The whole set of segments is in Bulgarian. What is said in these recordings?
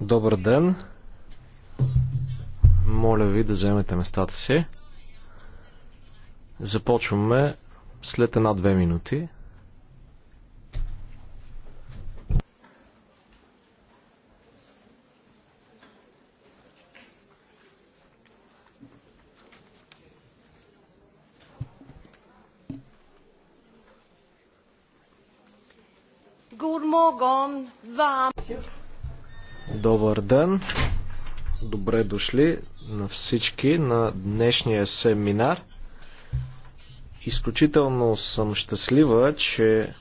Добър ден. Моля ви да вземете местата си. Започваме след една-две минути. ден! Добре дошли на всички на днешния семинар. Изключително съм щастлива, че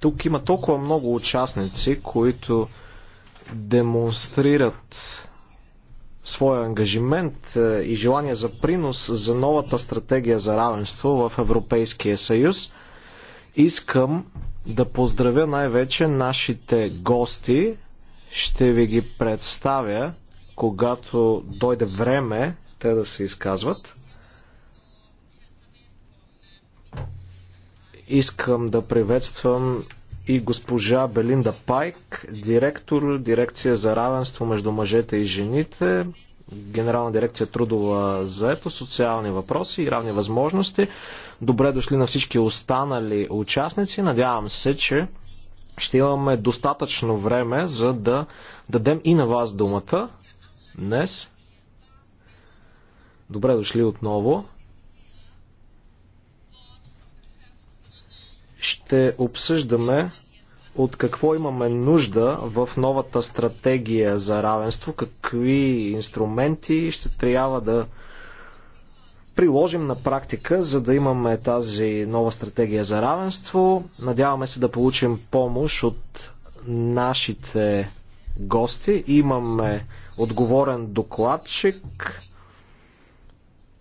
тук има толкова много участници, които демонстрират своя ангажимент е, и желание за принос за новата стратегия за равенство в Европейския съюз. Искам да поздравя най-вече нашите гости, ще ви ги представя, когато дойде време те да се изказват. Искам да приветствам и госпожа Белинда Пайк, директор Дирекция за равенство между мъжете и жените, Генерална дирекция трудова заето, социални въпроси и равни възможности. Добре дошли на всички останали участници. Надявам се, че ще имаме достатъчно време, за да дадем и на вас думата днес. Добре дошли отново. Ще обсъждаме от какво имаме нужда в новата стратегия за равенство, какви инструменти ще трябва да приложим на практика, за да имаме тази нова стратегия за равенство. Надяваме се да получим помощ от нашите гости. Имаме отговорен докладчик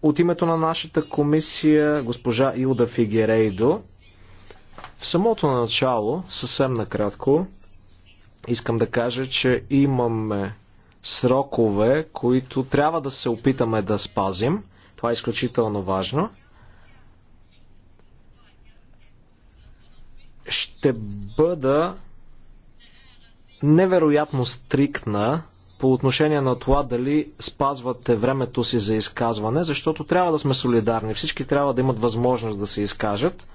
от името на нашата комисия, госпожа Илда Фигерейдо. В самото начало, съвсем накратко, искам да кажа, че имаме срокове, които трябва да се опитаме да спазим. Това е изключително важно. Ще бъда невероятно стрикна по отношение на това дали спазвате времето си за изказване, защото трябва да сме солидарни. Всички трябва да имат възможност да се изкажат.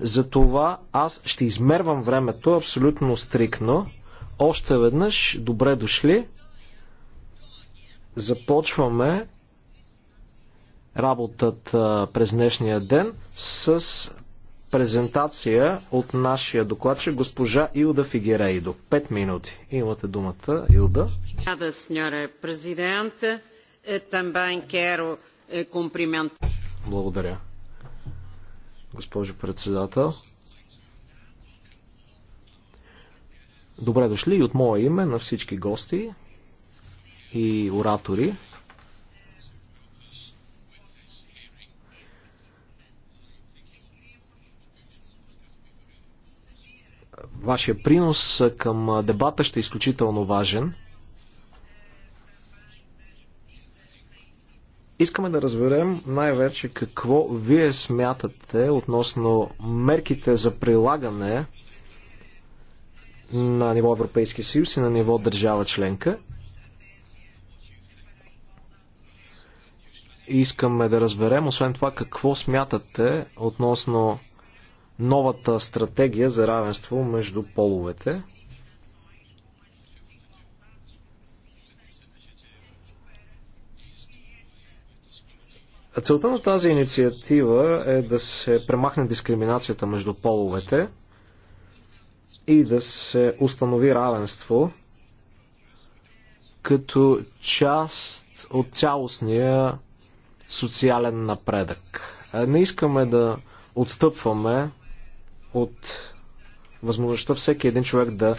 Затова аз ще измервам времето абсолютно стрикно. Още веднъж, добре дошли. Започваме работата през днешния ден с презентация от нашия докладчик госпожа Илда Фигерейдо. Пет минути. Имате думата, Илда. Е, е, Благодаря. Госпожо председател. Добре дошли и от мое име на всички гости и оратори. Вашия принос към дебата ще е изключително важен. Искаме да разберем най-вече какво вие смятате относно мерките за прилагане на ниво Европейски съюз и на ниво държава членка. Искаме да разберем, освен това, какво смятате относно новата стратегия за равенство между половете. Целта на тази инициатива е да се премахне дискриминацията между половете и да се установи равенство като част от цялостния социален напредък. Е, не искаме да отстъпваме от възможността всеки един човек да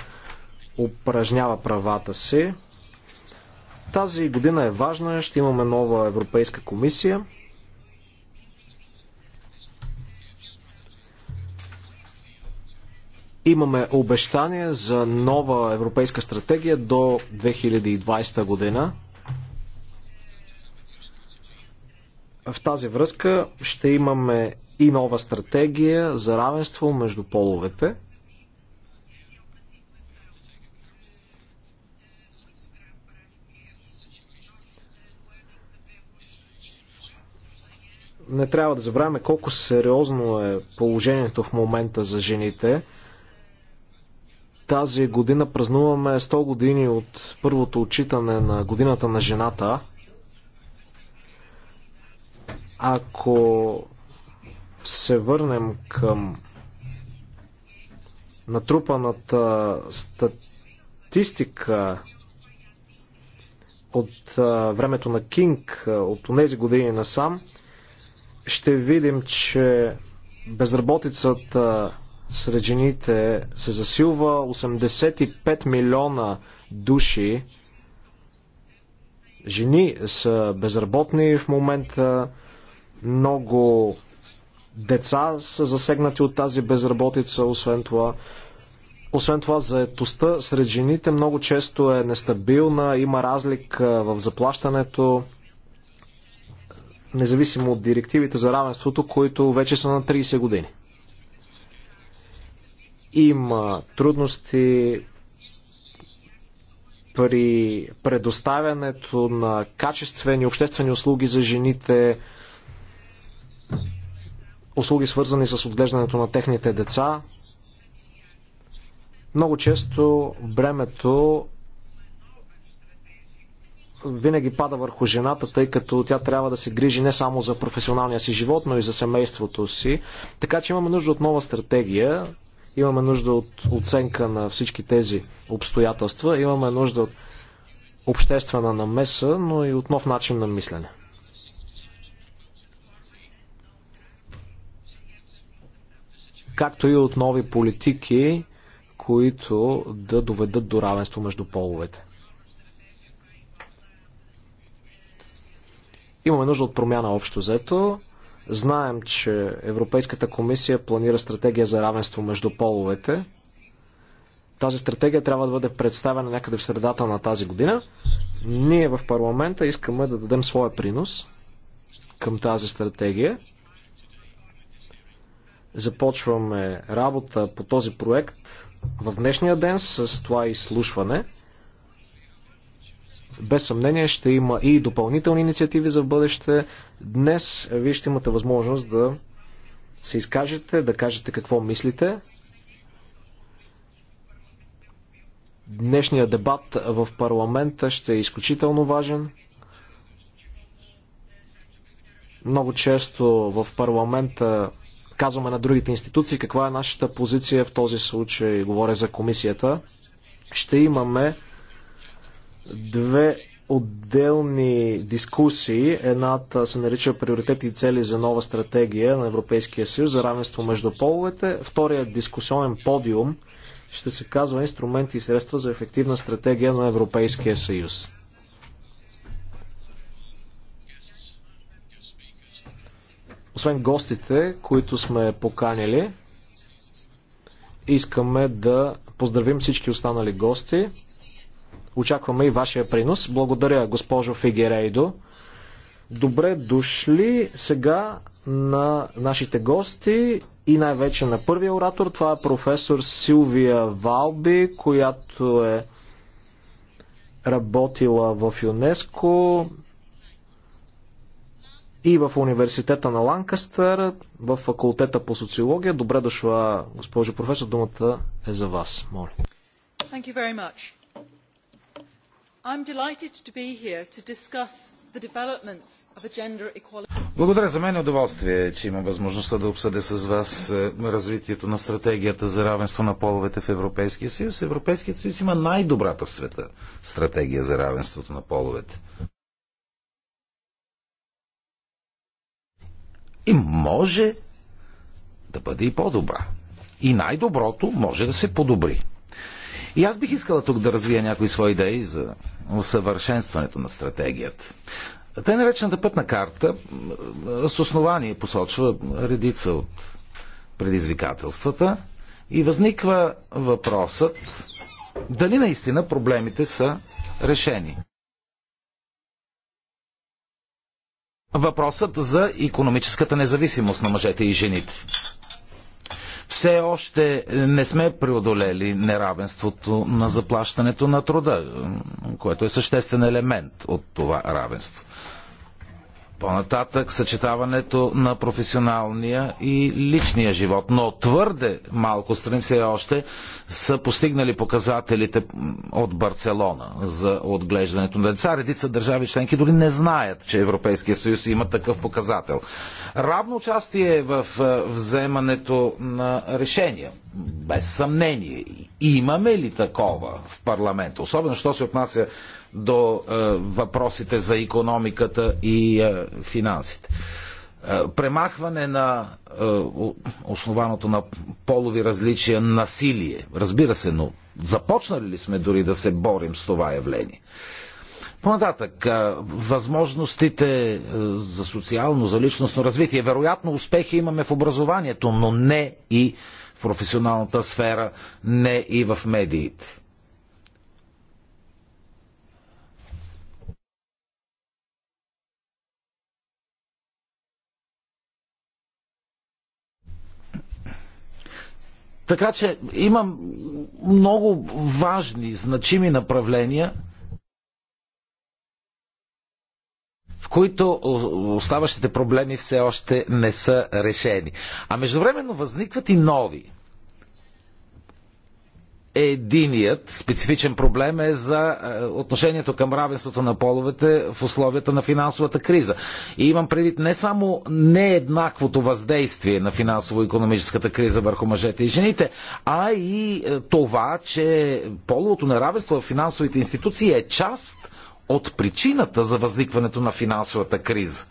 упражнява правата си. Тази година е важна, ще имаме нова Европейска комисия. Имаме обещание за нова европейска стратегия до 2020 година. В тази връзка ще имаме и нова стратегия за равенство между половете. Не трябва да забравяме колко сериозно е положението в момента за жените. Тази година празнуваме 100 години от първото отчитане на годината на жената. Ако се върнем към натрупаната статистика от времето на Кинг, от тези години насам, ще видим, че безработицата сред жените се засилва 85 милиона души жени са безработни в момента много деца са засегнати от тази безработица, освен това. Освен това, заетостта сред жените много често е нестабилна, има разлика в заплащането, независимо от директивите за равенството, които вече са на 30 години. Има трудности при предоставянето на качествени обществени услуги за жените, услуги свързани с отглеждането на техните деца. Много често бремето винаги пада върху жената, тъй като тя трябва да се грижи не само за професионалния си живот, но и за семейството си. Така че имаме нужда от нова стратегия, имаме нужда от оценка на всички тези обстоятелства, имаме нужда от обществена намеса, но и от нов начин на мислене. както и от нови политики, които да доведат до равенство между половете. Имаме нужда от промяна общо взето. Знаем, че Европейската комисия планира стратегия за равенство между половете. Тази стратегия трябва да бъде представена някъде в средата на тази година. Ние в парламента искаме да дадем своя принос към тази стратегия. Започваме работа по този проект в днешния ден с това изслушване. Без съмнение ще има и допълнителни инициативи за бъдеще. Днес е, вие ще имате възможност да се изкажете, да кажете какво мислите. Днешният дебат в парламента ще е изключително важен. Много често в парламента казваме на другите институции каква е нашата позиция в този случай, говоря за комисията, ще имаме две отделни дискусии. Едната се нарича приоритети и цели за нова стратегия на Европейския съюз за равенство между половете. Вторият дискусионен подиум ще се казва инструменти и средства за ефективна стратегия на Европейския съюз. Освен гостите, които сме поканили, искаме да поздравим всички останали гости. Очакваме и вашия принос. Благодаря, госпожо Фигерейдо. Добре дошли сега на нашите гости и най-вече на първия оратор. Това е професор Силвия Валби, която е работила в ЮНЕСКО, и в университета на Ланкастър, в факултета по социология. Добре дошла, госпожо професор, думата е за вас. Моля. Thank you very much. I'm delighted to be here to discuss the developments of a gender equality. Благодаря за мен е удоволствие, че имам възможността да обсъдя с вас е, развитието на стратегията за равенство на половете в Европейския съюз. Европейският съюз има най-добрата в света стратегия за равенството на половете. И може да бъде и по-добра. И най-доброто може да се подобри. И аз бих искала тук да развия някои свои идеи за усъвършенстването на стратегията. Тъй наречената пътна карта с основание посочва редица от предизвикателствата и възниква въпросът дали наистина проблемите са решени. въпросът за економическата независимост на мъжете и жените. Все още не сме преодолели неравенството на заплащането на труда, което е съществен елемент от това равенство. По-нататък съчетаването на професионалния и личния живот. Но твърде малко страни все още са постигнали показателите от Барселона за отглеждането на деца. Редица държави членки дори не знаят, че Европейския съюз има такъв показател. Равно участие в е, вземането на решения без съмнение. Имаме ли такова в парламента, Особено, що се отнася до е, въпросите за економиката и е, финансите. Е, премахване на е, основаното на полови различия насилие. Разбира се, но започнали ли сме дори да се борим с това явление? Понататък, е, възможностите е, за социално, за личностно развитие. Вероятно успехи имаме в образованието, но не и професионалната сфера, не и в медиите. Така че имам много важни, значими направления – в които оставащите проблеми все още не са решени. А междувременно възникват и нови. Единият специфичен проблем е за е, отношението към равенството на половете в условията на финансовата криза. И имам предвид не само нееднаквото въздействие на финансово-економическата криза върху мъжете и жените, а и е, това, че половото неравенство в финансовите институции е част от причината за възникването на финансовата криза.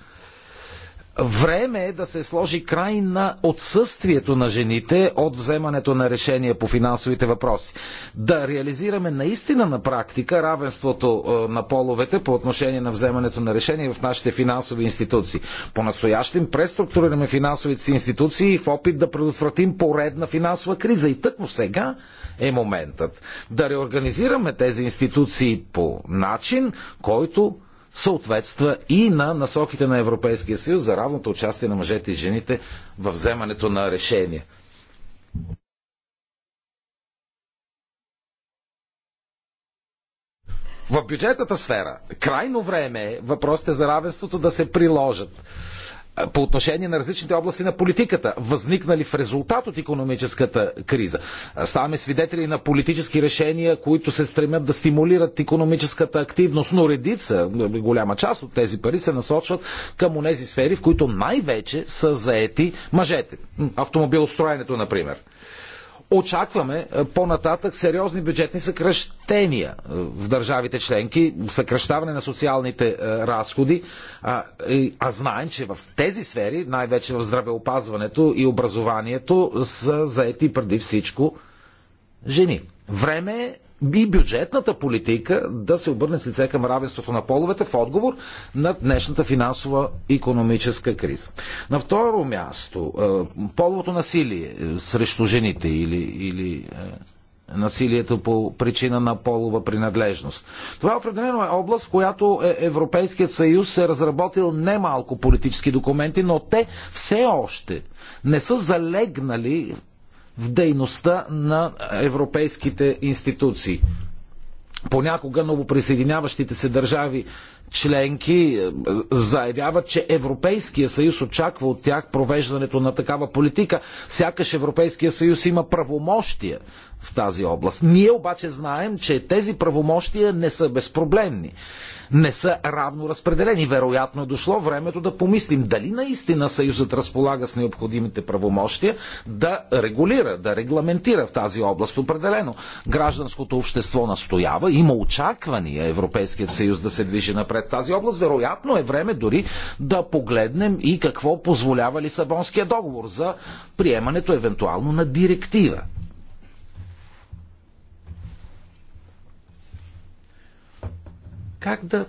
Време е да се сложи край на отсъствието на жените от вземането на решения по финансовите въпроси. Да реализираме наистина на практика равенството е, на половете по отношение на вземането на решения в нашите финансови институции. По-настоящем преструктурираме финансовите си институции в опит да предотвратим поредна финансова криза. И тъкмо сега е моментът да реорганизираме тези институции по начин, който съответства и на насоките на Европейския съюз за равното участие на мъжете и жените в вземането на решения. В бюджетната сфера крайно време е въпросите за равенството да се приложат по отношение на различните области на политиката, възникнали в резултат от економическата криза. Ставаме свидетели на политически решения, които се стремят да стимулират економическата активност, но редица, голяма част от тези пари се насочват към онези сфери, в които най-вече са заети мъжете. Автомобилостроенето, например очакваме е, по-нататък сериозни бюджетни съкръщения е, в държавите членки, съкръщаване на социалните е, разходи, а, а знаем, че в тези сфери, най-вече в здравеопазването и образованието, са заети преди всичко жени. Време е и бюджетната политика да се обърне с лице към равенството на половете в отговор на днешната финансова економическа криза. На второ място, е, половото насилие е, срещу жените или, или е, насилието по причина на полова принадлежност. Това определено е област, в която Европейският съюз е разработил немалко политически документи, но те все още не са залегнали в дейността на европейските институции. Понякога новоприсъединяващите се държави членки е, заявяват, че Европейския съюз очаква от тях провеждането на такава политика. Сякаш Европейския съюз има правомощия в тази област. Ние обаче знаем, че тези правомощия не са безпроблемни не са равно разпределени. Вероятно е дошло времето да помислим дали наистина Съюзът разполага с необходимите правомощия да регулира, да регламентира в тази област. Определено гражданското общество настоява, има очаквания Европейският съюз да се движи напред тази област. Вероятно е време дори да погледнем и какво позволява Лисабонския договор за приемането евентуално на директива. как да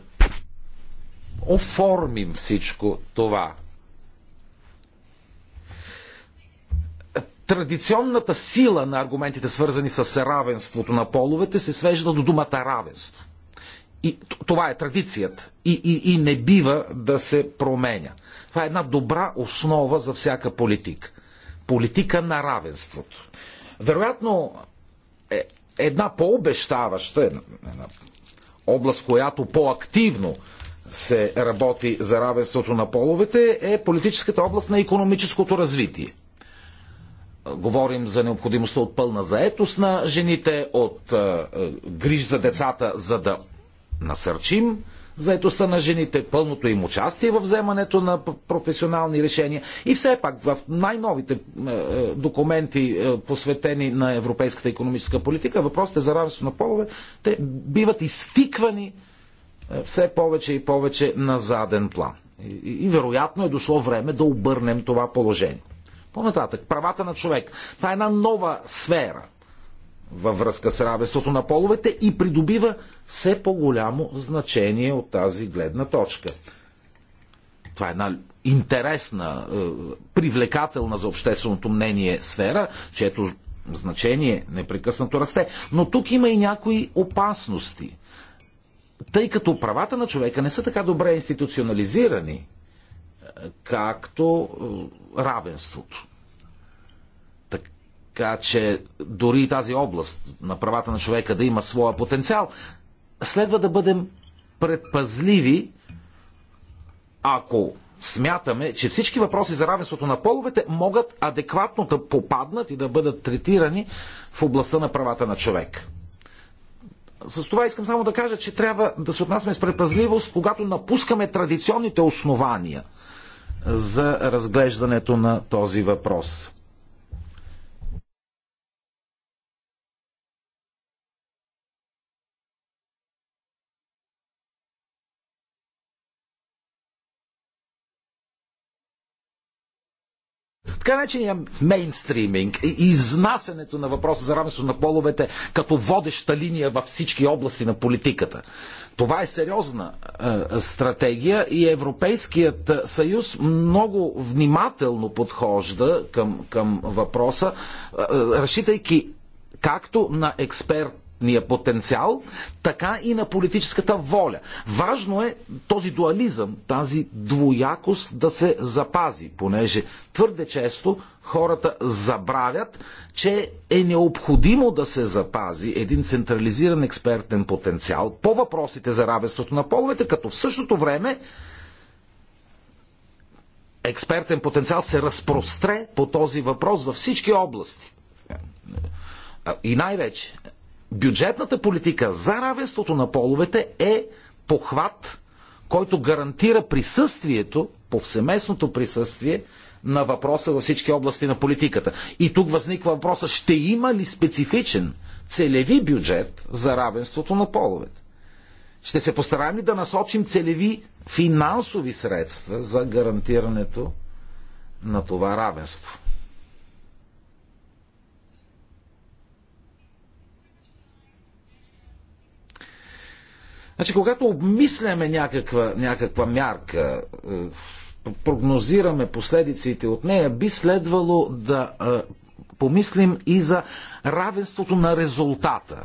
оформим всичко това. Традиционната сила на аргументите, свързани с равенството на половете, се свежда до думата равенство. И това е традицията. И, и, и не бива да се променя. Това е една добра основа за всяка политика. Политика на равенството. Вероятно, е, една по-обещаваща, една, една област, която по-активно се работи за равенството на половете, е политическата област на економическото развитие. Говорим за необходимостта от пълна заетост на жените, от е, е, грижи за децата, за да насърчим заедостта на жените, пълното им участие в вземането на професионални решения и все пак в най-новите е, е, документи, е, посветени на европейската економическа политика, въпросите за равенство на полове, те биват изтиквани все повече и повече на заден план. И, и вероятно е дошло време да обърнем това положение. По-нататък, правата на човек. Това е една нова сфера във връзка с равенството на половете и придобива все по-голямо значение от тази гледна точка. Това е една интересна, е, привлекателна за общественото мнение сфера, чето значение непрекъснато расте. Но тук има и някои опасности. Тъй като правата на човека не са така добре институционализирани, е, както е, равенството. Така че дори и тази област на правата на човека да има своя потенциал, следва да бъдем предпазливи, ако смятаме, че всички въпроси за равенството на половете могат адекватно да попаднат и да бъдат третирани в областта на правата на човек. С това искам само да кажа, че трябва да се отнасяме с предпазливост, когато напускаме традиционните основания за разглеждането на този въпрос. така начиния мейнстриминг и изнасянето на въпроса за равенство на половете като водеща линия във всички области на политиката. Това е сериозна е, стратегия и Европейският съюз много внимателно подхожда към, към въпроса, е, е разчитайки както на експерт експортния потенциал, така и на политическата воля. Важно е този дуализъм, тази двоякост да се запази, понеже твърде често хората забравят, че е необходимо да се запази един централизиран експертен потенциал по въпросите за равенството на половете, като в същото време експертен потенциал се разпростре по този въпрос във всички области. И най-вече бюджетната политика за равенството на половете е похват, който гарантира присъствието, повсеместното присъствие на въпроса във всички области на политиката. И тук възниква въпроса, ще има ли специфичен целеви бюджет за равенството на половете? Ще се постараем ли да насочим целеви финансови средства за гарантирането на това равенство? Значи, когато обмисляме някаква, някаква мярка, е, прогнозираме последиците от нея, би следвало да е, помислим и за равенството на резултата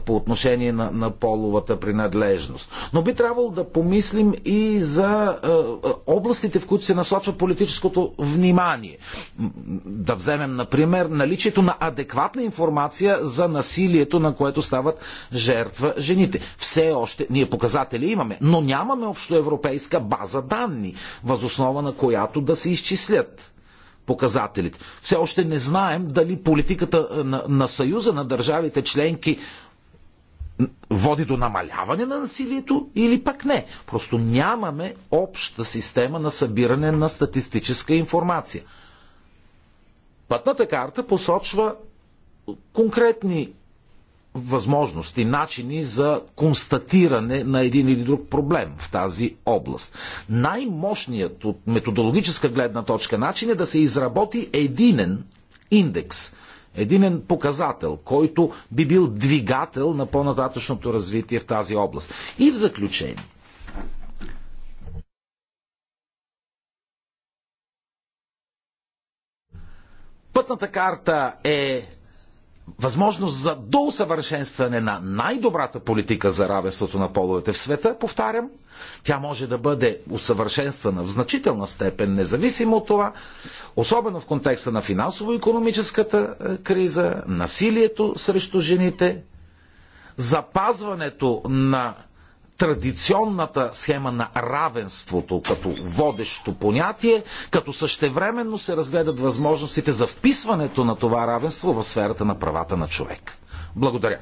по отношение на, на половата принадлежност. Но би трябвало да помислим и за е, областите, в които се насочва политическото внимание. Да вземем, например, наличието на адекватна информация за насилието, на което стават жертва жените. Все още ние показатели имаме, но нямаме общоевропейска база данни, възоснова на която да се изчислят показателите. Все още не знаем дали политиката на, на Съюза на държавите членки води до намаляване на насилието или пък не. Просто нямаме обща система на събиране на статистическа информация. Пътната карта посочва конкретни възможности, начини за констатиране на един или друг проблем в тази област. Най-мощният от методологическа гледна точка начин е да се изработи единен индекс единен показател, който би бил двигател на по-нататъчното развитие в тази област. И в заключение, Пътната карта е възможност за доусъвършенстване на най-добрата политика за равенството на половете в света, повтарям, тя може да бъде усъвършенствана в значителна степен, независимо от това, особено в контекста на финансово-економическата е, криза, насилието срещу жените, запазването на традиционната схема на равенството като водещо понятие, като същевременно се разгледат възможностите за вписването на това равенство в сферата на правата на човек. Благодаря.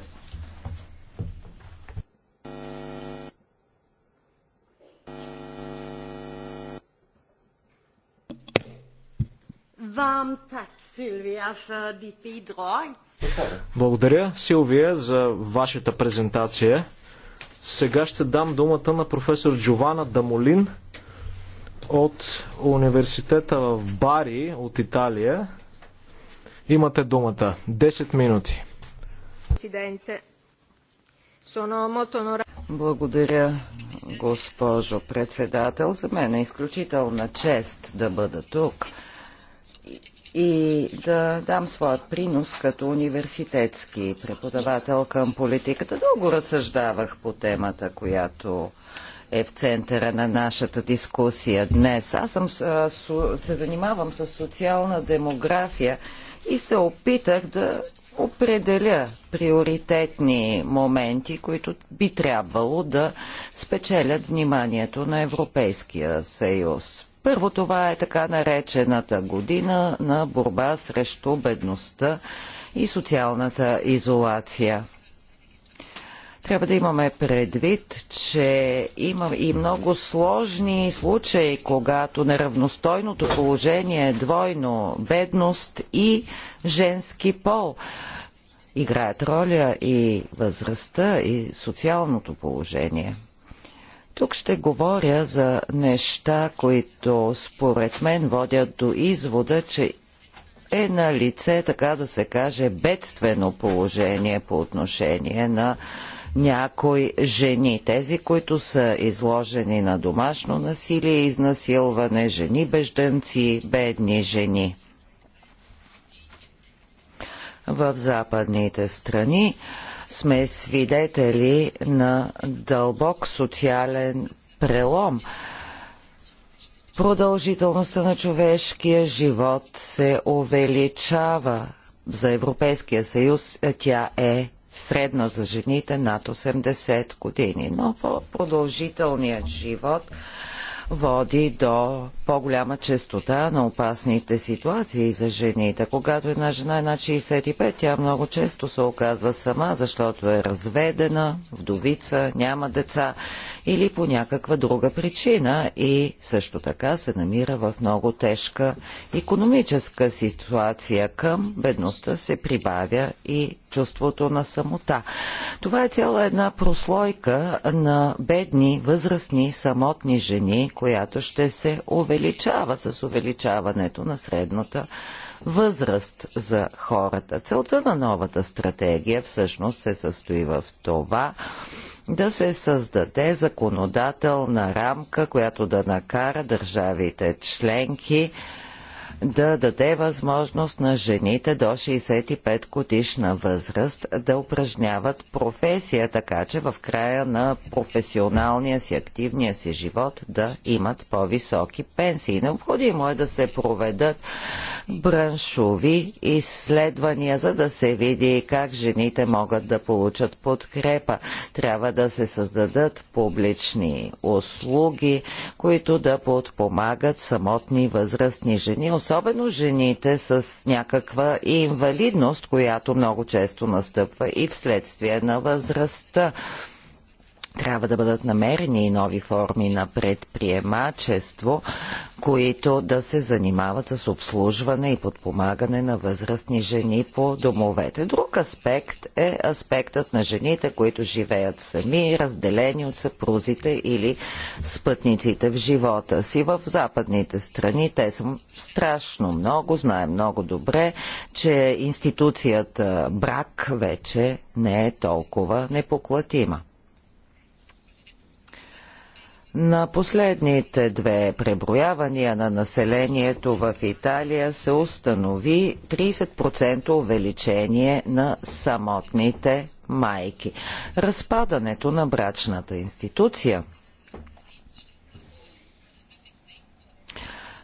Благодаря, Силвия, за вашата презентация. Сега ще дам думата на професор Джована Дамолин от университета в Бари от Италия. Имате думата. 10 минути. Благодаря, госпожо председател. За мен е изключителна чест да бъда тук и да дам своят принос като университетски преподавател към политиката. Дълго разсъждавах по темата, която е в центъра на нашата дискусия днес. Аз съм, се занимавам с социална демография и се опитах да определя приоритетни моменти, които би трябвало да спечелят вниманието на Европейския съюз. Първо това е така наречената година на борба срещу бедността и социалната изолация. Трябва да имаме предвид, че има и много сложни случаи, когато неравностойното положение е двойно бедност и женски пол. Играят роля и възрастта, и социалното положение. Тук ще говоря за неща, които според мен водят до извода, че е на лице, така да се каже, бедствено положение по отношение на някои жени. Тези, които са изложени на домашно насилие, изнасилване, жени бежденци, бедни жени. В западните страни сме свидетели на дълбок социален прелом. Продължителността на човешкия живот се увеличава. За Европейския съюз тя е средна за жените над 80 години, но по-продължителният живот води до по-голяма честота на опасните ситуации за жените. Когато една жена е на 65, тя много често се оказва сама, защото е разведена, вдовица, няма деца или по някаква друга причина и също така се намира в много тежка економическа ситуация. Към бедността се прибавя и чувството на самота. Това е цяла една прослойка на бедни, възрастни, самотни жени, която ще се увеличава с увеличаването на средната възраст за хората. Целта на новата стратегия всъщност се състои в това да се създаде законодателна рамка, която да накара държавите членки да даде възможност на жените до 65 годишна възраст да упражняват професия, така че в края на професионалния си, активния си живот да имат по-високи пенсии. Необходимо е да се проведат браншови изследвания, за да се види как жените могат да получат подкрепа. Трябва да се създадат публични услуги, които да подпомагат самотни възрастни жени, особено жените с някаква инвалидност, която много често настъпва и вследствие на възрастта трябва да бъдат намерени и нови форми на предприемачество, които да се занимават с обслужване и подпомагане на възрастни жени по домовете. Друг аспект е аспектът на жените, които живеят сами, разделени от съпрузите или спътниците в живота си. В западните страни те са страшно много, знаем много добре, че институцията брак вече не е толкова непоклатима. На последните две преброявания на населението в Италия се установи 30% увеличение на самотните майки. Разпадането на брачната институция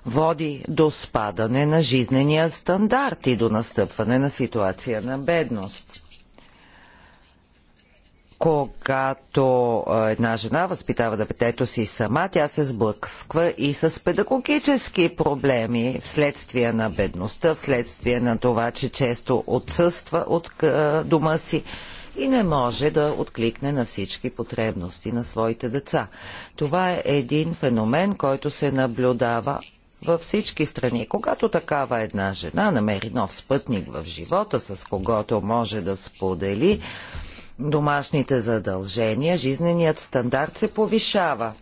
води до спадане на жизнения стандарт и до настъпване на ситуация на бедност когато една жена възпитава детето си сама, тя се сблъсква и с педагогически проблеми вследствие на бедността, вследствие на това, че често отсъства от дома си и не може да откликне на всички потребности на своите деца. Това е един феномен, който се наблюдава във всички страни. Когато такава една жена намери нов спътник в живота, с когото може да сподели домашните задължения, жизненият стандарт се повишава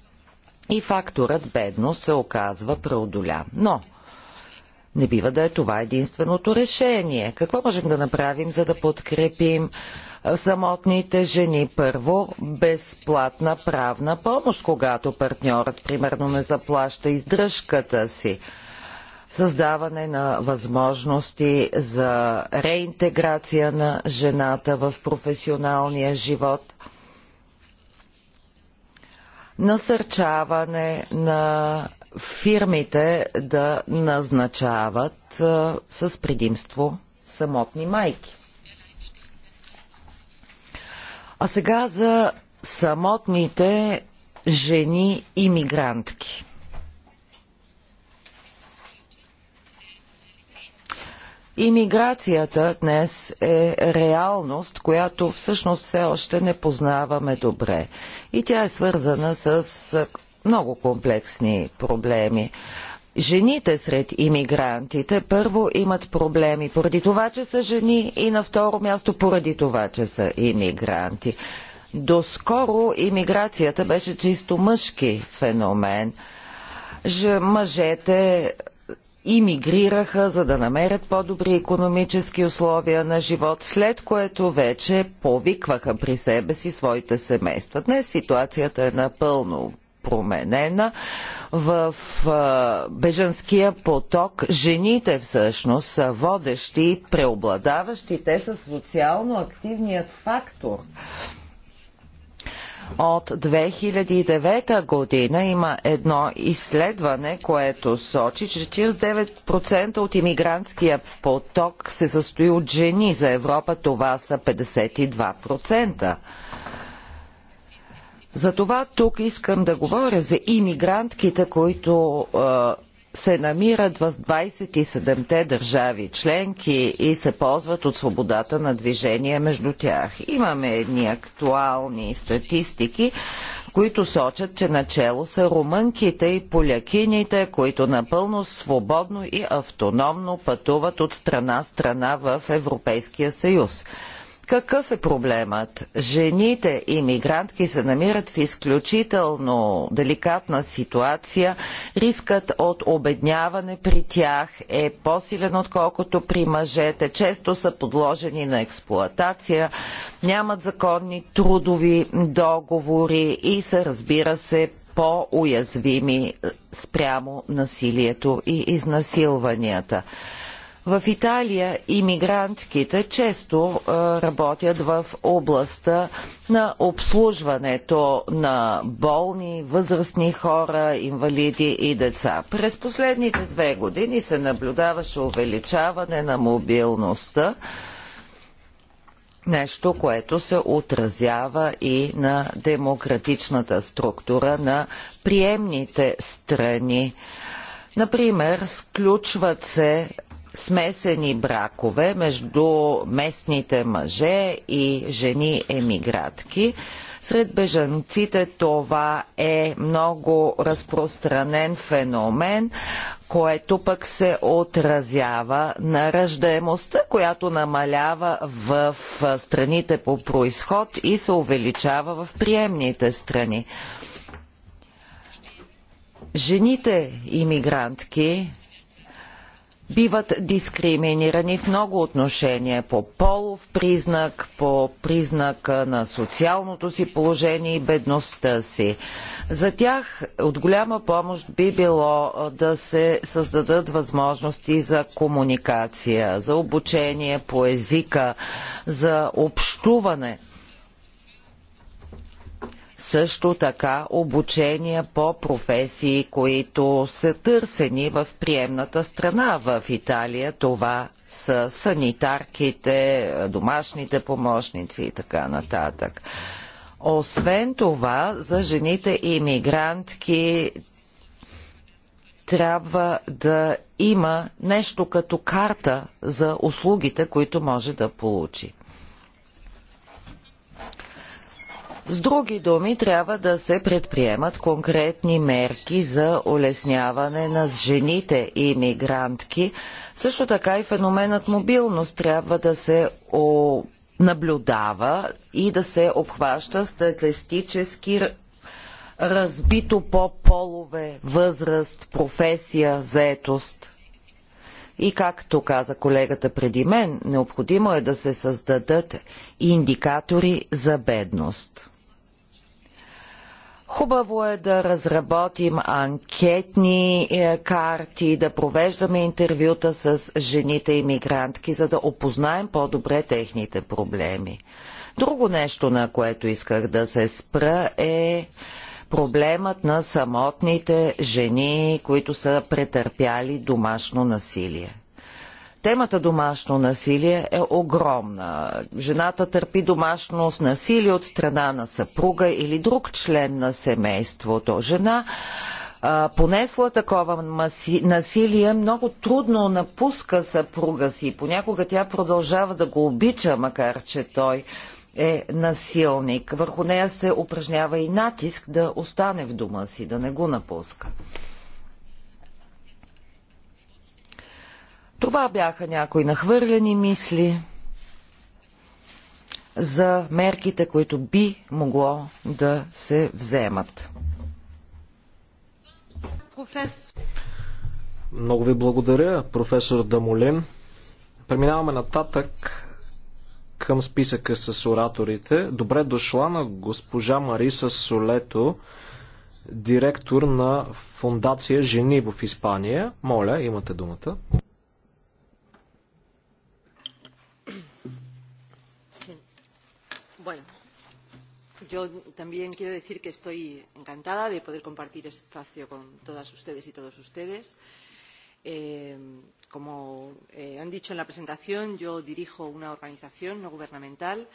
и факторът бедност се оказва преодолян. Но не бива да е това единственото решение. Какво можем да направим, за да подкрепим самотните жени? Първо, безплатна правна помощ, когато партньорът, примерно, не заплаща издръжката си създаване на възможности за реинтеграция на жената в професионалния живот, насърчаване на фирмите да назначават а, с предимство самотни майки. А сега за самотните жени иммигрантки. Имиграцията днес е реалност, която всъщност все още не познаваме добре. И тя е свързана с много комплексни проблеми. Жените сред иммигрантите първо имат проблеми поради това, че са жени и на второ място поради това, че са иммигранти. Доскоро имиграцията беше чисто мъжки феномен. Ж, мъжете Имигрираха, за да намерят по-добри економически условия на живот, след което вече повикваха при себе си своите семейства. Днес ситуацията е напълно променена. В а, бежанския поток жените всъщност са водещи, преобладаващи, те са социално активният фактор. От 2009 година има едно изследване, което сочи, че 49% от иммигрантския поток се състои от жени. За Европа това са 52%. Затова тук искам да говоря за имигрантките, които е, се намират в 27-те държави членки и се ползват от свободата на движение между тях. Имаме едни актуални статистики, които сочат, че начело са румънките и полякините, които напълно свободно и автономно пътуват от страна страна в Европейския съюз. Какъв е проблемът? Жените и мигрантки се намират в изключително деликатна ситуация. Рискът от обедняване при тях е по-силен, отколкото при мъжете. Често са подложени на експлоатация, нямат законни трудови договори и са, разбира се, по-уязвими спрямо насилието и изнасилванията. В Италия иммигрантките често е, работят в областта на обслужването на болни, възрастни хора, инвалиди и деца. През последните две години се наблюдаваше увеличаване на мобилността нещо, което се отразява и на демократичната структура на приемните страни. Например, сключват се смесени бракове между местните мъже и жени емигратки. Сред бежанците това е много разпространен феномен, което пък се отразява на ръждаемостта, която намалява в страните по происход и се увеличава в приемните страни. Жените имигрантки биват дискриминирани в много отношения по полов признак, по признак на социалното си положение и бедността си. За тях от голяма помощ би било да се създадат възможности за комуникация, за обучение по езика, за общуване – също така обучения по професии, които са търсени в приемната страна в Италия. Това са санитарките, домашните помощници и така нататък. Освен това, за жените иммигрантки трябва да има нещо като карта за услугите, които може да получи. С други думи, трябва да се предприемат конкретни мерки за улесняване на жените и мигрантки. Също така и феноменът мобилност трябва да се наблюдава и да се обхваща статистически разбито по полове, възраст, професия, заетост. И както каза колегата преди мен, необходимо е да се създадат индикатори за бедност. Хубаво е да разработим анкетни е, карти, да провеждаме интервюта с жените иммигрантки, за да опознаем по-добре техните проблеми. Друго нещо, на което исках да се спра е проблемът на самотните жени, които са претърпяли домашно насилие. Темата домашно насилие е огромна. Жената търпи домашно насилие от страна на съпруга или друг член на семейството. Жена понесла такова насилие, много трудно напуска съпруга си. Понякога тя продължава да го обича, макар че той е насилник. Върху нея се упражнява и натиск да остане в дома си, да не го напуска. Това бяха някои нахвърлени мисли за мерките, които би могло да се вземат. Много ви благодаря, професор Дамолин. Преминаваме нататък към списъка с ораторите. Добре дошла на госпожа Мариса Солето, директор на фундация Жени в Испания. Моля, имате думата. yo también quiero decir que estoy encantada de poder compartir este espacio con todas ustedes y todos ustedes. como han dicho en la presentación, yo dirijo una organización no gubernamental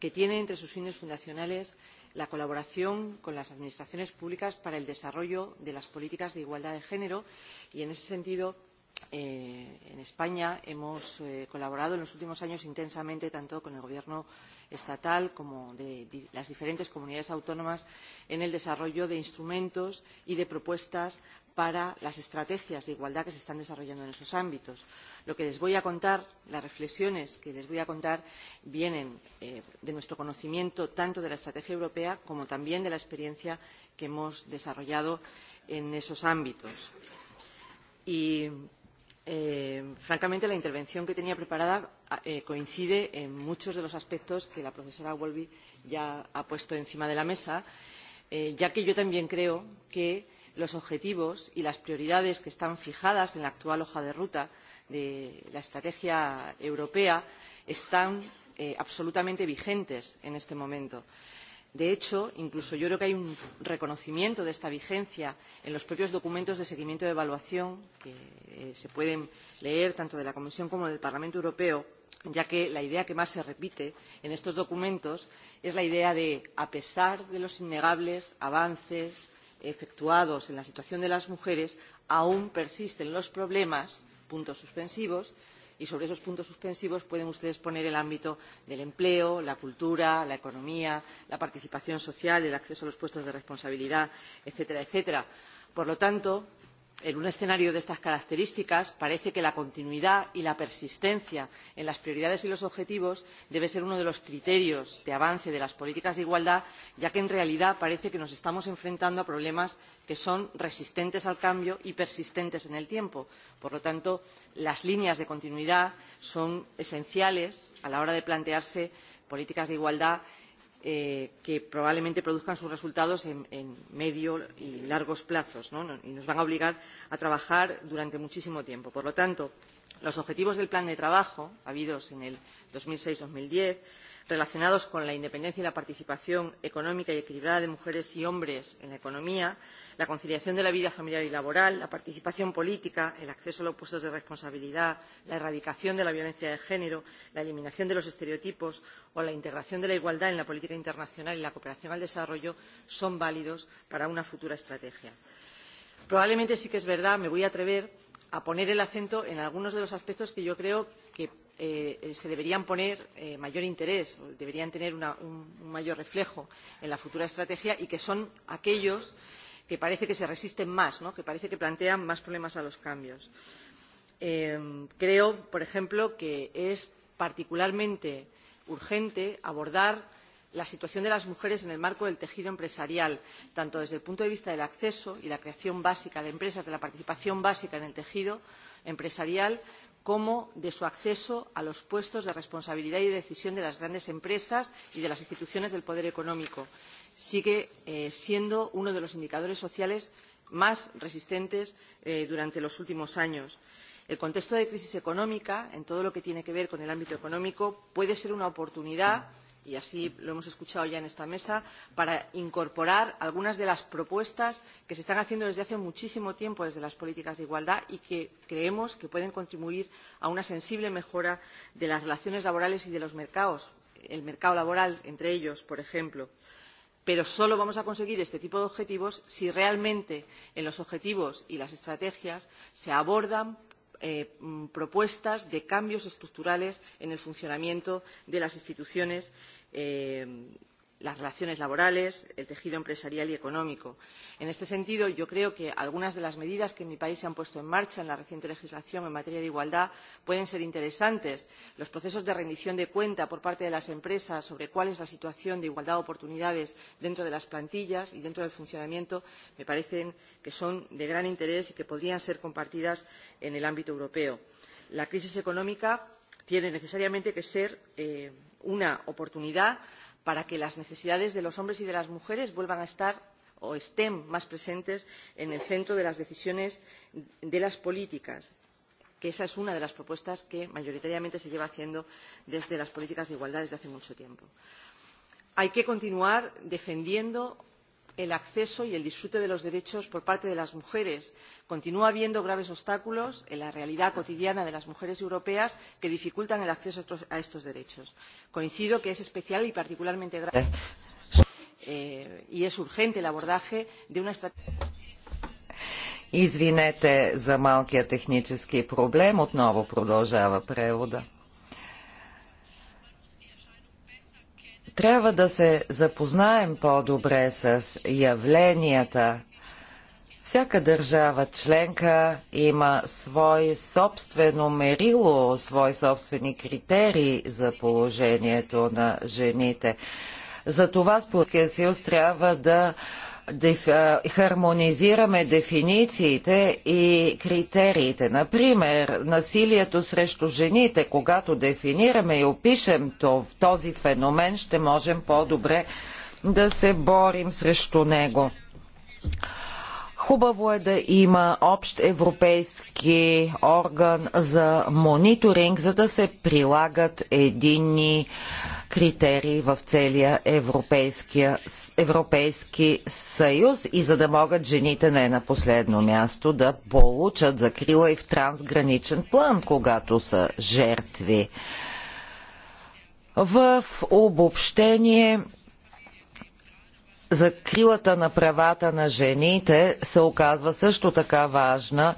que tiene entre sus fines fundacionales la colaboración con las administraciones públicas para el desarrollo de las políticas de igualdad de género y, en ese sentido, en España hemos colaborado en los últimos años intensamente tanto con el Gobierno estatal como de las diferentes comunidades autónomas en el desarrollo de instrumentos y de propuestas para las estrategias de igualdad que se están desarrollando en esos ámbitos. Lo que les voy a contar, las reflexiones que les voy a contar, vienen de nuestro conocimiento tanto de la estrategia europea como también de la experiencia que hemos desarrollado en esos ámbitos. Y Eh, francamente, la intervención que tenía preparada eh, coincide en muchos de los aspectos que la profesora Wolby ya ha puesto encima de la mesa, eh, ya que yo también creo que los objetivos y las prioridades que están fijadas en la actual hoja de ruta de la estrategia europea están eh, absolutamente vigentes en este momento. De hecho, incluso yo creo que hay un reconocimiento de esta vigencia en los propios documentos de seguimiento de evaluación que se pueden leer tanto de la Comisión como del Parlamento Europeo, ya que la idea que más se repite en estos documentos es la idea de, a pesar de los innegables avances efectuados en la situación de las mujeres, aún persisten los problemas, puntos suspensivos, y sobre esos puntos suspensivos pueden ustedes poner el ámbito del empleo, la cultura, la economía, la participación social, el acceso a los puestos de responsabilidad, etcétera, etcétera. Por lo tanto, en un escenario de estas características, parece que la continuidad y la persistencia en las prioridades y los objetivos debe ser uno de los criterios de avance de las políticas de igualdad, ya que en realidad parece que nos estamos enfrentando a problemas que son resistentes al cambio y persistentes en el tiempo. Por lo tanto, las líneas de continuidad son esenciales a la hora de plantearse políticas de igualdad que probablemente produzcan sus resultados en, medio y largos plazos y nos van a obligar a trabajar durante muchísimo tiempo. Por lo tanto, los objetivos del plan de trabajo habidos en el dos mil 2006-2010 relacionados con la independencia y la participación económica y equilibrada de mujeres y hombres en la economía la conciliación de la vida familiar y laboral, la participación política, el acceso a los puestos de responsabilidad, la erradicación de la violencia de género, la eliminación de los estereotipos o la integración de la igualdad en la política internacional y la cooperación al desarrollo son válidos para una futura estrategia. Probablemente sí que es verdad, me voy a atrever a poner el acento en algunos de los aspectos que yo creo que se deberían poner mayor interés, o deberían tener un, mayor reflejo en la futura estrategia y que son aquellos que que parece que se resisten más, que parece que plantean más problemas a los cambios. creo, por ejemplo, que es particularmente urgente abordar la situación de las mujeres en el marco del tejido empresarial, tanto desde el punto de vista del acceso y la creación básica de empresas, de la participación básica en el tejido empresarial, como de su acceso a los puestos de responsabilidad y decisión de las grandes empresas y de las instituciones del poder económico. Sigue siendo uno de los indicadores sociales más resistentes durante los últimos años. El contexto de crisis económica, en todo lo que tiene que ver con el ámbito económico, puede ser una oportunidad y así lo hemos escuchado ya en esta mesa, para incorporar algunas de las propuestas que se están haciendo desde hace muchísimo tiempo desde las políticas de igualdad y que creemos que pueden contribuir a una sensible mejora de las relaciones laborales y de los mercados, el mercado laboral entre ellos, por ejemplo. Pero solo vamos a conseguir este tipo de objetivos si realmente en los objetivos y las estrategias se abordan propuestas de cambios estructurales en el funcionamiento de las instituciones las relaciones laborales, el tejido empresarial y económico. En este sentido, yo creo que algunas de las medidas que en mi país se han puesto en marcha en la reciente legislación en materia de igualdad pueden ser interesantes. Los procesos de rendición de cuenta por parte de las empresas sobre cuál es la situación de igualdad de oportunidades dentro de las plantillas y dentro del funcionamiento me parecen que son de gran interés y que podrían ser compartidas en el ámbito europeo. La crisis económica tiene necesariamente que ser una oportunidad para que las necesidades de los hombres y de las mujeres vuelvan a estar o estén más presentes en el centro de las decisiones de las políticas que esa es una de las propuestas que mayoritariamente se lleva haciendo desde las políticas de igualdad desde hace mucho tiempo. Hay que continuar defendiendo el acceso y el disfrute de los derechos por parte de las mujeres. Continúa habiendo graves obstáculos en la realidad cotidiana de las mujeres europeas que dificultan el acceso a estos derechos. Coincido que es especial y particularmente grave y es urgente el abordaje de una estrategia. Извинете за малкия технически проблем. Отново продължава превода. Трябва да се запознаем по-добре с явленията. Всяка държава членка има свой собствено мерило, свои собствени критерии за положението на жените. Затова Спорския съюз трябва да хармонизираме дефинициите и критериите. Например, насилието срещу жените, когато дефинираме и опишем този феномен, ще можем по-добре да се борим срещу него. Хубаво е да има общ европейски орган за мониторинг, за да се прилагат единни критерии в целия Европейски съюз и за да могат жените не на последно място да получат закрила и в трансграничен план, когато са жертви. В обобщение закрилата на правата на жените се оказва също така важна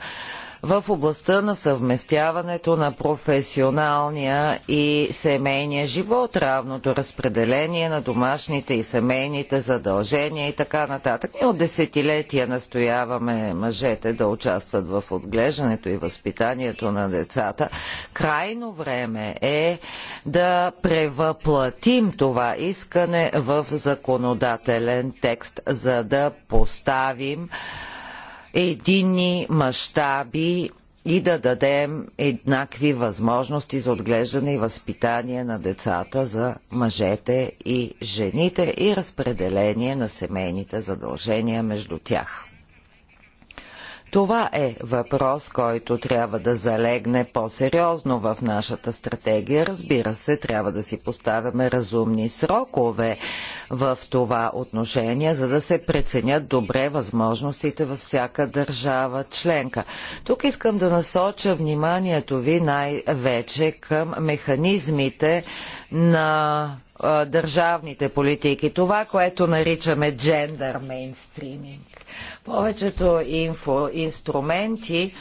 в областта на съвместяването на професионалния и семейния живот, равното разпределение на домашните и семейните задължения и така нататък. Ние от десетилетия настояваме мъжете да участват в отглеждането и възпитанието на децата. Крайно време е да превъплатим това искане в законодателен текст, за да поставим единни мащаби и да дадем еднакви възможности за отглеждане и възпитание на децата за мъжете и жените и разпределение на семейните задължения между тях. Това е въпрос, който трябва да залегне по-сериозно в нашата стратегия. Разбира се, трябва да си поставяме разумни срокове в това отношение, за да се преценят добре възможностите във всяка държава членка. Тук искам да насоча вниманието ви най-вече към механизмите на а, държавните политики. Това, което наричаме джендър мейнстриминг повечето инфо, инструменти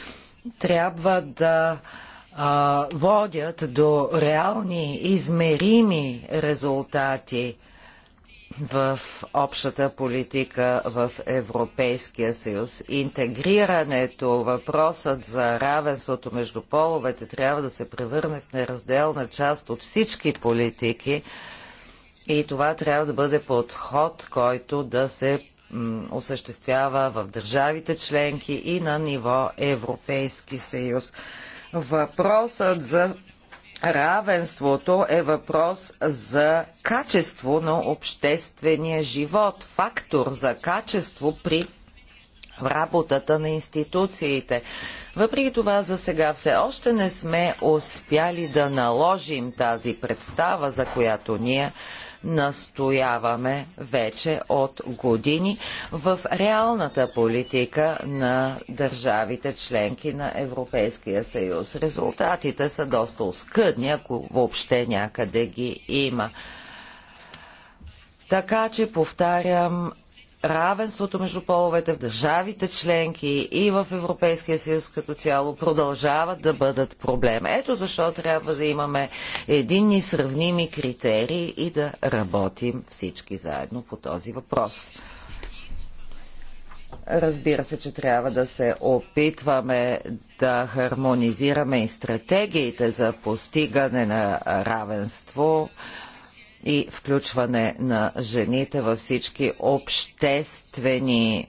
трябва да а, водят до реални, измерими резултати в общата политика в Европейския съюз. Интегрирането, въпросът за равенството между половете трябва да се превърне в неразделна част от всички политики и това трябва да бъде подход, който да се осъществява в държавите членки и на ниво Европейски съюз. Въпросът за равенството е въпрос за качество на обществения живот, фактор за качество при работата на институциите. Въпреки това за сега все още не сме успяли да наложим тази представа, за която ние настояваме вече от години в реалната политика на държавите членки на Европейския съюз. Резултатите са доста оскъдни, ако въобще някъде ги има. Така че, повтарям, равенството между половете в държавите членки и в Европейския съюз като цяло продължават да бъдат проблем. Ето защо трябва да имаме единни сравними критерии и да работим всички заедно по този въпрос. Разбира се, че трябва да се опитваме да хармонизираме и стратегиите за постигане на равенство, и включване на жените във всички обществени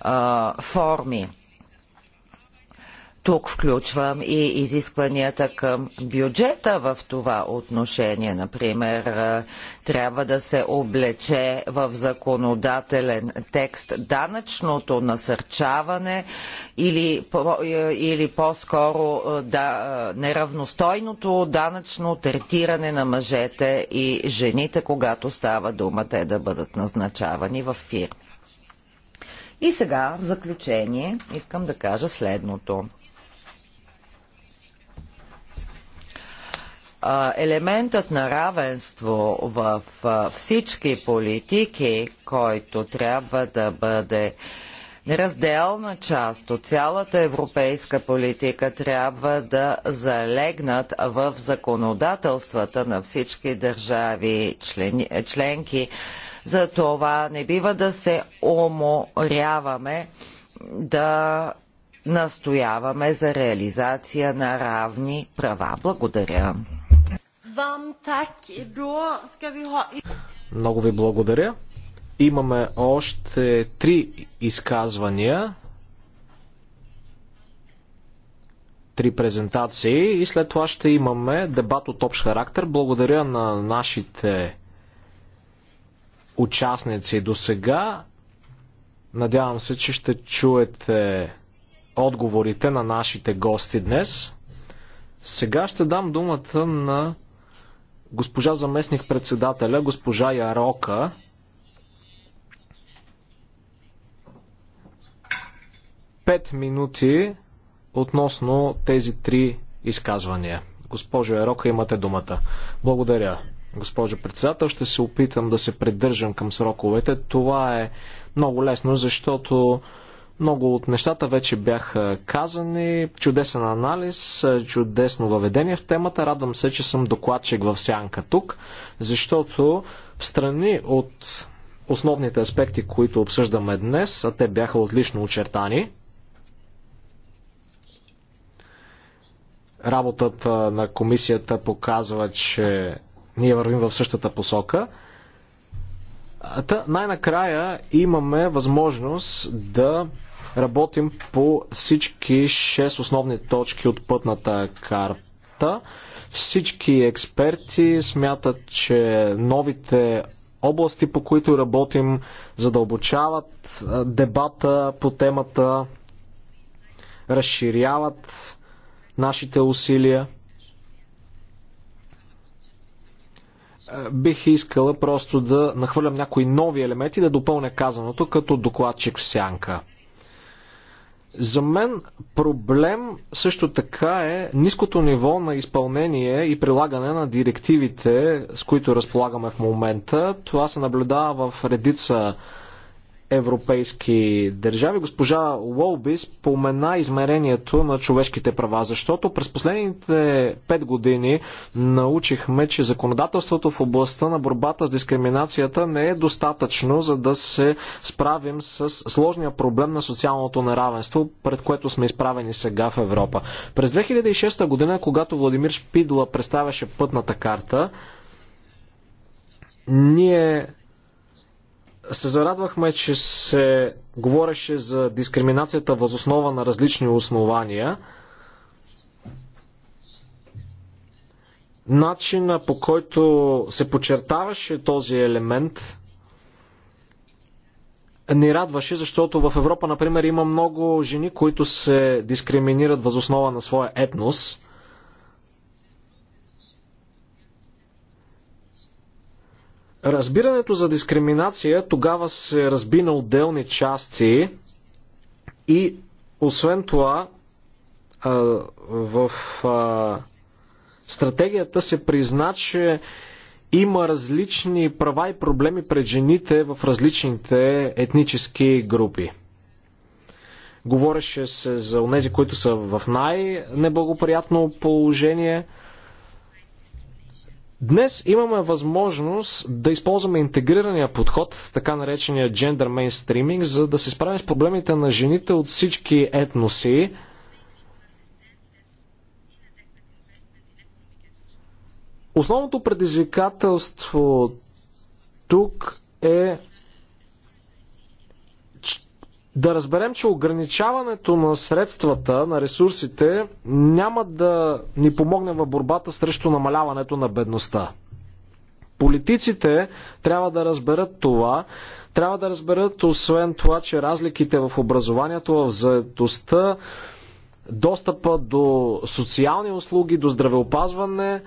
а, форми. Тук включвам и изискванията към бюджета в това отношение. Например, е, трябва да се облече в законодателен текст данъчното насърчаване или, е, или по-скоро е, да, неравностойното данъчно третиране на мъжете и жените, когато става дума те да бъдат назначавани в фирми. И сега, в заключение, искам да кажа следното. елементът на равенство в всички политики, който трябва да бъде неразделна част от цялата европейска политика, трябва да залегнат в законодателствата на всички държави членки. членки. Затова не бива да се уморяваме да настояваме за реализация на равни права. Благодаря. Много ви благодаря. Имаме още три изказвания, три презентации и след това ще имаме дебат от общ характер. Благодаря на нашите участници до сега. Надявам се, че ще чуете отговорите на нашите гости днес. Сега ще дам думата на госпожа заместник председателя, госпожа Ярока, пет минути относно тези три изказвания. Госпожо Ярока, имате думата. Благодаря. Госпожо председател, ще се опитам да се придържам към сроковете. Това е много лесно, защото много от нещата вече бяха казани. Чудесен анализ, чудесно въведение в темата. Радвам се, че съм докладчик в сянка тук, защото в страни от основните аспекти, които обсъждаме днес, а те бяха отлично очертани, работата на комисията показва, че ние вървим в същата посока. Та, най-накрая имаме възможност да Работим по всички 6 основни точки от пътната карта. Всички експерти смятат, че новите области, по които работим, задълбочават дебата по темата, разширяват нашите усилия. Бих искала просто да нахвърлям някои нови елементи, да допълня казаното като докладчик в сянка. За мен проблем също така е ниското ниво на изпълнение и прилагане на директивите, с които разполагаме в момента. Това се наблюдава в редица европейски държави. Госпожа Уолби спомена измерението на човешките права, защото през последните пет години научихме, че законодателството в областта на борбата с дискриминацията не е достатъчно, за да се справим с сложния проблем на социалното неравенство, пред което сме изправени сега в Европа. През 2006 година, когато Владимир Шпидла представяше пътната карта, ние се зарадвахме, че се говореше за дискриминацията възоснова на различни основания. Начина по който се подчертаваше този елемент ни радваше, защото в Европа, например, има много жени, които се дискриминират възоснова на своя етнос. Разбирането за дискриминация тогава се разби на отделни части и освен това в стратегията се призна, че има различни права и проблеми пред жените в различните етнически групи. Говореше се за онези, които са в най-неблагоприятно положение – Днес имаме възможност да използваме интегрирания подход, така наречения gender mainstreaming, за да се справим с проблемите на жените от всички етноси. Основното предизвикателство тук е да разберем, че ограничаването на средствата, на ресурсите, няма да ни помогне в борбата срещу намаляването на бедността. Политиците трябва да разберат това, трябва да разберат освен това, че разликите в образованието, в заедостта, достъпа до социални услуги, до здравеопазване,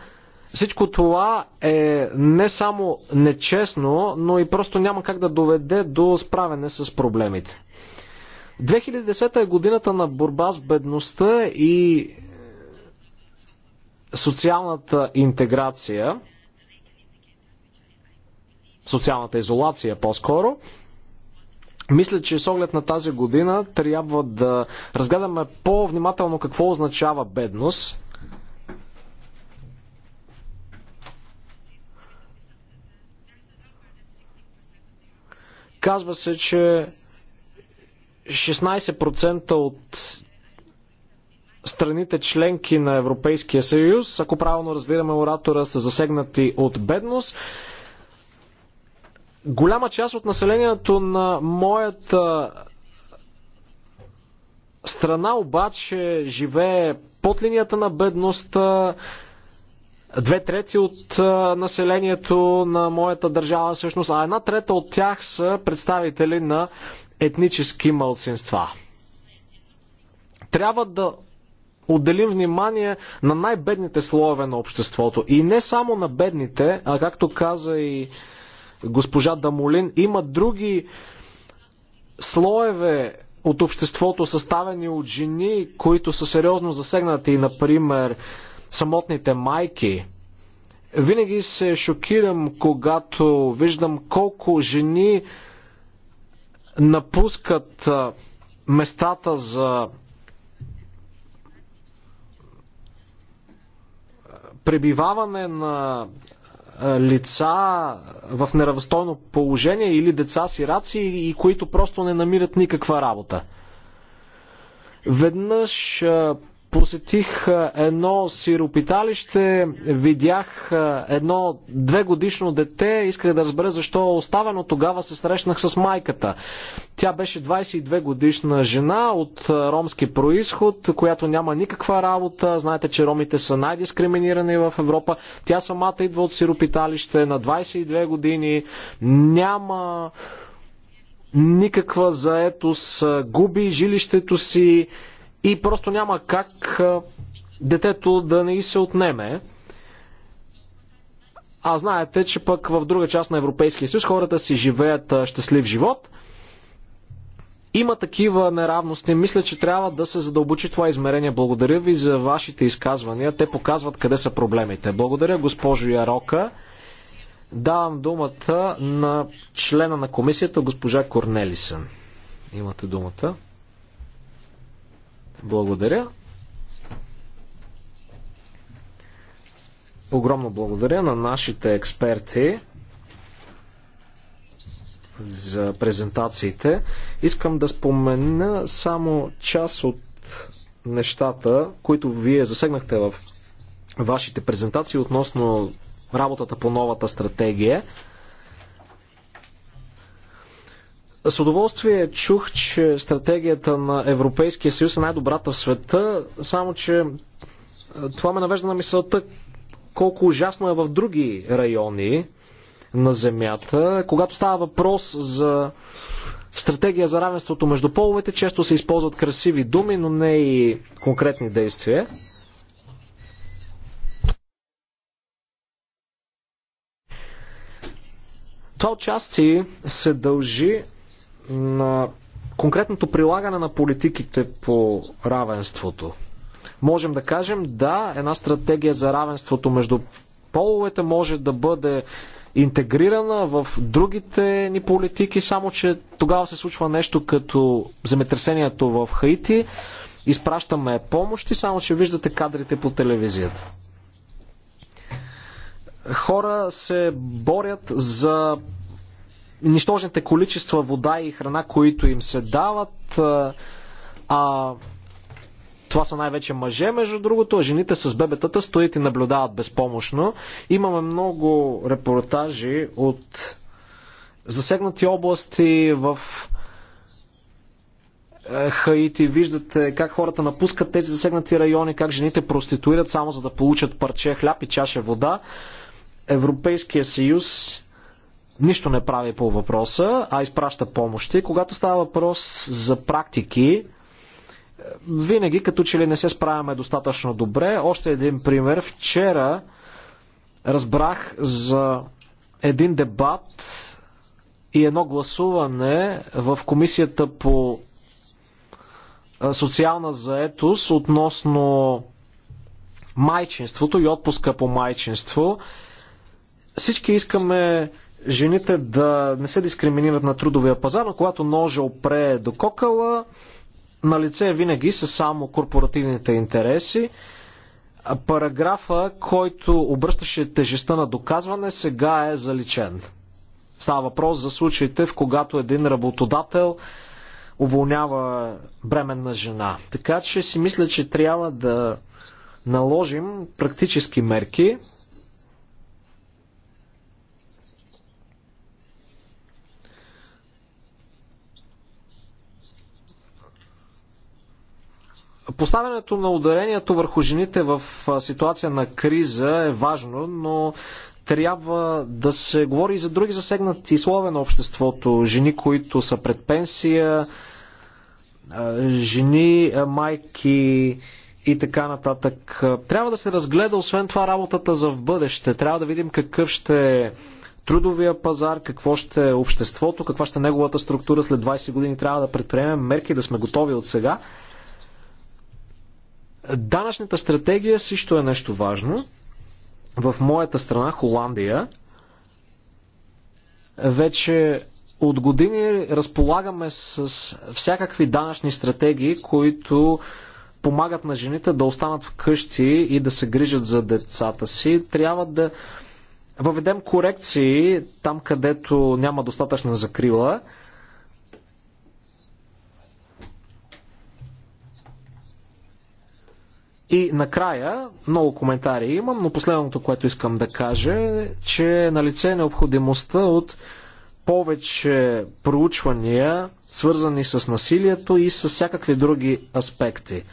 всичко това е не само нечестно, но и просто няма как да доведе до справяне с проблемите. 2010 е годината на борба с бедността и е, социалната интеграция, социалната изолация по-скоро. Мисля, че с оглед на тази година трябва да разгледаме по-внимателно какво означава бедност. Казва се, че 16% от страните членки на Европейския съюз, ако правилно разбираме оратора, са засегнати от бедност. Голяма част от населението на моята страна обаче живее под линията на бедността. Две трети от населението на моята държава всъщност, а една трета от тях са представители на етнически малцинства. Трябва да отделим внимание на най-бедните слоеве на обществото. И не само на бедните, а както каза и госпожа Дамолин, има други слоеве от обществото, съставени от жени, които са сериозно засегнати, например, самотните майки. Винаги се шокирам, когато виждам колко жени напускат местата за пребиваване на лица в неравностойно положение или деца сираци и които просто не намират никаква работа. Веднъж посетих едно сиропиталище, видях едно две годишно дете, исках да разбера защо е остава, но тогава се срещнах с майката. Тя беше 22 годишна жена от ромски происход, която няма никаква работа. Знаете, че ромите са най-дискриминирани в Европа. Тя самата идва от сиропиталище на 22 години, няма никаква заетост, губи жилището си, и просто няма как детето да не и се отнеме. А знаете, че пък в друга част на Европейския съюз хората си живеят щастлив живот. Има такива неравности. Мисля, че трябва да се задълбочи това измерение. Благодаря ви за вашите изказвания. Те показват къде са проблемите. Благодаря, госпожо Ярока. Давам думата на члена на комисията, госпожа Корнелисън. Имате думата. Благодаря. Огромно благодаря на нашите експерти за презентациите. Искам да спомена само част от нещата, които вие засегнахте в вашите презентации относно работата по новата стратегия. С удоволствие чух, че стратегията на Европейския съюз е най-добрата в света, само че е, това ме навежда на мисълта колко ужасно е в други райони на Земята. Когато става въпрос за стратегия за равенството между половете, често се използват красиви думи, но не и конкретни действия. Това отчасти се дължи на конкретното прилагане на политиките по равенството. Можем да кажем, да, една стратегия за равенството между половете може да бъде интегрирана в другите ни политики, само че тогава се случва нещо като земетресението в Хаити. Изпращаме помощи, само че виждате кадрите по телевизията. Хора се борят за нищожните количества вода и храна, които им се дават. А, това са най-вече мъже, между другото, а жените с бебетата стоят и наблюдават безпомощно. Имаме много репортажи от засегнати области в е, Хаити. Виждате как хората напускат тези засегнати райони, как жените проституират само за да получат парче хляб и чаша вода. Европейския съюз нищо не прави по въпроса, а изпраща помощи. Когато става въпрос за практики, е, винаги като че ли не се справяме достатъчно добре. Още един пример. Вчера разбрах за един дебат и едно гласуване в комисията по е, социална заетост относно майчинството и отпуска по майчинство. Всички искаме жените да не се дискриминират на трудовия пазар, но когато ножа опре до кокала, на лице винаги са само корпоративните интереси. Параграфа, който обръщаше тежестта на доказване, сега е заличен. Става въпрос за случаите, в когато един работодател уволнява бременна жена. Така че си мисля, че трябва да наложим практически мерки, Поставянето на ударението върху жените в ситуация на криза е важно, но трябва да се говори и за други засегнати слове на обществото. Жени, които са пред пенсия, жени, майки и така нататък. Трябва да се разгледа, освен това, работата за в бъдеще. Трябва да видим какъв ще е трудовия пазар, какво ще е обществото, каква ще е неговата структура след 20 години. Трябва да предприемем мерки, да сме готови от сега. Данъчната стратегия също е нещо важно. В моята страна, Холандия, вече от години разполагаме с всякакви данъчни стратегии, които помагат на жените да останат вкъщи и да се грижат за децата си. Трябва да въведем корекции там, където няма достатъчна закрила. И накрая, много коментари имам, но последното, което искам да кажа, е, че е на лице е необходимостта от повече проучвания, свързани с насилието и с всякакви други аспекти.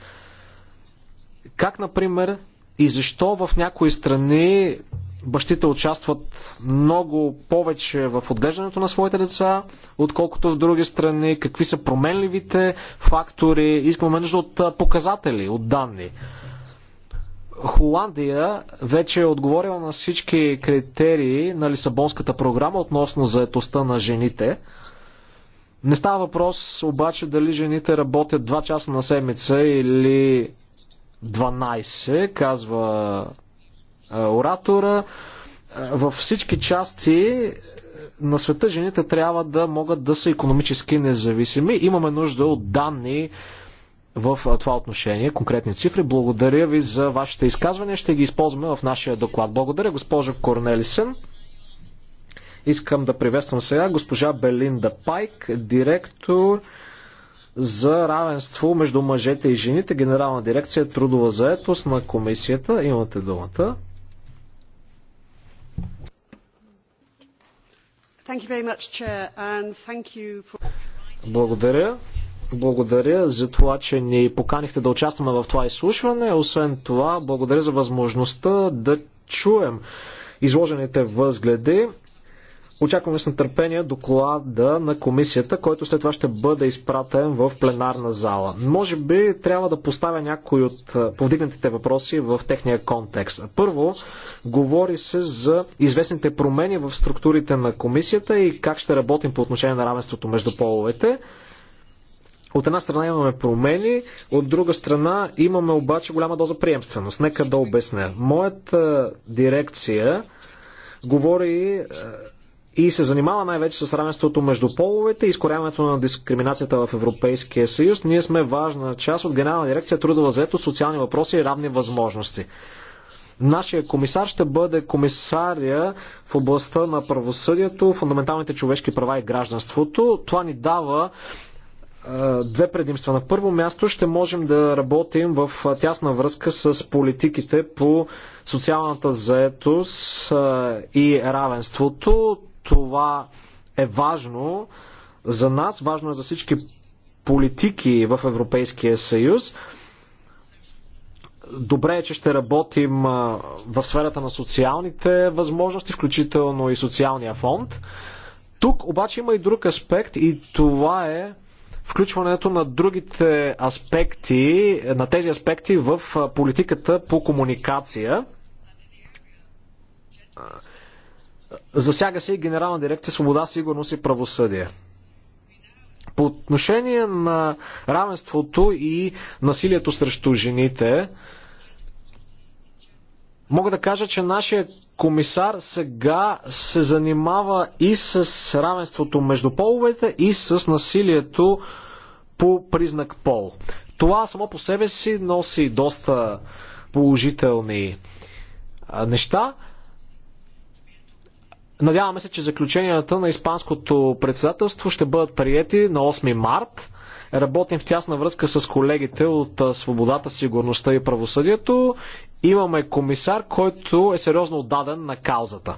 Как, например, и защо в някои страни бащите участват много повече в отглеждането на своите деца, отколкото в други страни, какви са променливите фактори. Искаме нужда от показатели, от данни. Холандия вече е отговорила на всички критерии на Лисабонската програма относно заетостта на жените. Не става въпрос обаче дали жените работят 2 часа на седмица или 12, казва оратора. Във всички части на света жените трябва да могат да са економически независими. Имаме нужда от данни в това отношение, конкретни цифри. Благодаря ви за вашите изказвания. Ще ги използваме в нашия доклад. Благодаря, госпожо Корнелисен. Искам да приветствам сега госпожа Белинда Пайк, директор за равенство между мъжете и жените, генерална дирекция Трудова заетост на комисията. Имате думата. Благодаря. Благодаря за това, че ни поканихте да участваме в това изслушване. Освен това, благодаря за възможността да чуем изложените възгледи. Очакваме с нетърпение доклада на комисията, който след това ще бъде изпратен в пленарна зала. Може би трябва да поставя някои от повдигнатите въпроси в техния контекст. Първо, говори се за известните промени в структурите на комисията и как ще работим по отношение на равенството между половете. От една страна имаме промени, от друга страна имаме обаче голяма доза приемственост. Нека да обясня. Моята дирекция говори и се занимава най-вече с равенството между половете и изкоряването на дискриминацията в Европейския съюз. Ние сме важна част от Генерална дирекция Трудова заето, социални въпроси и равни възможности. Нашия комисар ще бъде комисария в областта на правосъдието, фундаменталните човешки права и гражданството. Това ни дава две предимства. На първо място ще можем да работим в тясна връзка с политиките по социалната заетост и равенството. Това е важно за нас, важно е за всички политики в Европейския съюз. Добре е, че ще работим в сферата на социалните възможности, включително и социалния фонд. Тук обаче има и друг аспект и това е включването на другите аспекти, на тези аспекти в политиката по комуникация. Засяга се и Генерална дирекция Свобода, сигурност и правосъдие. По отношение на равенството и насилието срещу жените, мога да кажа, че нашия комисар сега се занимава и с равенството между половете и с насилието по признак пол. Това само по себе си носи доста положителни неща. Надяваме се, че заключенията на Испанското председателство ще бъдат приети на 8 март. Работим в тясна връзка с колегите от Свободата, Сигурността и Правосъдието. Имаме комисар, който е сериозно отдаден на каузата.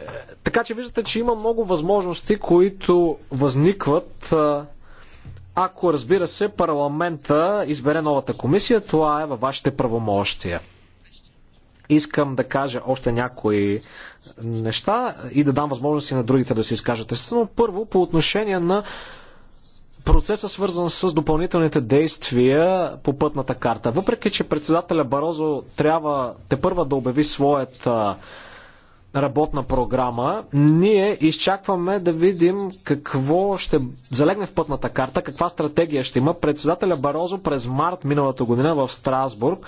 Е, така че виждате, че има много възможности, които възникват ако разбира се парламента избере новата комисия, това е във вашите правомощия. Искам да кажа още някои неща и да дам възможности на другите да се изкажат. Естествено, първо, по отношение на процеса, свързан с допълнителните действия по пътната карта. Въпреки, че председателя Барозо трябва те първа да обяви своята работна програма, ние изчакваме да видим какво ще залегне в пътната карта, каква стратегия ще има. Председателя Барозо през март миналата година в Страсбург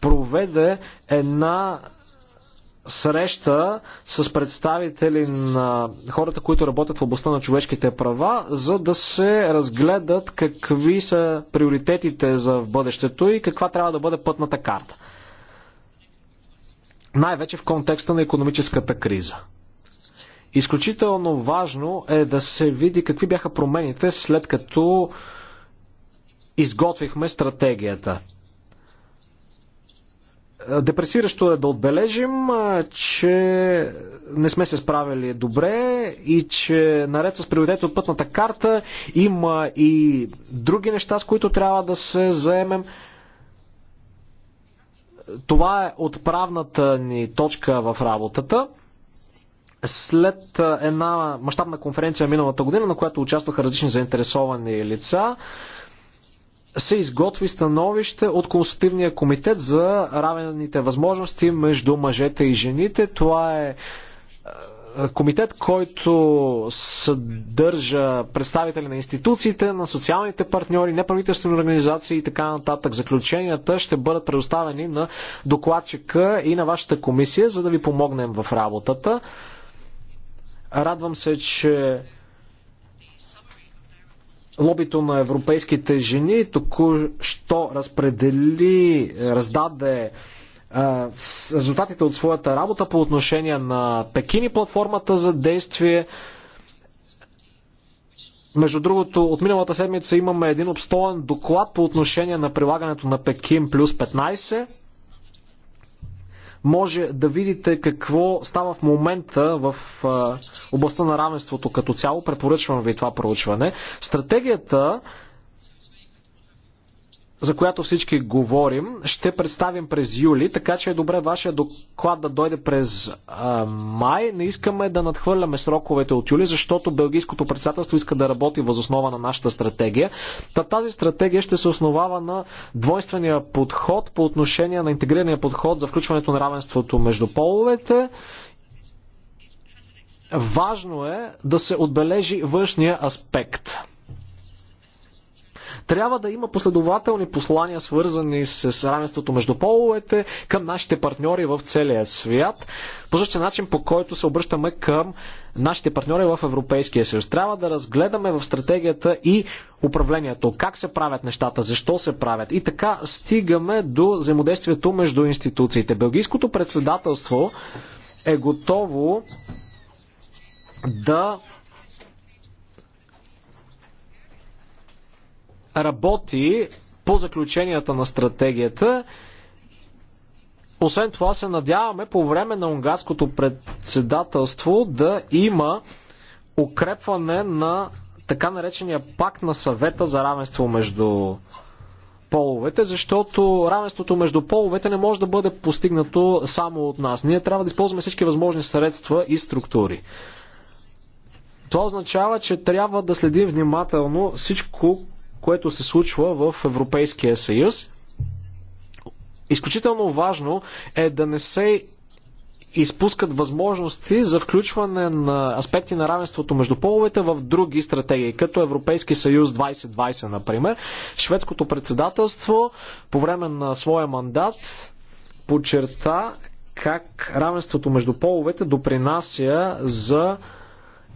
проведе една среща с представители на хората, които работят в областта на човешките права, за да се разгледат какви са приоритетите за в бъдещето и каква трябва да бъде пътната карта най-вече в контекста на економическата криза. Изключително важно е да се види какви бяха промените след като изготвихме стратегията. Депресиращо е да отбележим, че не сме се справили добре и че наред с приоритет от пътната карта има и други неща, с които трябва да се заемем. Това е отправната ни точка в работата. След една мащабна конференция миналата година, на която участваха различни заинтересовани лица, се изготви становище от Консултивния комитет за равените възможности между мъжете и жените. Това е комитет, който съдържа представители на институциите, на социалните партньори, неправителствени организации и така нататък. Заключенията ще бъдат предоставени на докладчика и на вашата комисия, за да ви помогнем в работата. Радвам се, че лобито на европейските жени току-що разпредели, раздаде резултатите от своята работа по отношение на Пекин и платформата за действие. Между другото, от миналата седмица имаме един обстоен доклад по отношение на прилагането на Пекин плюс 15. Може да видите какво става в момента в областта на равенството като цяло. Препоръчвам ви това проучване. Стратегията за която всички говорим, ще представим през юли, така че е добре вашия доклад да дойде през а, май. Не искаме да надхвърляме сроковете от юли, защото Белгийското председателство иска да работи възоснова на нашата стратегия. Та тази стратегия ще се основава на двойствения подход по отношение на интегрирания подход за включването на равенството между половете. Важно е да се отбележи външния аспект трябва да има последователни послания, свързани с равенството между половете към нашите партньори в целия свят, по същия начин по който се обръщаме към нашите партньори в Европейския съюз. Трябва да разгледаме в стратегията и управлението, как се правят нещата, защо се правят. И така стигаме до взаимодействието между институциите. Белгийското председателство е готово да работи по заключенията на стратегията. Освен това се надяваме по време на унгарското председателство да има укрепване на така наречения пакт на съвета за равенство между половете, защото равенството между половете не може да бъде постигнато само от нас. Ние трябва да използваме всички възможни средства и структури. Това означава, че трябва да следим внимателно всичко, което се случва в Европейския съюз. Изключително важно е да не се изпускат възможности за включване на аспекти на равенството между половете в други стратегии, като Европейски съюз 2020, например. Шведското председателство по време на своя мандат подчерта как равенството между половете допринася за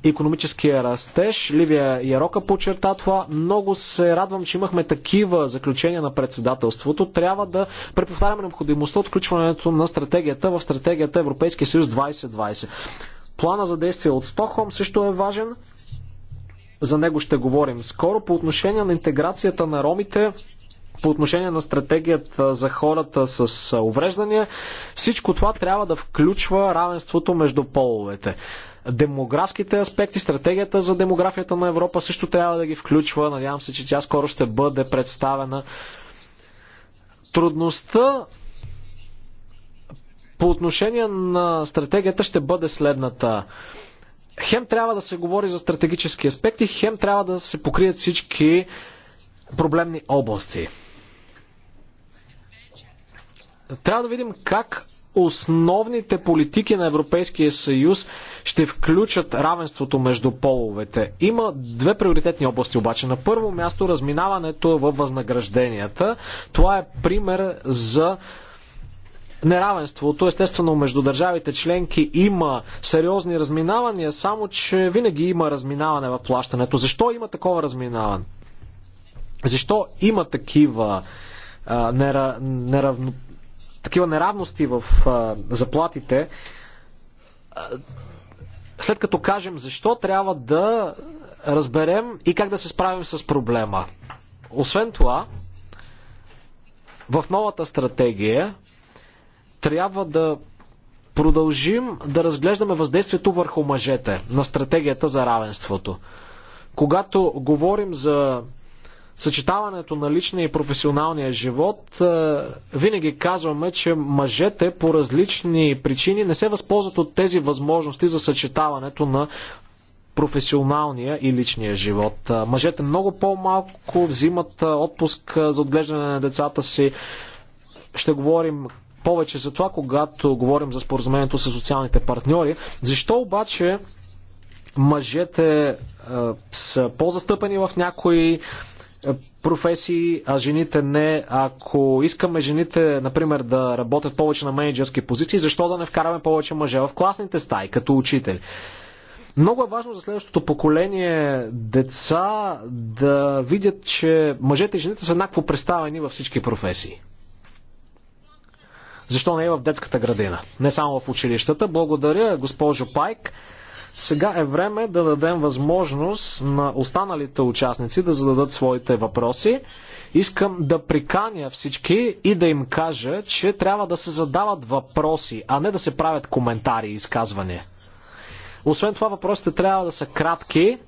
економическия растеж. Ливия Ярока подчерта това. Много се радвам, че имахме такива заключения на председателството. Трябва да преповтаряме необходимостта от включването на стратегията в стратегията Европейския съюз 2020. Плана за действие от Стохом също е важен. За него ще говорим скоро. По отношение на интеграцията на ромите, по отношение на стратегията за хората с увреждания, всичко това трябва да включва равенството между половете. Демографските аспекти, стратегията за демографията на Европа също трябва да ги включва. Надявам се, че тя скоро ще бъде представена. Трудността по отношение на стратегията ще бъде следната. Хем трябва да се говори за стратегически аспекти, хем трябва да се покрият всички проблемни области. Трябва да видим как основните политики на Европейския съюз ще включат равенството между половете. Има две приоритетни области обаче. На първо място разминаването във възнагражденията. Това е пример за неравенството. Естествено, между държавите членки има сериозни разминавания, само че винаги има разминаване в плащането. Защо има такова разминаване? Защо има такива нера, нерав, такива неравности в заплатите, след като кажем защо, трябва да разберем и как да се справим с проблема. Освен това, в новата стратегия трябва да продължим да разглеждаме въздействието върху мъжете на стратегията за равенството. Когато говорим за съчетаването на личния и професионалния живот, е, винаги казваме, че мъжете по различни причини не се възползват от тези възможности за съчетаването на професионалния и личния живот. Е, мъжете много по-малко взимат е, отпуск за отглеждане на децата си. Ще говорим повече за това, когато говорим за споразумението с социалните партньори. Защо обаче мъжете са по-застъпени в някои професии, а жените не. Ако искаме жените, например, да работят повече на менеджерски позиции, защо да не вкараме повече мъже в класните стаи, като учители? Много е важно за следващото поколение деца да видят, че мъжете и жените са еднакво представени във всички професии. Защо не е в детската градина? Не само в училищата. Благодаря, госпожо Пайк. Сега е време да дадем възможност на останалите участници да зададат своите въпроси. Искам да приканя всички и да им кажа, че трябва да се задават въпроси, а не да се правят коментари и изказвания. Освен това, въпросите трябва да са кратки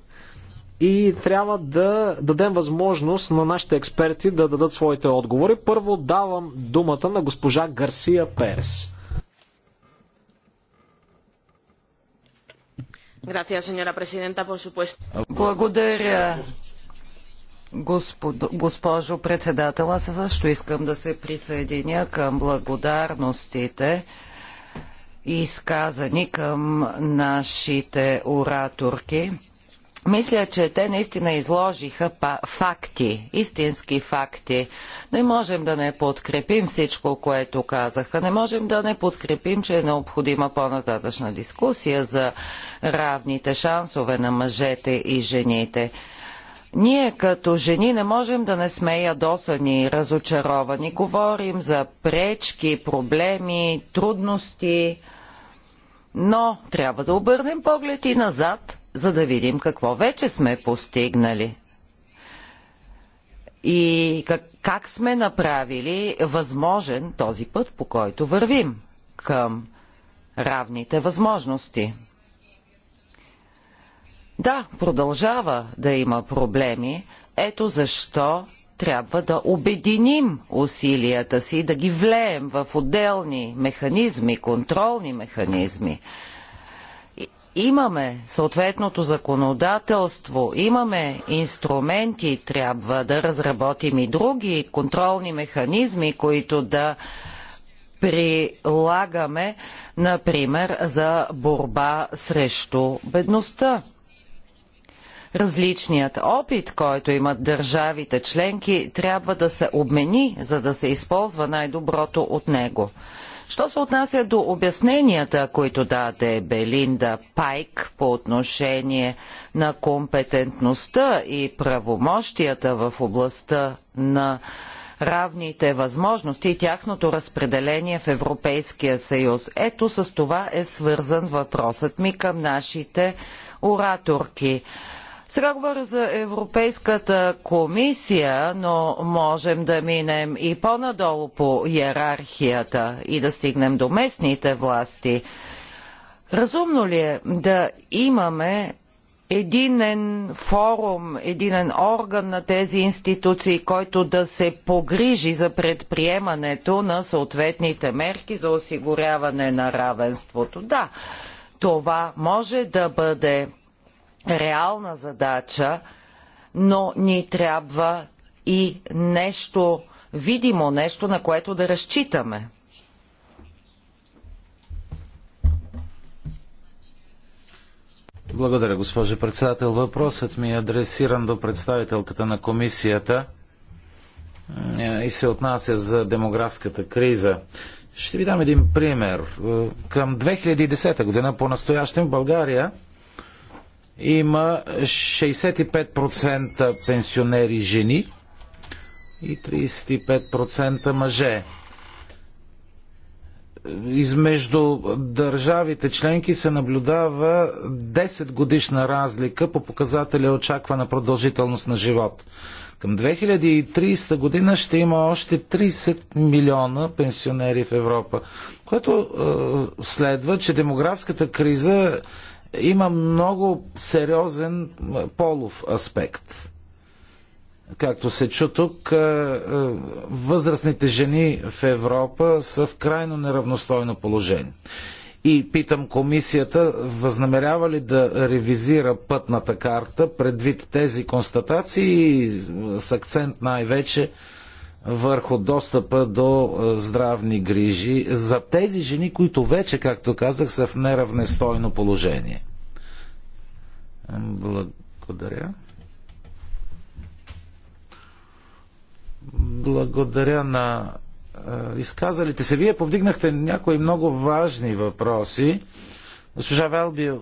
и трябва да дадем възможност на нашите експерти да дадат своите отговори. Първо давам думата на госпожа Гарсия Перес. Благодаря, госпожо председател. Аз също искам да се присъединя към благодарностите изказани към нашите ораторки. Мисля, че те наистина изложиха факти, истински факти. Не можем да не подкрепим всичко, което казаха. Не можем да не подкрепим, че е необходима по-нататъчна дискусия за равните шансове на мъжете и жените. Ние като жени не можем да не сме ядосани, разочаровани. Говорим за пречки, проблеми, трудности. Но трябва да обърнем поглед и назад, за да видим какво вече сме постигнали и как, как сме направили възможен този път, по който вървим към равните възможности. Да, продължава да има проблеми. Ето защо трябва да обединим усилията си, да ги влеем в отделни механизми, контролни механизми. Имаме съответното законодателство, имаме инструменти, трябва да разработим и други контролни механизми, които да прилагаме, например, за борба срещу бедността различният опит, който имат държавите членки, трябва да се обмени, за да се използва най-доброто от него. Що се отнася до обясненията, които даде Белинда Пайк по отношение на компетентността и правомощията в областта на равните възможности и тяхното разпределение в Европейския съюз. Ето с това е свързан въпросът ми към нашите ораторки. Сега говоря за Европейската комисия, но можем да минем и по-надолу по иерархията и да стигнем до местните власти. Разумно ли е да имаме единен форум, единен орган на тези институции, който да се погрижи за предприемането на съответните мерки за осигуряване на равенството. Да, това може да бъде реална задача, но ни трябва и нещо видимо, нещо на което да разчитаме. Благодаря, госпожо председател. Въпросът ми е адресиран до представителката на комисията е, и се отнася за демографската криза. Ще ви дам един пример. Е, към 2010 година по настоящем в България има 65% пенсионери жени и 35% мъже. Измежду държавите членки се наблюдава 10 годишна разлика по показателя очаквана продължителност на живот. Към 2030 година ще има още 30 милиона пенсионери в Европа, което е, следва, че демографската криза има много сериозен полов аспект. Както се чу тук, е, е, възрастните жени в Европа са в крайно неравностойно положение. И питам комисията, възнамерява ли да ревизира пътната карта предвид тези констатации с акцент най-вече върху достъпа до е, здравни грижи за тези жени, които вече, както казах, са в неравнестойно положение. Благодаря. Благодаря на е, изказалите се. Вие повдигнахте някои много важни въпроси. Госпожа Велбио,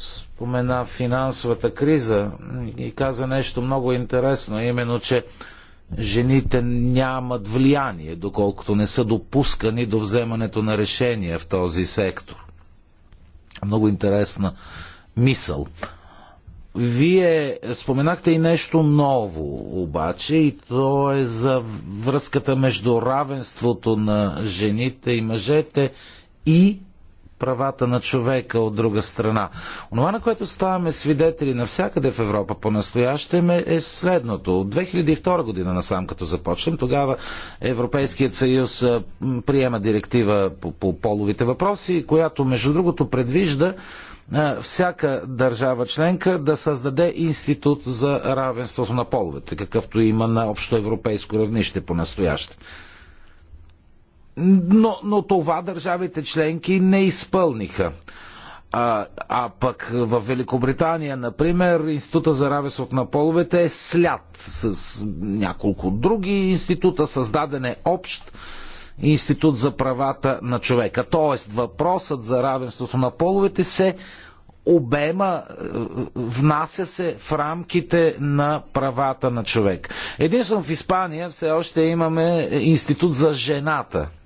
спомена финансовата криза и каза нещо много интересно, именно, че жените нямат влияние, доколкото не са допускани до вземането на решения в този сектор. Много интересна мисъл. Вие споменахте и нещо ново, обаче, и то е за връзката между равенството на жените и мъжете и правата на човека от друга страна. Онова, на което ставаме свидетели навсякъде в Европа по-настоящем е, е следното. От 2002 година насам, като започнем, тогава Европейският съюз приема директива по, по половите въпроси, която между другото предвижда всяка държава членка да създаде институт за равенството на половете, какъвто има на общо европейско равнище по настояще но, но това държавите членки не изпълниха. А, а пък в Великобритания, например, Института за равенството на половете е слят с няколко други института, създаден е общ институт за правата на човека. Тоест въпросът за равенството на половете се обема е, внася се в рамките на правата на човек. Единствено в Испания все още имаме институт за жената –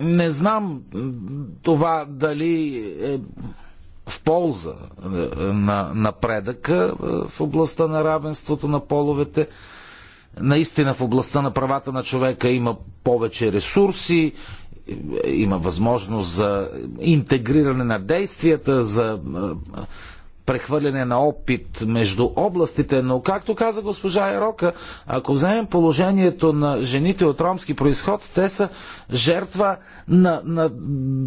Не знам това дали е в полза е, на напредъка е, в областта на равенството на половете. Наистина в областта на правата на човека има повече ресурси, е, има възможност за интегриране на действията, за прехвърляне на опит между областите, но както каза госпожа Ерока, ако вземем положението на жените от ромски происход, те са жертва на, на,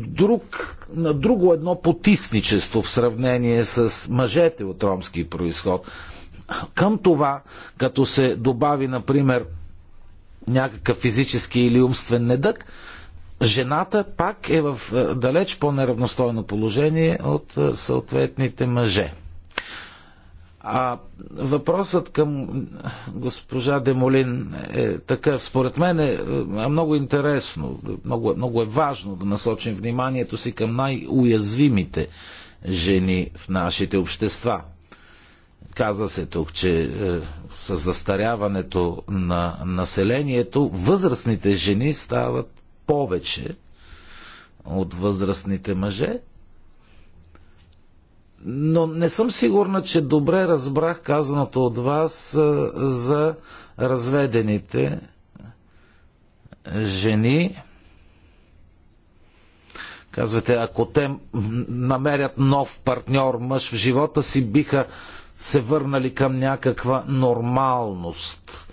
друг, на друго едно потисничество в сравнение с мъжете от ромски происход. Към това, като се добави, например, някакъв физически или умствен недък, жената пак е в е, далеч по-неравностойно положение от е, съответните мъже. А въпросът към госпожа Демолин е такъв. Според мен е, е много интересно, много, много е важно да насочим вниманието си към най-уязвимите жени в нашите общества. Каза се тук, че е, с застаряването на населението възрастните жени стават повече от възрастните мъже. Но не съм сигурна, че добре разбрах казаното от вас за разведените жени. Казвате, ако те намерят нов партньор, мъж в живота си, биха се върнали към някаква нормалност.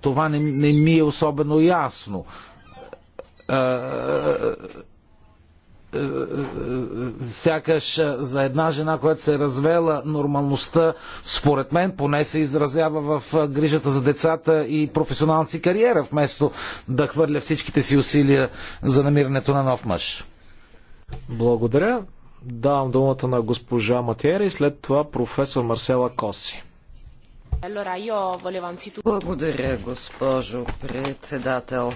Това не, не ми е особено ясно сякаш за една жена, която се е развела, нормалността, според мен, поне се изразява в грижата за децата и професионалната си кариера, вместо да хвърля всичките си усилия за намирането на нов мъж. Благодаря. Давам думата на госпожа Матиери и след това професор Марсела Коси. Благодаря, госпожо председател.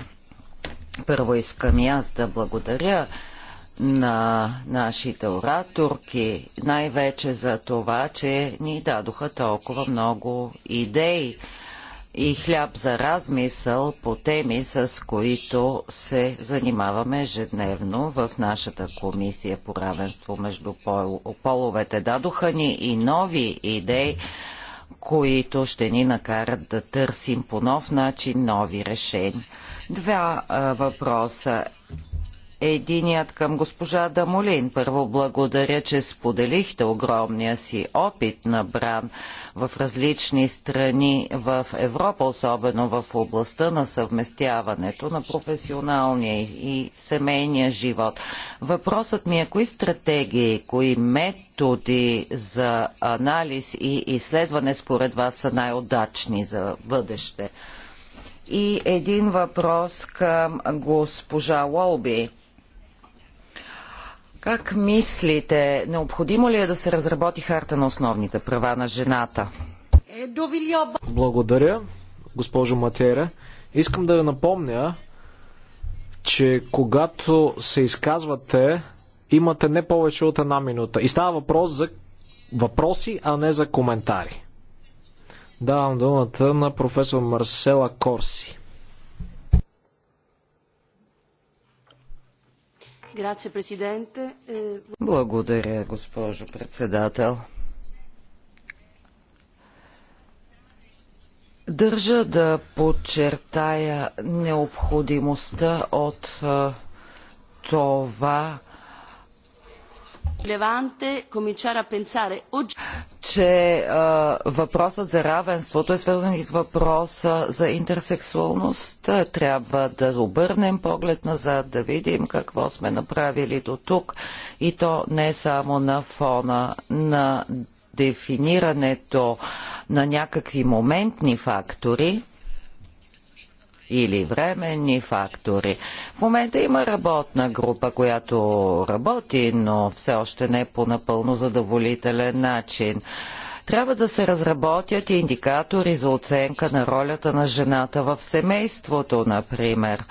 Първо искам и аз да благодаря на нашите ораторки, най-вече за това, че ни дадоха толкова много идеи и хляб за размисъл по теми, с които се занимаваме ежедневно в нашата комисия по равенство между пол половете. Дадоха ни и нови идеи които ще ни накарат да търсим по нов начин нови решения. Два а, въпроса Единият към госпожа Дамолин. Първо благодаря, че споделихте огромния си опит на бран в различни страни в Европа, особено в областта на съвместяването на професионалния и семейния живот. Въпросът ми е кои стратегии, кои методи за анализ и изследване според вас са най-удачни за бъдеще? И един въпрос към госпожа Уолби как мислите, необходимо ли е да се разработи харта на основните права на жената? Благодаря, госпожо Матера. Искам да ви напомня, че когато се изказвате, имате не повече от една минута. И става въпрос за въпроси, а не за коментари. Давам думата на професор Марсела Корси. Eh, Благодаря, госпожо председател. Държа да подчертая необходимостта от е, това че а, въпросът за равенството е свързан и с въпроса за интерсексуалност. Трябва да обърнем поглед назад, да видим какво сме направили до тук и то не само на фона на дефинирането на някакви моментни фактори, или временни фактори. В момента има работна група, която работи, но все още не е по напълно задоволителен начин. Трябва да се разработят индикатори за оценка на ролята на жената в семейството, например.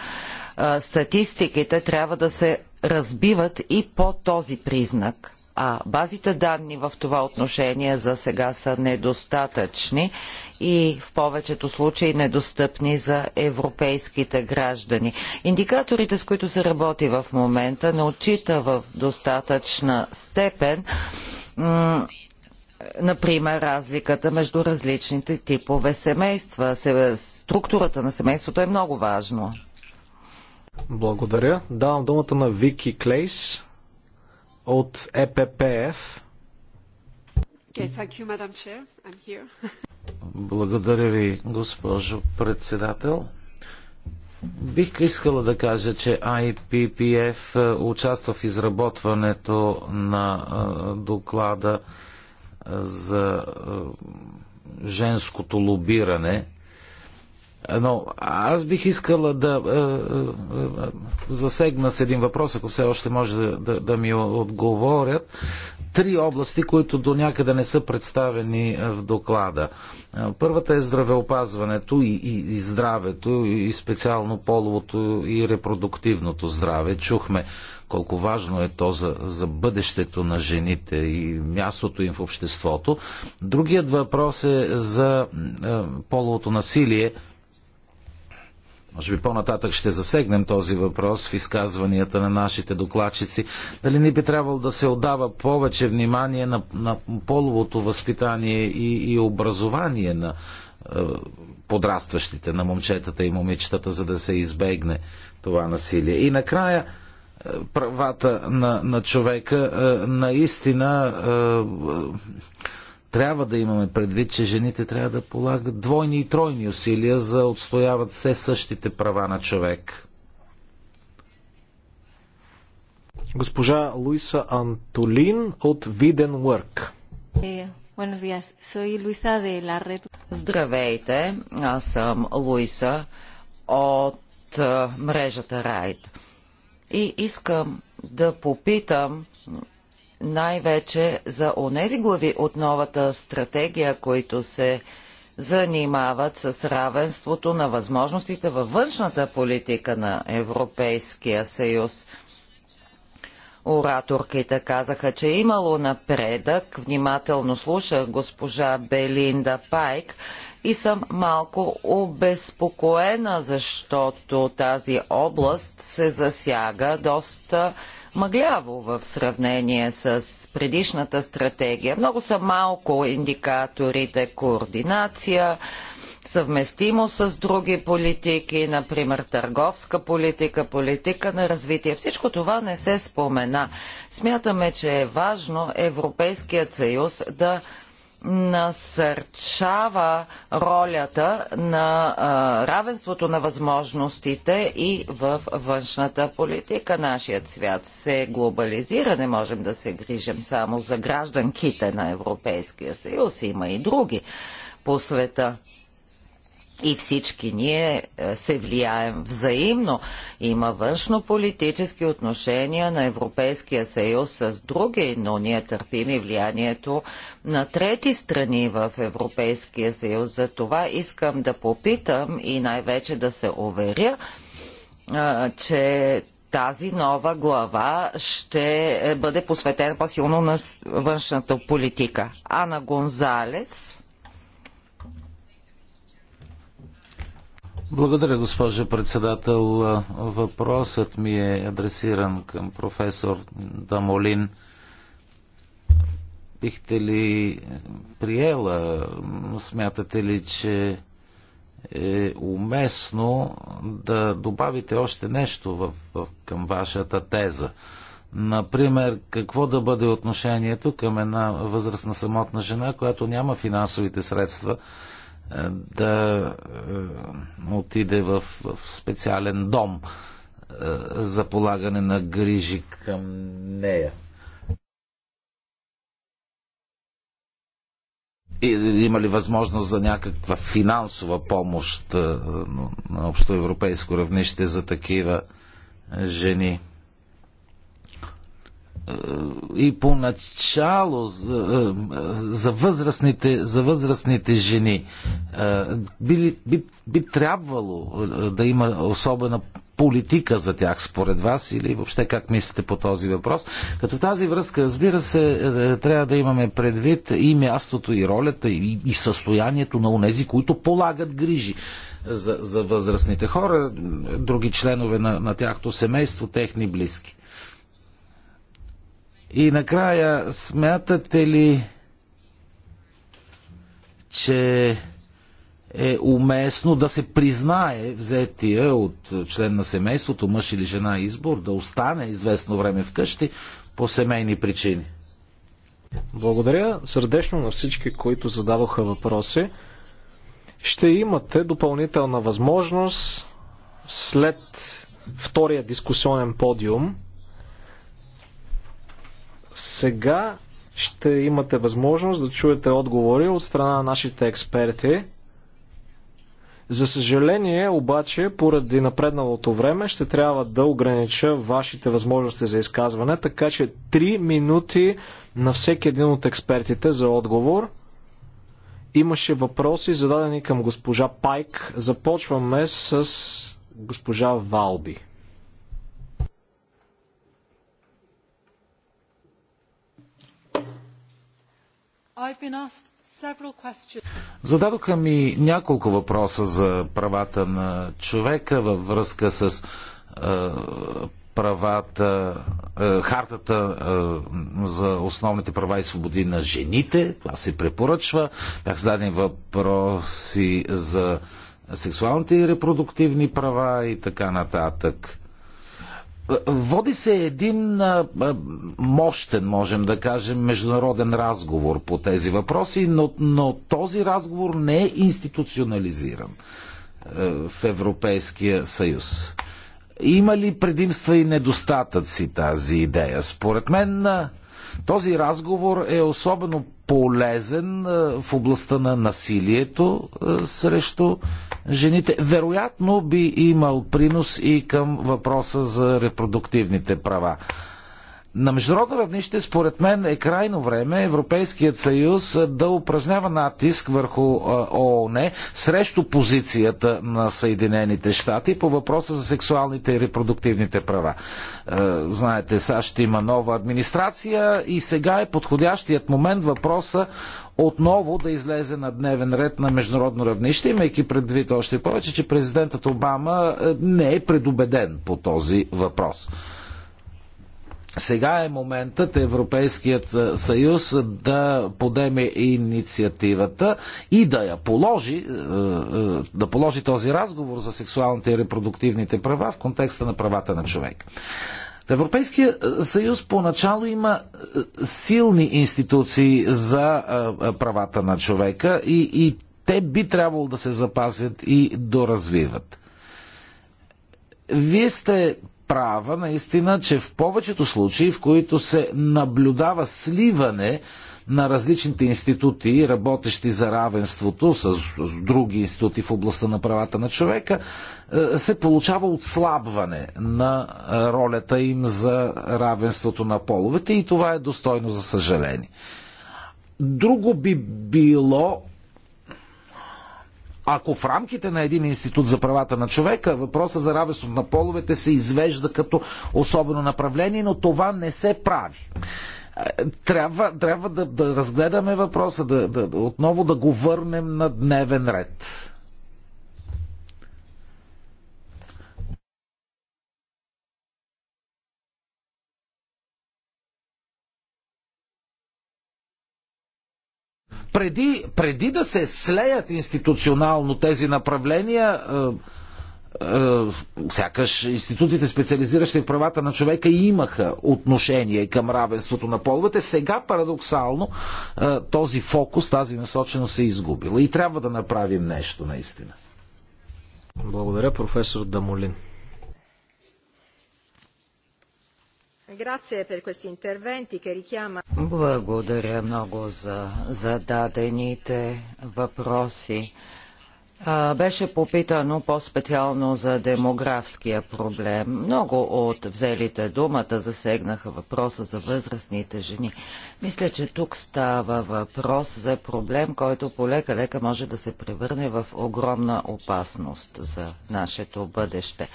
Статистиките трябва да се разбиват и по този признак а базите данни в това отношение за сега са недостатъчни и в повечето случаи недостъпни за европейските граждани. Индикаторите, с които се работи в момента, не отчита в достатъчна степен например, разликата между различните типове семейства. Структурата на семейството е много важно. Благодаря. Давам думата на Вики Клейс от ЕППФ. Okay, thank you, Madam Chair. I'm here. Благодаря ви, госпожо председател. Бих искала да кажа, че IPPF е, участва в изработването на е, доклада е, за женското лобиране но аз бих искала да е, е, е, засегна с един въпрос, ако все още може да, да, да ми отговорят. Три области, които до някъде не са представени в доклада. Първата е здравеопазването и, и, и здравето, и специално половото и репродуктивното здраве. Чухме колко важно е то за, за бъдещето на жените и мястото им в обществото. Другият въпрос е за е, половото насилие може би по-нататък ще засегнем този въпрос в изказванията на нашите докладчици. Дали не би трябвало да се отдава повече внимание на, на половото възпитание и, и образование на е, подрастващите, на момчетата и момичетата, за да се избегне това насилие. И накрая е, правата на, на човека е, наистина. Е, е, трябва да имаме предвид, че жените трябва да полагат двойни и тройни усилия за отстояват все същите права на човек. Госпожа Луиса Антолин от Виден Work. Е, Здравейте, аз съм Луиса от мрежата Райд. И искам да попитам най-вече за онези глави от новата стратегия, които се занимават с равенството на възможностите във външната политика на Европейския съюз. Ораторките казаха, че е имало напредък. Внимателно слушах госпожа Белинда Пайк и съм малко обезпокоена, защото тази област се засяга доста мъгляво в сравнение с предишната стратегия. Много са малко индикаторите координация, съвместимо с други политики, например търговска политика, политика на развитие. Всичко това не се спомена. Смятаме, че е важно Европейският съюз да насърчава ролята на а, равенството на възможностите и в външната политика. Нашият свят се глобализира, не можем да се грижим само за гражданките на Европейския съюз, има и други по света и всички ние е, се влияем взаимно. Има външно-политически отношения на Европейския съюз с други, но ние търпим и влиянието на трети страни в Европейския съюз. За това искам да попитам и най-вече да се уверя, е, че тази нова глава ще бъде посветена по-силно на външната политика. Ана Гонзалес Благодаря, госпожо председател. Въпросът ми е адресиран към професор Дамолин. Бихте ли приела, смятате ли, че е уместно да добавите още нещо в, в, към вашата теза? Например, какво да бъде отношението към една възрастна самотна жена, която няма финансовите средства е, да е, отиде в, в специален дом е, за полагане на грижи към нея. И, има ли възможност за някаква финансова помощ на общоевропейско равнище за такива жени? и поначало е, за, възрастните, за възрастните жени е, би, би, би трябвало е, да има особена политика за тях според вас или въобще как мислите по този въпрос. Като тази връзка, разбира се, трябва да имаме предвид и мястото, и ролята, и, и състоянието на онези, които полагат грижи за, за възрастните хора, други членове на, на тяхто семейство, техни близки. И накрая, смятате ли, че е уместно да се признае взетия от член на семейството, мъж или жена избор, да остане известно време вкъщи по семейни причини? Благодаря сърдечно на всички, които задаваха въпроси. Ще имате допълнителна възможност след втория дискусионен подиум сега ще имате възможност да чуете отговори от страна на нашите експерти. За съжаление, обаче, поради напредналото време, ще трябва да огранича вашите възможности за изказване, така че 3 минути на всеки един от експертите за отговор. Имаше въпроси, зададени към госпожа Пайк. Започваме с госпожа Валби. Зададоха ми няколко въпроса за правата на човека във връзка с е, правата, е, хартата е, за основните права и свободи на жените. Това се препоръчва. Бях зададени въпроси за сексуалните и репродуктивни права и така нататък. Води се един мощен, можем да кажем, международен разговор по тези въпроси, но, но този разговор не е институционализиран е, в Европейския съюз. Има ли предимства и недостатъци тази идея? Според мен този разговор е особено полезен е, в областта на насилието е, срещу жените. Вероятно би имал принос и към въпроса за репродуктивните права. На международно равнище, според мен, е крайно време Европейският съюз да упражнява натиск върху ООН срещу позицията на Съединените щати по въпроса за сексуалните и репродуктивните права. Знаете, САЩ има нова администрация и сега е подходящият момент въпроса отново да излезе на дневен ред на международно равнище, имайки предвид още повече, че президентът Обама не е предубеден по този въпрос сега е моментът Европейският е, съюз да подеме инициативата и да я положи, е, е, да положи този разговор за сексуалните и репродуктивните права в контекста на правата на човек. В Европейския съюз поначало има силни институции за правата на човека и, и те би трябвало да се запазят и доразвиват. Вие сте права наистина, че в повечето случаи, в които се наблюдава сливане на различните институти, работещи за равенството с, други институти в областта на правата на човека, е, се получава отслабване на ролята им за равенството на половете и това е достойно за съжаление. Друго би било ако в рамките на един институт за правата на човека въпроса за равенството на половете се извежда като особено направление, но това не се прави. Е, трябва, трябва да, да разгледаме въпроса, да, да, отново да го върнем на дневен ред. преди, преди да се слеят институционално тези направления, е, е, сякаш институтите, специализиращи в правата на човека, имаха отношение към равенството на половете. Сега, парадоксално, е, този фокус, тази насоченост се изгубила и трябва да направим нещо наистина. Благодаря, професор Дамолин. Благодаря много за зададените въпроси беше попитано по-специално за демографския проблем. Много от взелите думата засегнаха въпроса за възрастните жени. Мисля, че тук става въпрос за проблем, който полека-лека може да се превърне в огромна опасност за нашето бъдеще.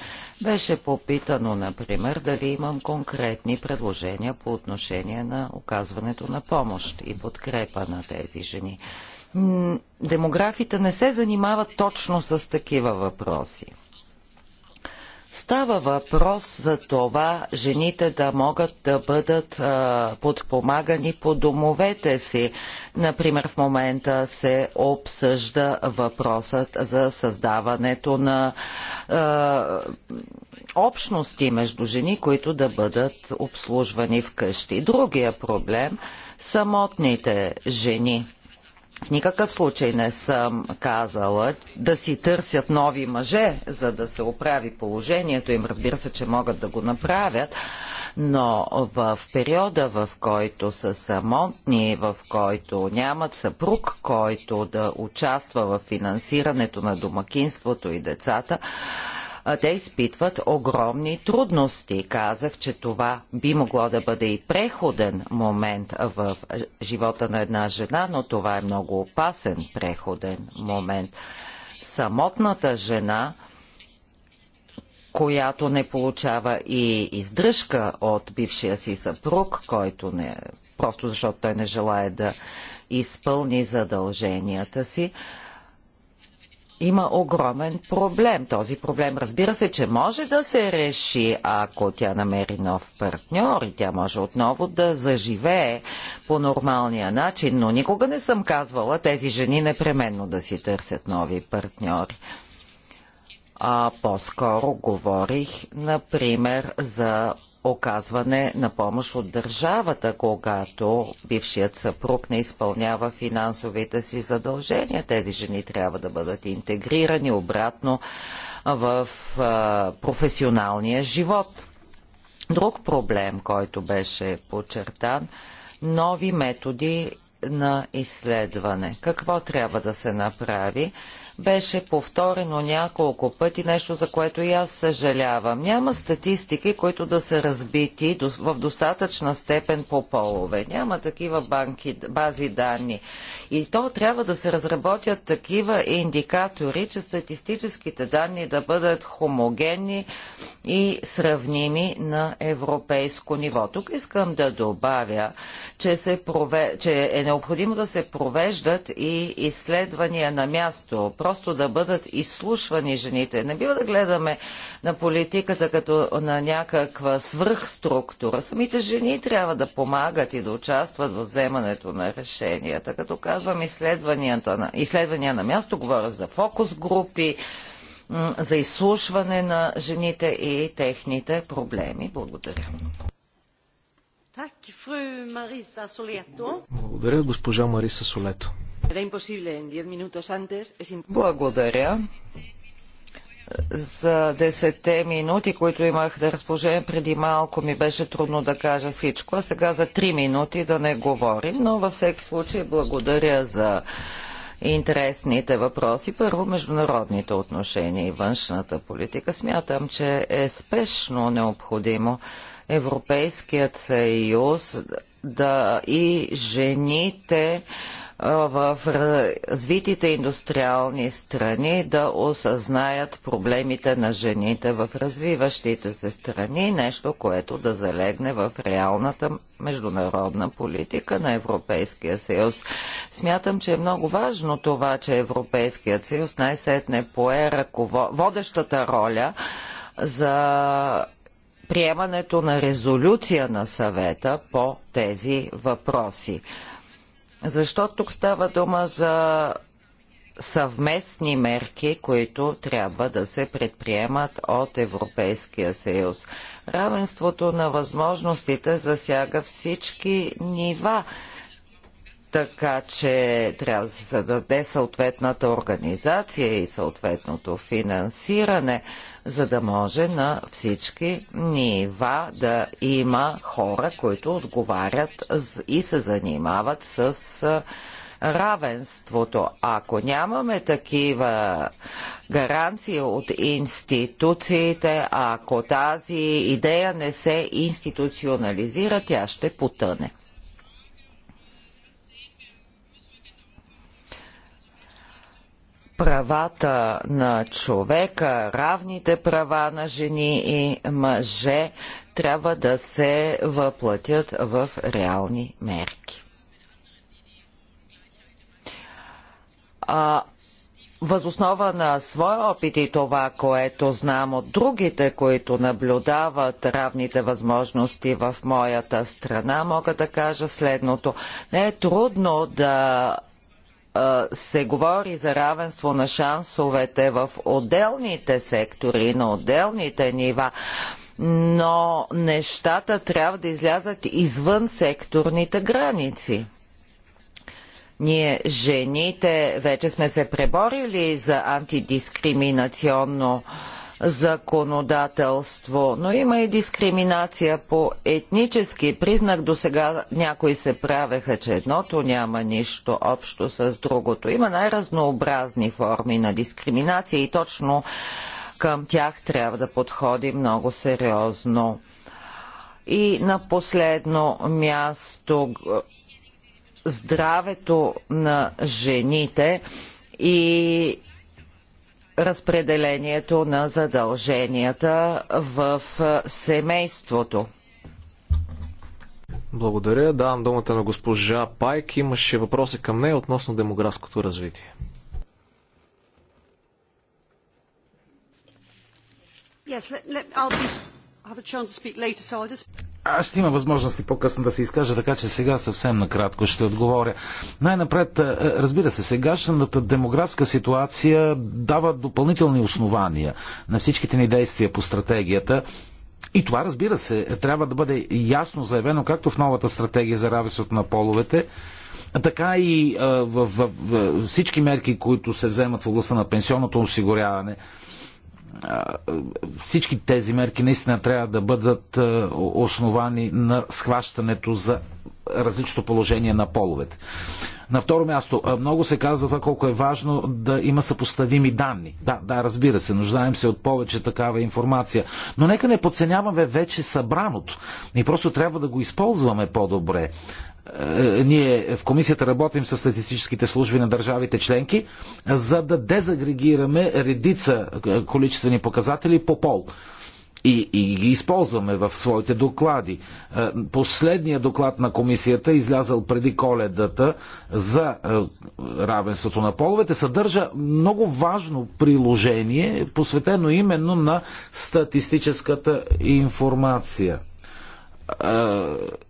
Беше попитано, например, дали имам конкретни предложения по отношение на оказването на помощ и подкрепа на тези жени демографите не се занимават точно с такива въпроси. Става въпрос за това жените да могат да бъдат а, подпомагани по домовете си. Например, в момента се обсъжда въпросът за създаването на а, общности между жени, които да бъдат обслужвани вкъщи. Другия проблем самотните жени в никакъв случай не съм казала да си търсят нови мъже, за да се оправи положението им. Разбира се, че могат да го направят, но в периода, в който са самотни, в който нямат съпруг, който да участва в финансирането на домакинството и децата, те изпитват огромни трудности. Казах, че това би могло да бъде и преходен момент в живота на една жена, но това е много опасен преходен момент. Самотната жена която не получава и издръжка от бившия си съпруг, който не, просто защото той не желая да изпълни задълженията си, има огромен проблем. Този проблем, разбира се, че може да се реши, ако тя намери нов партньор и тя може отново да заживее по нормалния начин, но никога не съм казвала тези жени непременно да си търсят нови партньори. А по-скоро говорих, например, за оказване на помощ от държавата, когато бившият съпруг не изпълнява финансовите си задължения. Тези жени трябва да бъдат интегрирани обратно в а, професионалния живот. Друг проблем, който беше подчертан, нови методи на изследване. Какво трябва да се направи, беше повторено няколко пъти, нещо за което и аз съжалявам. Няма статистики, които да са разбити в достатъчна степен по полове. Няма такива банки, бази данни. И то трябва да се разработят такива индикатори, че статистическите данни да бъдат хомогенни и сравними на европейско ниво. Тук искам да добавя, че, се прове... че е необходимо да се провеждат и изследвания на място просто да бъдат изслушвани жените. Не бива да гледаме на политиката като на някаква свръхструктура. Самите жени трябва да помагат и да участват в вземането на решенията. Като казвам изследванията на, изследвания на място, говоря за фокус групи, за изслушване на жените и техните проблеми. Благодаря. Благодаря, госпожа Мариса Солето. Благодаря за 10 минути, които имах да разположение преди малко, ми беше трудно да кажа всичко, а сега за 3 минути да не говорим, но във всеки случай благодаря за интересните въпроси. Първо, международните отношения и външната политика. Смятам, че е спешно необходимо Европейският съюз да и жените в развитите индустриални страни да осъзнаят проблемите на жените в развиващите се страни, нещо, което да залегне в реалната международна политика на Европейския съюз. Смятам, че е много важно това, че Европейският съюз най-сетне пое водещата роля за приемането на резолюция на съвета по тези въпроси. Защото тук става дума за съвместни мерки, които трябва да се предприемат от Европейския съюз. Равенството на възможностите засяга всички нива, така че трябва да се зададе съответната организация и съответното финансиране за да може на всички нива да има хора, които отговарят и се занимават с равенството. Ако нямаме такива гаранции от институциите, ако тази идея не се институционализира, тя ще потъне. правата на човека, равните права на жени и мъже трябва да се въплатят в реални мерки. А, възоснова на своя опит и това, което знам от другите, които наблюдават равните възможности в моята страна, мога да кажа следното. Не е трудно да се говори за равенство на шансовете в отделните сектори, на отделните нива, но нещата трябва да излязат извън секторните граници. Ние, жените, вече сме се преборили за антидискриминационно а, законодателство. Но има и дискриминация по етнически признак. До сега някои се правеха, че едното няма нищо общо с другото. Има най-разнообразни форми на дискриминация и точно към тях трябва да подходи много сериозно. И на последно място здравето на жените и разпределението на задълженията в семейството. Благодаря. Давам думата на госпожа Пайк. Имаше въпроси към нея относно демографското развитие. Yes, let, let, I'll be, I'll have a chance to speak later, so I'll just... Аз ще има възможности по-късно да се изкажа, така че сега съвсем накратко ще отговоря. Най-напред, е, е, разбира се, сегашната демографска ситуация дава допълнителни основания на всичките ни действия по стратегията. И това, разбира се, трябва да бъде ясно заявено както в новата стратегия за равенството на половете, така и е, в, в, в всички мерки, които се вземат в областта на пенсионното осигуряване – всички тези мерки наистина трябва да бъдат основани на схващането за различното положение на половете. На второ място, много се казва това колко е важно да има съпоставими данни. Да, да, разбира се, нуждаем се от повече такава информация. Но нека не подценяваме вече събраното. И просто трябва да го използваме по-добре. Е, ние в комисията работим с статистическите служби на държавите членки, за да дезагрегираме редица е, количествени показатели по пол. И, и ги използваме в своите доклади. Е, последният доклад на комисията, излязъл преди коледата за равенството на половете, съдържа много важно приложение, посветено именно на статистическата информация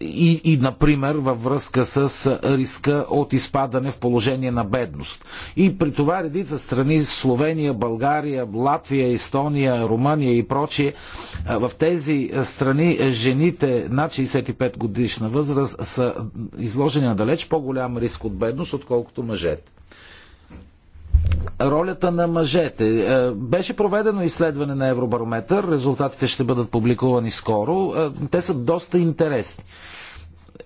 и, и, например, във връзка с риска от изпадане в положение на бедност. И при това редица страни, Словения, България, Латвия, Естония, Румъния и прочие, в тези страни жените над 65 годишна възраст са изложени на далеч по-голям риск от бедност, отколкото мъжете ролята на мъжете. Е, беше проведено изследване на Евробарометър, резултатите ще бъдат публикувани скоро. Е, те са доста интересни.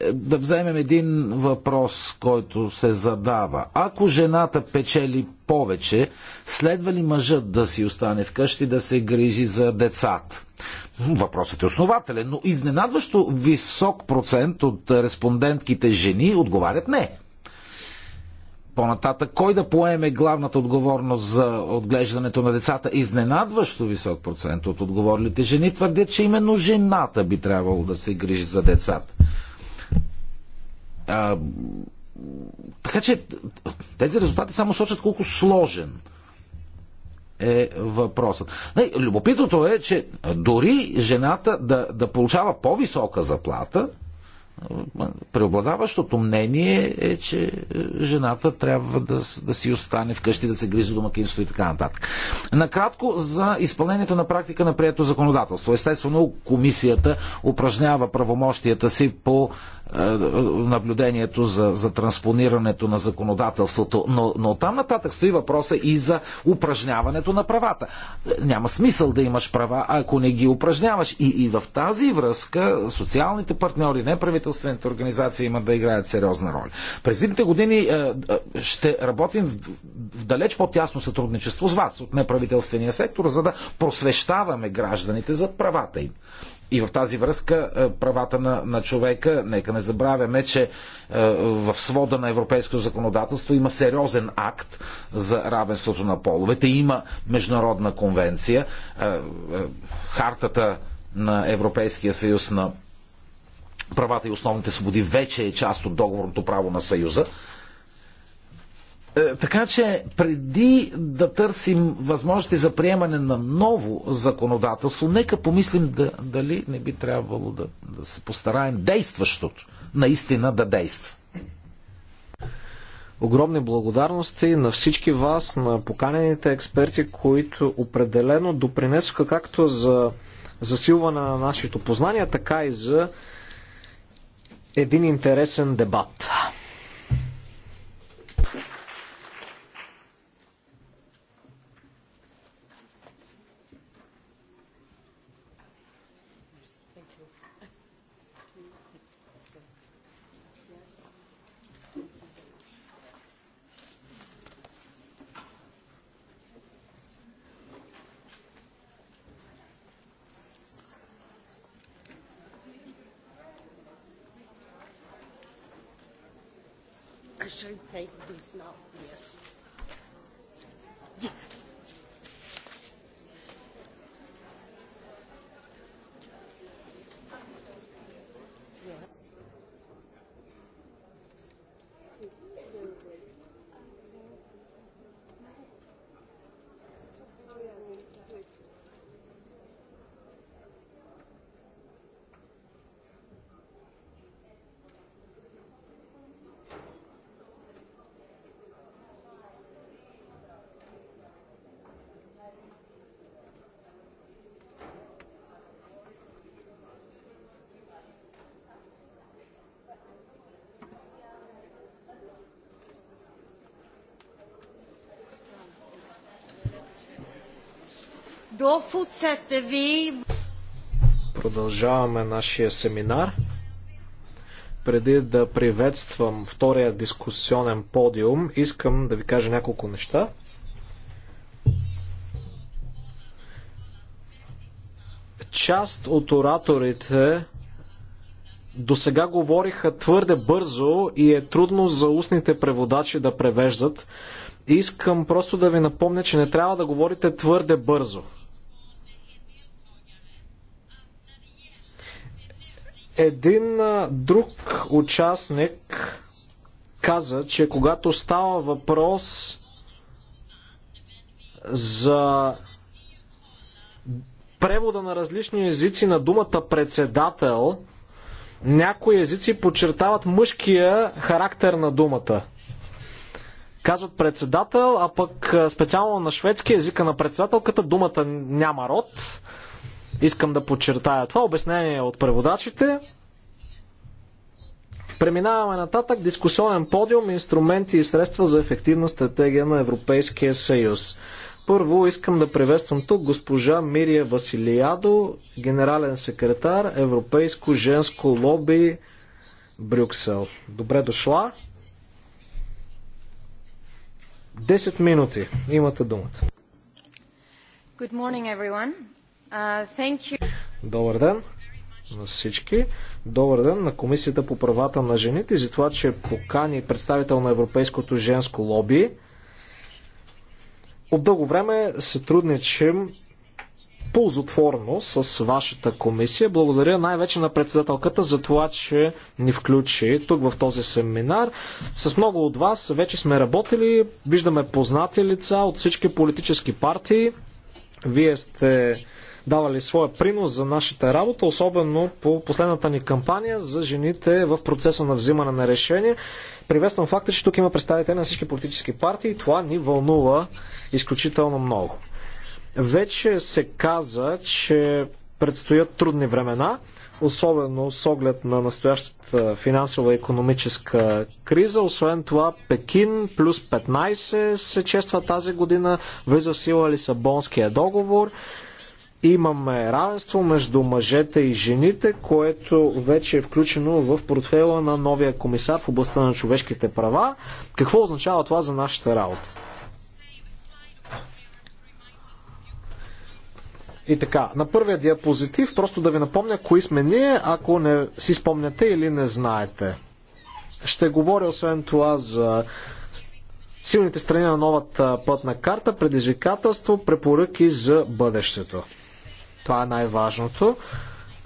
Е, да вземем един въпрос, който се задава. Ако жената печели повече, следва ли мъжът да си остане вкъщи да се грижи за децата? Въпросът е основателен, но изненадващо висок процент от респондентките жени отговарят не по-нататък. Кой да поеме главната отговорност за отглеждането на децата? Изненадващо висок процент от отговорните жени твърдят, че именно жената би трябвало да се грижи за децата. А, така че тези резултати само сочат колко сложен е въпросът. любопитното е, че дори жената да, да получава по-висока заплата, преобладаващото мнение е, че е, жената трябва да, да си остане вкъщи, да се грижи домакинство и така нататък. Накратко за изпълнението на практика на прието законодателство. Естествено, комисията упражнява правомощията си по е, наблюдението за, за транспонирането на законодателството. Но, но там нататък стои въпроса и за упражняването на правата. Няма смисъл да имаш права, ако не ги упражняваш. И, и в тази връзка социалните партньори, неправителствените организации имат да играят сериозна роля. През едните години е, е, ще работим в, в далеч по-тясно сътрудничество с вас от неправителствения сектор, за да просвещаваме гражданите за правата им. И в тази връзка е, правата на, на човека, нека не забравяме, че е, в свода на европейското законодателство има сериозен акт за равенството на половете, има международна конвенция, е, хартата на Европейския съюз на правата и основните свободи вече е част от договорното право на Съюза. Е, така че преди да търсим възможности за приемане на ново законодателство, нека помислим да, дали не би трябвало да, да се постараем действащото наистина да действа. Огромни благодарности на всички вас, на поканените експерти, които определено допринесоха както за засилване на нашето познание, така и за един интересен дебат. Продължаваме нашия семинар. Преди да приветствам втория дискусионен подиум, искам да ви кажа няколко неща. Част от ораторите до сега говориха твърде бързо и е трудно за устните преводачи да превеждат. Искам просто да ви напомня, че не трябва да говорите твърде бързо. Един друг участник каза, че когато става въпрос за превода на различни езици на думата председател, някои езици подчертават мъжкия характер на думата. Казват председател, а пък специално на шведски езика на председателката думата няма род. Искам да подчертая това обяснение от преводачите. Преминаваме нататък. Дискусионен подиум, инструменти и средства за ефективна стратегия на Европейския съюз. Първо искам да приветствам тук госпожа Мирия Василиадо, генерален секретар Европейско женско лоби Брюксел. Добре дошла. Десет минути. Имате думата. Good morning, everyone. Добър ден на всички. Добър ден на Комисията по правата на жените и за това, че покани представител на Европейското женско лоби. От дълго време сътрудничим ползотворно с вашата комисия. Благодаря най-вече на председателката за това, че ни включи тук в този семинар. С много от вас вече сме работили, виждаме познати лица от всички политически партии. Вие сте давали своя принос за нашата работа, особено по последната ни кампания за жените в процеса на взимане на решения. Приветствам факта, че тук има представители на всички политически партии и това ни вълнува изключително много. Вече се каза, че предстоят трудни времена, особено с оглед на настоящата финансова и економическа криза. Освен това, Пекин плюс 15 се чества тази година, влиза в сила Лисабонския договор имаме равенство между мъжете и жените, което вече е включено в портфела на новия комисар в областта на човешките права. Какво означава това за нашата работа? И така, на първия диапозитив, просто да ви напомня кои сме ние, ако не си спомняте или не знаете. Ще говоря освен това за силните страни на новата пътна карта, предизвикателство, препоръки за бъдещето. Това е най-важното.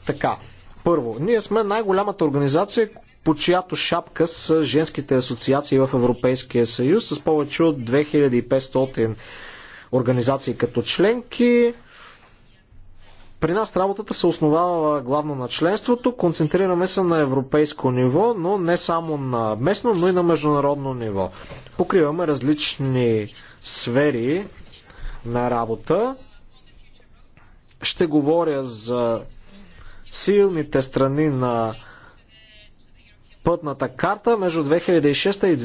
Така, първо, ние сме най-голямата организация, по чиято шапка са женските асоциации в Европейския съюз, с повече от 2500 организации като членки. При нас работата се основава главно на членството. Концентрираме се на европейско ниво, но не само на местно, но и на международно ниво. Покриваме различни сфери на работа. Ще говоря за силните страни на пътната карта между 2006 и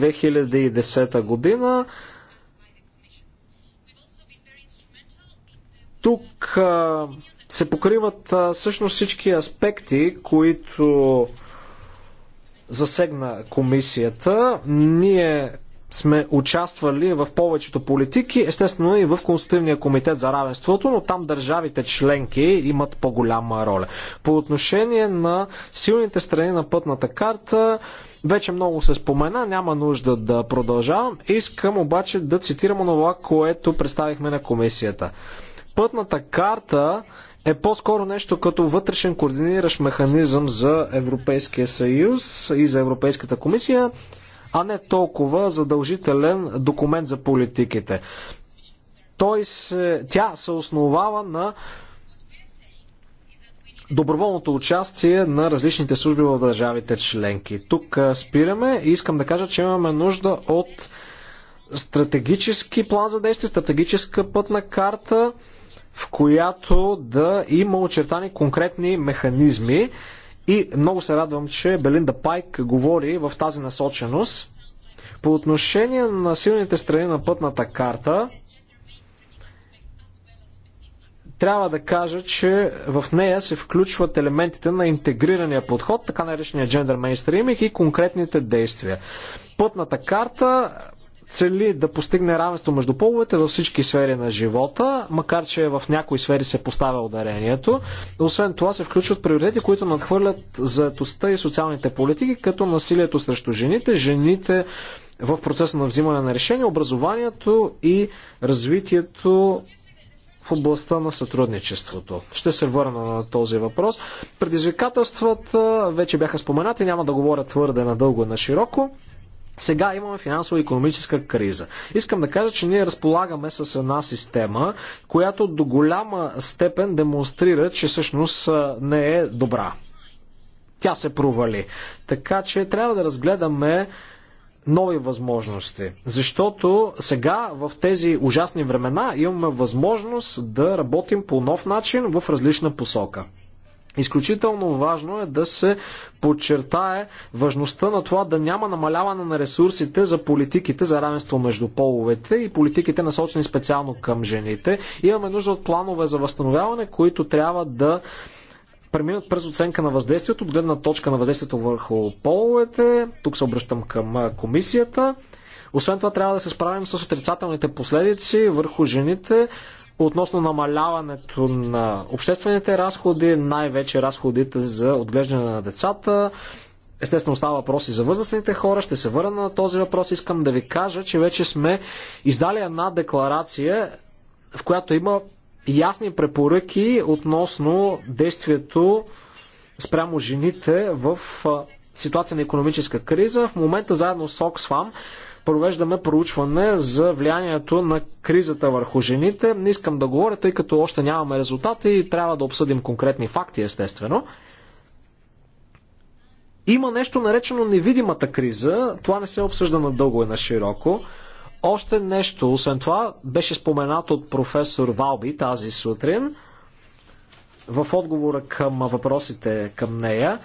2010 година. Тук а, се покриват а, всъщност всички аспекти, които засегна комисията. Ние сме участвали в повечето политики, естествено и в Конститутивния комитет за равенството, но там държавите членки имат по-голяма роля. По отношение на силните страни на пътната карта, вече много се спомена, няма нужда да продължавам. Искам обаче да цитирам онова, което представихме на комисията. Пътната карта е по-скоро нещо като вътрешен координиращ механизъм за Европейския съюз и за Европейската комисия а не толкова задължителен документ за политиките. Той се, тя се основава на доброволното участие на различните служби в държавите членки. Тук спираме и искам да кажа, че имаме нужда от стратегически план за действие, стратегическа пътна карта, в която да има очертани конкретни механизми, и много се радвам, че Белинда Пайк говори в тази насоченост. По отношение на силните страни на пътната карта, трябва да кажа, че в нея се включват елементите на интегрирания подход, така наречения джендър мейнстриминг и конкретните действия. Пътната карта цели да постигне равенство между половете във всички сфери на живота, макар че в някои сфери се поставя ударението. Освен това се включват приоритети, които надхвърлят заетостта и социалните политики, като насилието срещу жените, жените в процеса на взимане на решения, образованието и развитието в областта на сътрудничеството. Ще се върна на този въпрос. Предизвикателствата вече бяха споменати, няма да говоря твърде надълго и на широко. Сега имаме финансово-економическа криза. Искам да кажа, че ние разполагаме с една система, която до голяма степен демонстрира, че всъщност не е добра. Тя се провали. Така че трябва да разгледаме нови възможности. Защото сега в тези ужасни времена имаме възможност да работим по нов начин в различна посока. Изключително важно е да се подчертае важността на това да няма намаляване на ресурсите за политиките за равенство между половете и политиките насочени специално към жените. Имаме нужда от планове за възстановяване, които трябва да преминат през оценка на въздействието, от гледна точка на въздействието върху половете. Тук се обръщам към комисията. Освен това трябва да се справим с отрицателните последици върху жените, относно намаляването на обществените разходи, най-вече разходите за отглеждане на децата. Естествено става въпрос и за възрастните хора. Ще се върна на този въпрос. Искам да ви кажа, че вече сме издали една декларация, в която има ясни препоръки относно действието спрямо жените в ситуация на економическа криза. В момента заедно с Оксфам провеждаме проучване за влиянието на кризата върху жените. Не искам да говоря, тъй като още нямаме резултати и трябва да обсъдим конкретни факти, естествено. Има нещо наречено невидимата криза. Това не се обсъжда на дълго и на широко. Още нещо, освен това, беше споменато от професор Валби тази сутрин в отговора към въпросите към нея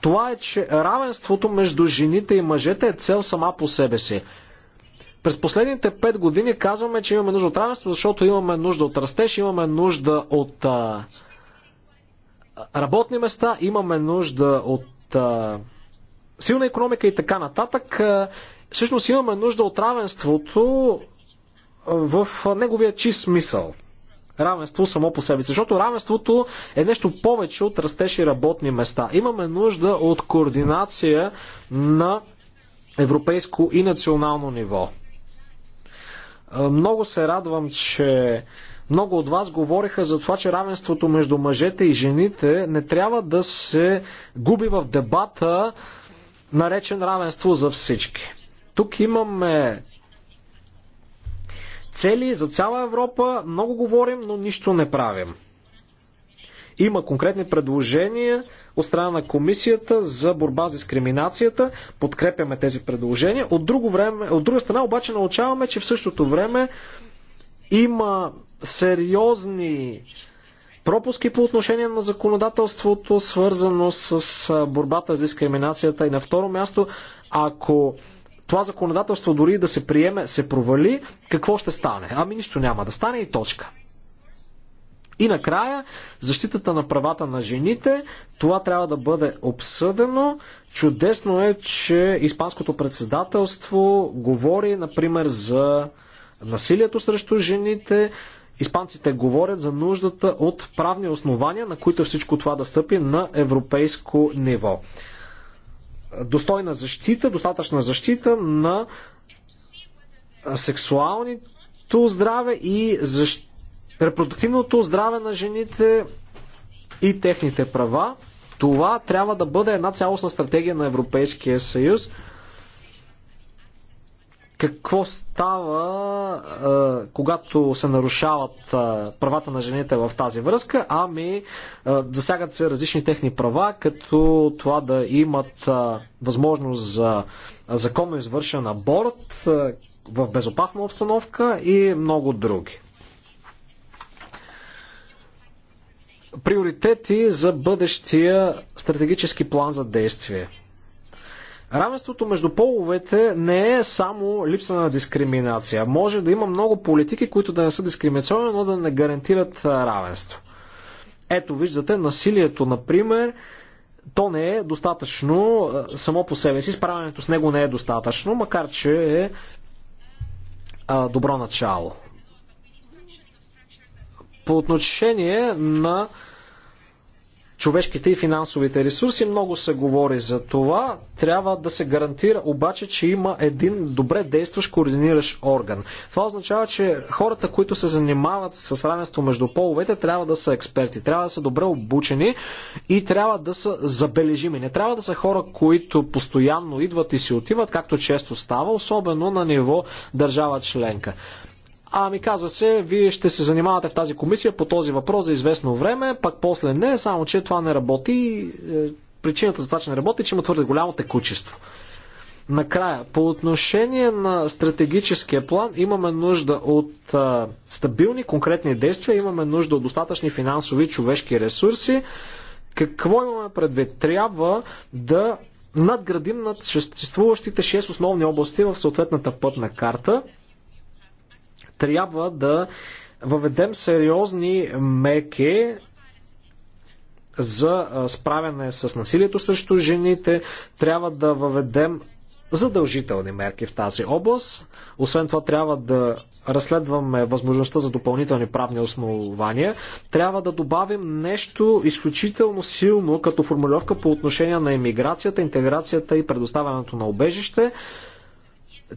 това е, че равенството между жените и мъжете е цел сама по себе си. През последните 5 години казваме, че имаме нужда от равенство, защото имаме нужда от растеж, имаме нужда от а, работни места, имаме нужда от а, силна економика и така нататък. всъщност имаме нужда от равенството в неговия чист смисъл равенство само по себе си. Защото равенството е нещо повече от растеж и работни места. Имаме нужда от координация на европейско и национално ниво. Много се радвам, че много от вас говориха за това, че равенството между мъжете и жените не трябва да се губи в дебата, наречен равенство за всички. Тук имаме цели за цяла Европа, много говорим, но нищо не правим. Има конкретни предложения от страна на комисията за борба с дискриминацията. Подкрепяме тези предложения. От, друго време, от друга страна обаче научаваме, че в същото време има сериозни пропуски по отношение на законодателството, свързано с борбата с дискриминацията. И на второ място, ако това законодателство дори да се приеме, се провали, какво ще стане? Ами нищо няма да стане и точка. И накрая, защитата на правата на жените, това трябва да бъде обсъдено. Чудесно е, че Испанското председателство говори, например, за насилието срещу жените. Испанците говорят за нуждата от правни основания, на които всичко това да стъпи на европейско ниво достойна защита, достатъчна защита на сексуалното здраве и защ... репродуктивното здраве на жените и техните права. Това трябва да бъде една цялостна стратегия на Европейския съюз какво става, е, когато се нарушават е, правата на жените в тази връзка? Ами, е, засягат се различни техни права, като това да имат възможност за законно извършен аборт в безопасна обстановка и много други. Приоритети за бъдещия стратегически план за действие Равенството между половете не е само липса на дискриминация. Може да има много политики, които да не са дискриминационни, но да не гарантират равенство. Ето, виждате, насилието, например, то не е достатъчно само по себе си. Справянето с него не е достатъчно, макар че е добро начало. По отношение на човешките и финансовите ресурси. Много се говори за това. Трябва да се гарантира обаче, че има един добре действащ координиращ орган. Това означава, че хората, които се занимават с равенство между половете, трябва да са експерти, трябва да са добре обучени и трябва да са забележими. Не трябва да са хора, които постоянно идват и си отиват, както често става, особено на ниво държава членка. Ами казва се, вие ще се занимавате в тази комисия по този въпрос за известно време, пък после не, само че това не работи. Е, причината за това, че не работи, че има твърде голямо текучество. Накрая, по отношение на стратегическия план, имаме нужда от а, е, стабилни, конкретни действия, имаме нужда от достатъчни финансови човешки ресурси. Какво имаме предвид? Трябва да надградим над съществуващите 6 основни области в съответната пътна карта трябва да въведем сериозни мерки за справяне с насилието срещу жените. Трябва да въведем задължителни мерки в тази област. Освен това, трябва да разследваме възможността за допълнителни правни основания. Трябва да добавим нещо изключително силно като формулировка по отношение на иммиграцията, интеграцията и предоставянето на обежище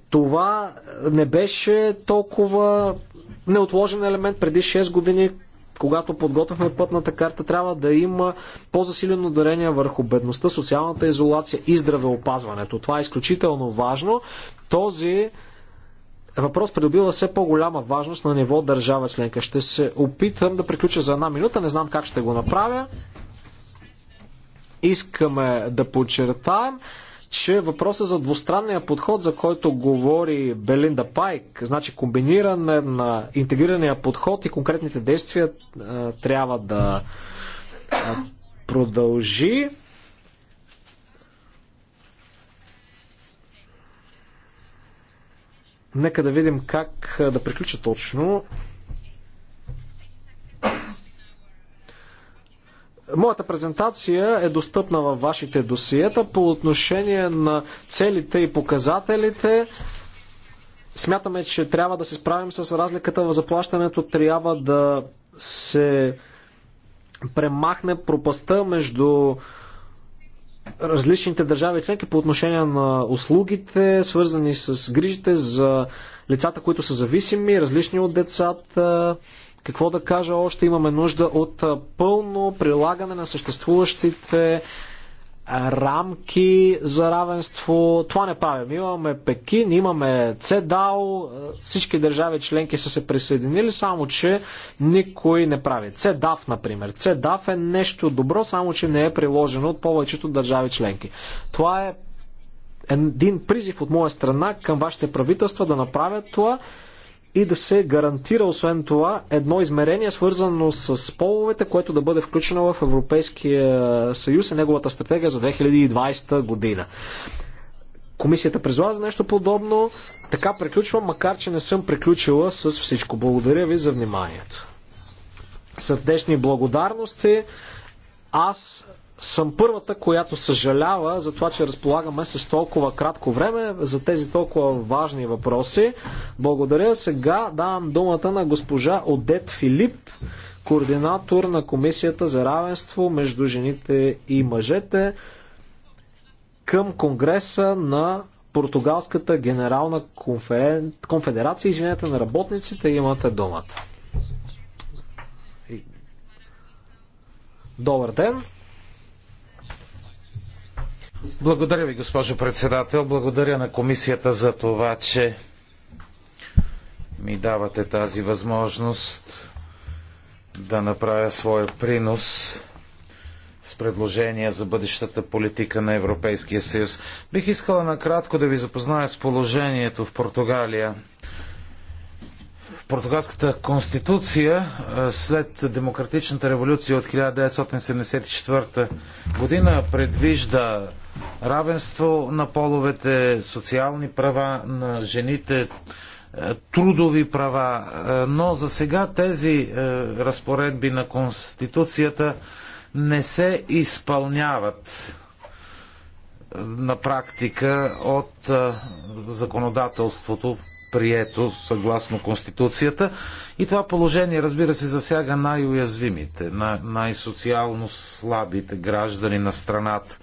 това не беше толкова неотложен елемент преди 6 години, когато подготвяхме пътната карта, трябва да има по-засилено дарение върху бедността, социалната изолация и здравеопазването. Това е изключително важно. Този въпрос придобива все по-голяма важност на ниво държава членка. Ще се опитам да приключа за една минута, не знам как ще го направя. Искаме да подчертаем, че въпросът за двустранния подход, за който говори Белинда Пайк, значи комбиниране на интегрирания подход и конкретните действия трябва да продължи. Нека да видим как да приключа точно Моята презентация е достъпна във вашите досиета по отношение на целите и показателите. Смятаме, че трябва да се справим с разликата в заплащането, трябва да се премахне пропаста между различните държави членки по отношение на услугите, свързани с грижите за лицата, които са зависими, различни от децата, какво да кажа още? Имаме нужда от пълно прилагане на съществуващите рамки за равенство. Това не правим. Имаме Пекин, имаме ЦЕДАО, всички държави членки са се присъединили, само че никой не прави. ЦЕДАВ, например. ЦЕДАВ е нещо добро, само че не е приложено от повечето държави членки. Това е един призив от моя страна към вашите правителства да направят това и да се гарантира освен това едно измерение свързано с половете, което да бъде включено в Европейския съюз и неговата стратегия за 2020 година. Комисията призвава за нещо подобно. Така приключвам, макар че не съм приключила с всичко. Благодаря ви за вниманието. Сърдечни благодарности. Аз съм първата, която съжалява за това, че разполагаме с толкова кратко време за тези толкова важни въпроси. Благодаря. Сега давам думата на госпожа Одет Филип, координатор на Комисията за равенство между жените и мъжете към Конгреса на Португалската генерална конферен... конфедерация извинете, на работниците. Имате думата. Добър ден! Благодаря ви, госпожо председател. Благодаря на комисията за това, че ми давате тази възможност да направя своя принос с предложения за бъдещата политика на Европейския съюз. Бих искала накратко да ви запозная с положението в Португалия. В португалската конституция след демократичната революция от 1974 година предвижда равенство на половете, социални права на жените, е, трудови права, е, но за сега тези е, разпоредби на Конституцията не се изпълняват на практика от законодателството, прието съгласно Конституцията. И това положение, разбира се, засяга най-уязвимите, най-социално слабите граждани на страната.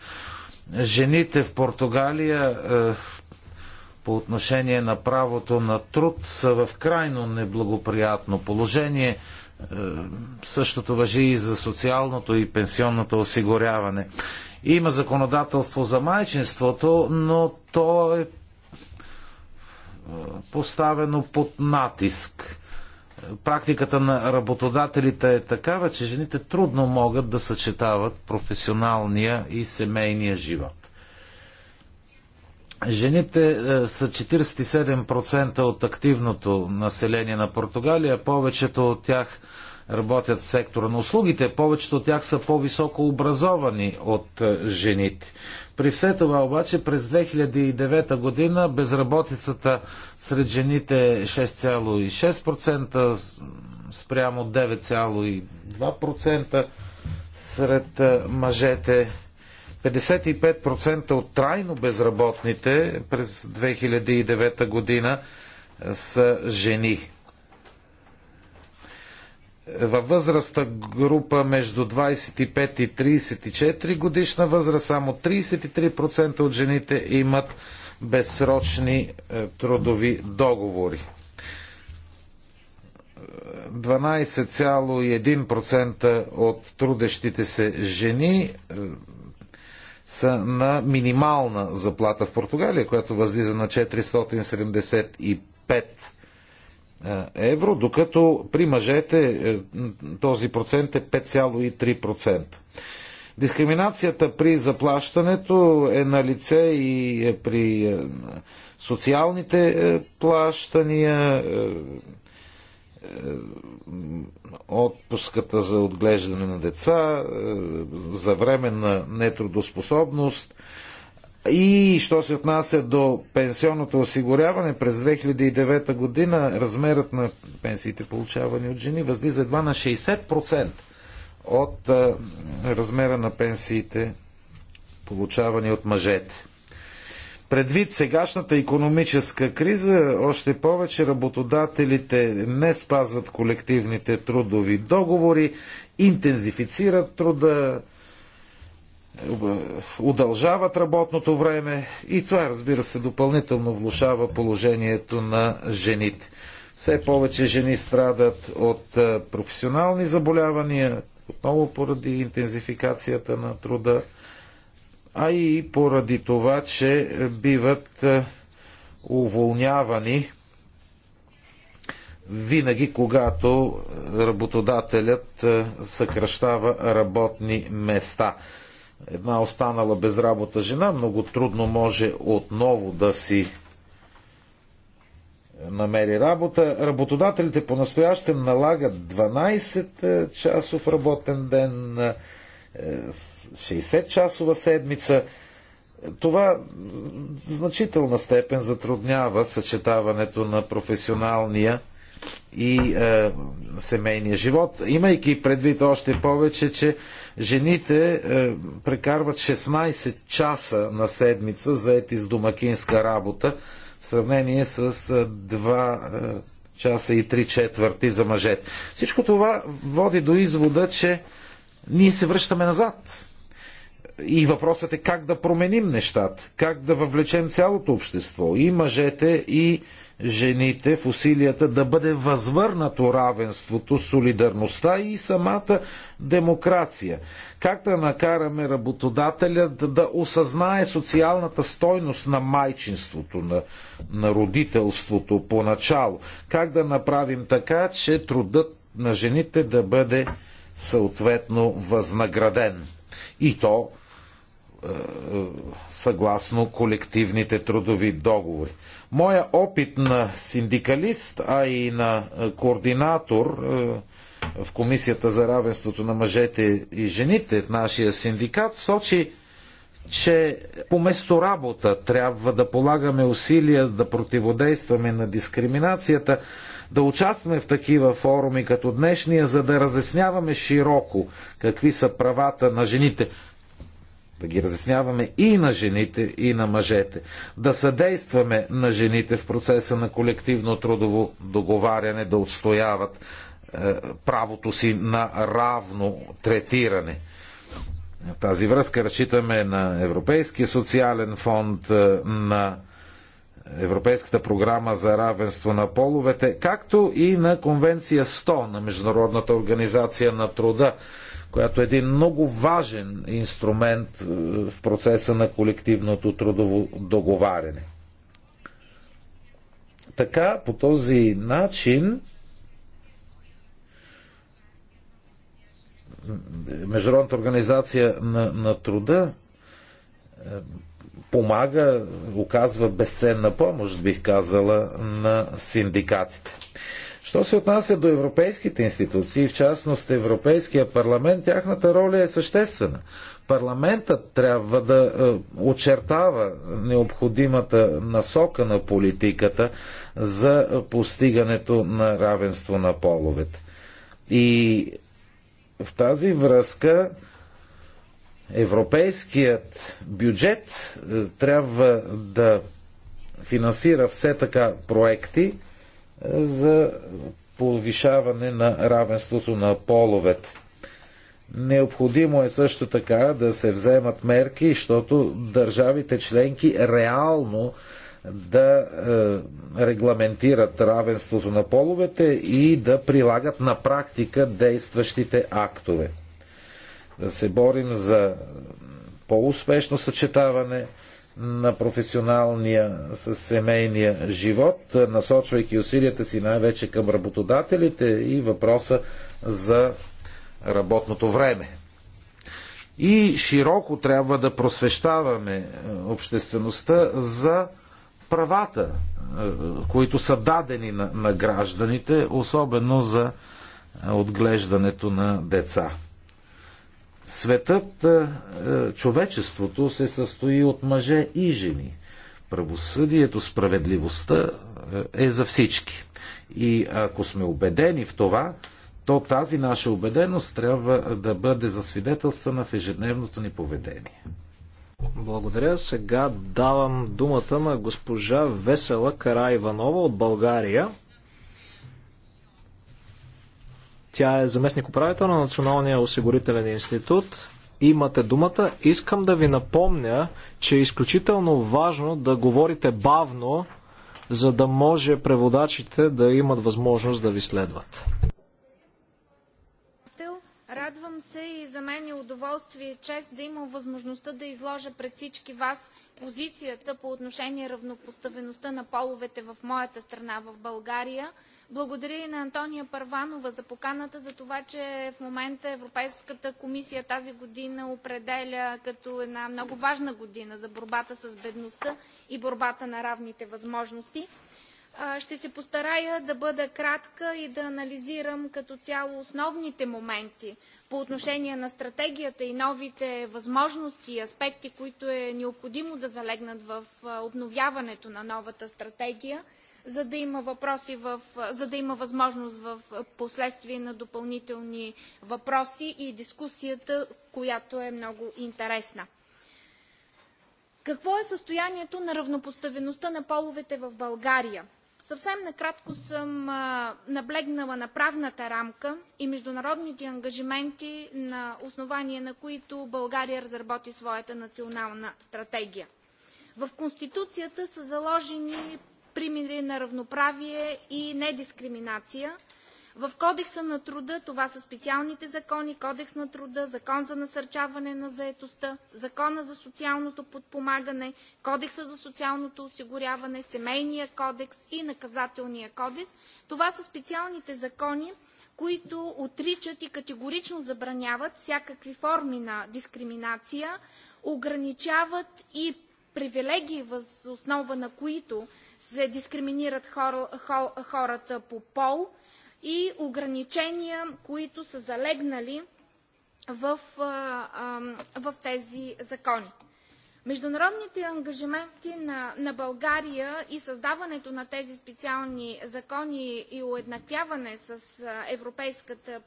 Жените в Португалия е, по отношение на правото на труд са в крайно неблагоприятно положение. Е, същото въжи и за социалното и пенсионното осигуряване. Има законодателство за майчинството, но то е, е поставено под натиск практиката на работодателите е такава, че жените трудно могат да съчетават професионалния и семейния живот. Жените е, са 47% от активното население на Португалия. Повечето от тях работят в сектора на услугите. Повечето от тях са по-високо образовани от е, жените. При все това обаче през 2009 година безработицата сред жените е 6,6%, спрямо 9,2%, сред мъжете 55% от трайно безработните през 2009 година са жени във възрастта група между 25 и 34 годишна възраст само 33% от жените имат безсрочни е, трудови договори. 12,1% от трудещите се жени е, са на минимална заплата в Португалия, която възлиза на 475 е, евро, докато при мъжете е, този процент е 5,3%. Дискриминацията при заплащането е на лице и е при социалните плащания, отпуската за отглеждане на деца, за временна нетрудоспособност – и що се отнася до пенсионното осигуряване през 2009 година, размерът на пенсиите, получавани от жени, възлиза едва на 60% от а, размера на пенсиите, получавани от мъжете. Предвид сегашната економическа криза, още повече работодателите не спазват колективните трудови договори, интензифицират труда, удължават работното време и това, разбира се, допълнително влушава положението на жените. Все повече жени страдат от професионални заболявания, отново поради интензификацията на труда, а и поради това, че биват уволнявани винаги, когато работодателят съкръщава работни места една останала без работа жена много трудно може отново да си намери работа. Работодателите по-настоящем налагат 12-часов е, работен ден, 60-часова е, седмица. Това в значителна степен затруднява съчетаването на професионалния и е, семейния живот, имайки предвид още повече, че жените е, прекарват 16 часа на седмица заети с домакинска работа в сравнение с 2 е, е, часа и 3 четвърти за мъжете. Всичко това води до извода, че ние се връщаме назад. И въпросът е как да променим нещата, как да въвлечем цялото общество, и мъжете, и жените в усилията да бъде възвърнато равенството, солидарността и самата демокрация. Как да накараме работодателя да осъзнае социалната стойност на майчинството, на, на родителството поначало? Как да направим така, че трудът на жените да бъде съответно възнаграден? И то е, е съгласно колективните трудови договори. Моя опит на синдикалист, а и на координатор в Комисията за равенството на мъжете и жените в нашия синдикат сочи, че по место работа трябва да полагаме усилия да противодействаме на дискриминацията, да участваме в такива форуми като днешния, за да разясняваме широко какви са правата на жените да ги разясняваме и на жените, и на мъжете, да съдействаме на жените в процеса на колективно трудово договаряне, да отстояват е, правото си на равно третиране. В тази връзка разчитаме на Европейския социален фонд, е, на Европейската програма за равенство на половете, както и на Конвенция 100 на Международната организация на труда която е един много важен инструмент е, в процеса на колективното трудово договаряне. Така, по този начин, Международната организация на, на труда е, помага, оказва безценна помощ, бих казала, на синдикатите. Що се отнася до европейските институции, в частност Европейския парламент, тяхната роля е съществена. Парламентът трябва да е, очертава необходимата насока на политиката за постигането на равенство на половете. И в тази връзка европейският бюджет е, трябва да финансира все така проекти, за повишаване на равенството на половете. Необходимо е също така да се вземат мерки, защото държавите членки реално да е, регламентират равенството на половете и да прилагат на практика действащите актове. Да се борим за по-успешно съчетаване на професионалния с семейния живот, насочвайки усилията си най-вече към работодателите и въпроса за работното време. И широко трябва да просвещаваме е, обществеността за правата, е, които са дадени на, на гражданите, особено за е, отглеждането на деца. Светът, е, е, човечеството се състои от мъже и жени. Правосъдието, справедливостта е, е за всички. И ако сме убедени в това, то тази наша убеденост трябва да бъде засвидетелствана в ежедневното ни поведение. Благодаря. Сега давам думата на госпожа Весела Караиванова от България. Тя е заместник управител на Националния осигурителен институт. Имате думата. Искам да ви напомня, че е изключително важно да говорите бавно, за да може преводачите да имат възможност да ви следват. Радвам се и за мен е удоволствие и чест да имам възможността да изложа пред всички вас позицията по отношение равнопоставеността на половете в моята страна в България – благодаря и на Антония Парванова за поканата, за това, че в момента Европейската комисия тази година определя като една много важна година за борбата с бедността и борбата на равните възможности. Ще се постарая да бъда кратка и да анализирам като цяло основните моменти по отношение на стратегията и новите възможности и аспекти, които е необходимо да залегнат в обновяването на новата стратегия – за да има въпроси в, за да има възможност в последствие на допълнителни въпроси и дискусията, която е много интересна. Какво е състоянието на равнопоставеността на половете в България? Съвсем накратко съм наблегнала на правната рамка и международните ангажименти, на основание на които България разработи своята национална стратегия. В Конституцията са заложени примери на равноправие и недискриминация. В Кодекса на труда това са специалните закони, Кодекс на труда, Закон за насърчаване на заетостта, Закона за социалното подпомагане, Кодекса за социалното осигуряване, Семейния кодекс и Наказателния кодекс. Това са специалните закони, които отричат и категорично забраняват всякакви форми на дискриминация, ограничават и привилегии, въз основа на които се дискриминират хората по пол и ограничения, които са залегнали в, в тези закони. Международните ангажименти на, на България и създаването на тези специални закони и уеднаквяване с европейската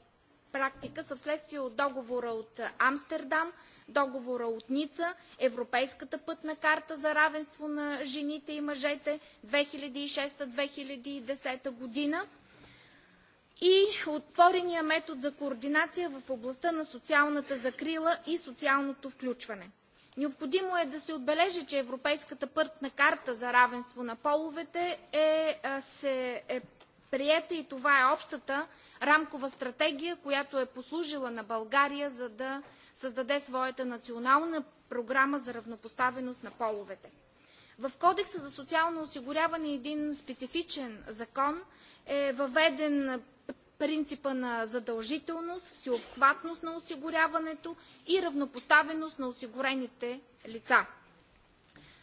практика са вследствие от договора от е, Амстердам, договора от Ница, Европейската пътна карта за равенство на жените и мъжете 2006-2010 година и отворения метод за координация в областта на социалната закрила и социалното включване. Необходимо е да се отбележи, че Европейската пътна карта за равенство на половете е, е се, е приета и това е общата рамкова стратегия, която е послужила на България, за да създаде своята национална програма за равнопоставеност на половете. В Кодекса за социално осигуряване един специфичен закон е въведен принципа на задължителност, всеобхватност на осигуряването и равнопоставеност на осигурените лица.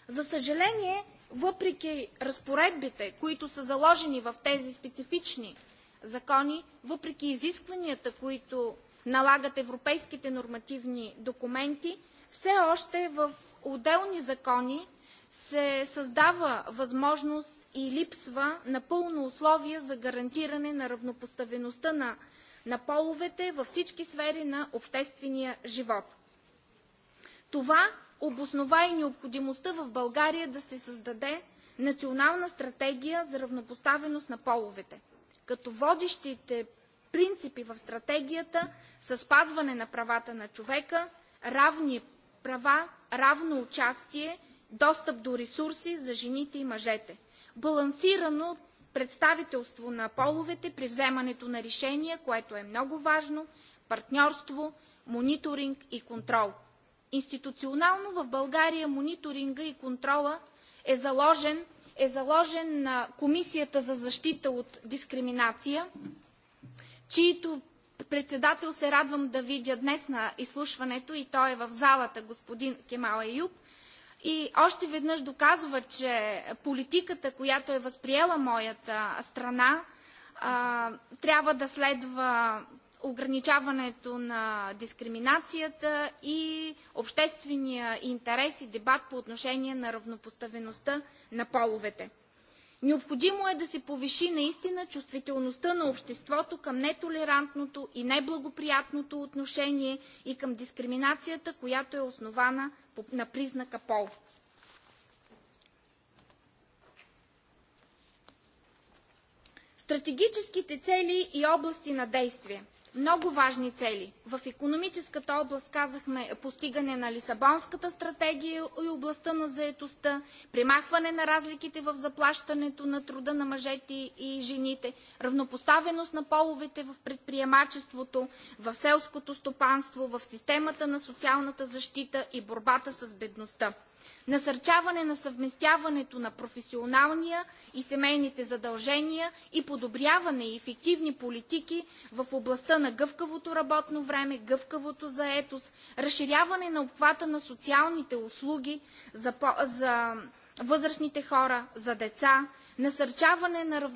За съжаление, въпреки разпоредбите, които са заложени в тези специфични закони, въпреки изискванията, които налагат европейските нормативни документи, все още в отделни закони се създава възможност и липсва напълно условие за гарантиране на равнопоставеността на, на половете във всички сфери на обществения живот. Това обоснова и необходимостта в България да се създаде национална стратегия за равнопоставеност на половете, като водещите принципи в стратегията са спазване на правата на човека, равни права, равно участие, достъп до ресурси за жените и мъжете, балансирано представителство на половете при вземането на решения, което е много важно, партньорство, мониторинг и контрол – Институционално в България мониторинга и контрола е заложен, е заложен на Комисията за защита от дискриминация, чието председател се радвам да видя днес на изслушването и той е в залата, господин Кемал Еюб. И още веднъж доказва, че политиката, която е възприела моята страна, трябва да следва ограничаването на дискриминацията и обществения интерес и дебат по отношение на равнопоставеността на половете. Необходимо е да се повиши наистина чувствителността на обществото към нетолерантното и неблагоприятното отношение и към дискриминацията, която е основана на признака пол. Стратегическите цели и области на действие – много важни цели. В економическата област казахме е постигане на Лисабонската стратегия и областта на заетостта, примахване на разликите в заплащането на труда на мъжете и жените, равнопоставеност на половете в предприемачеството, в селското стопанство, в системата на социалната защита и борбата с бедността насърчаване на съвместяването на професионалния и семейните задължения и подобряване и ефективни политики в областта на гъвкавото работно време, гъвкавото заетост, разширяване на обхвата на социалните услуги за, за възрастните хора, за деца, насърчаване на,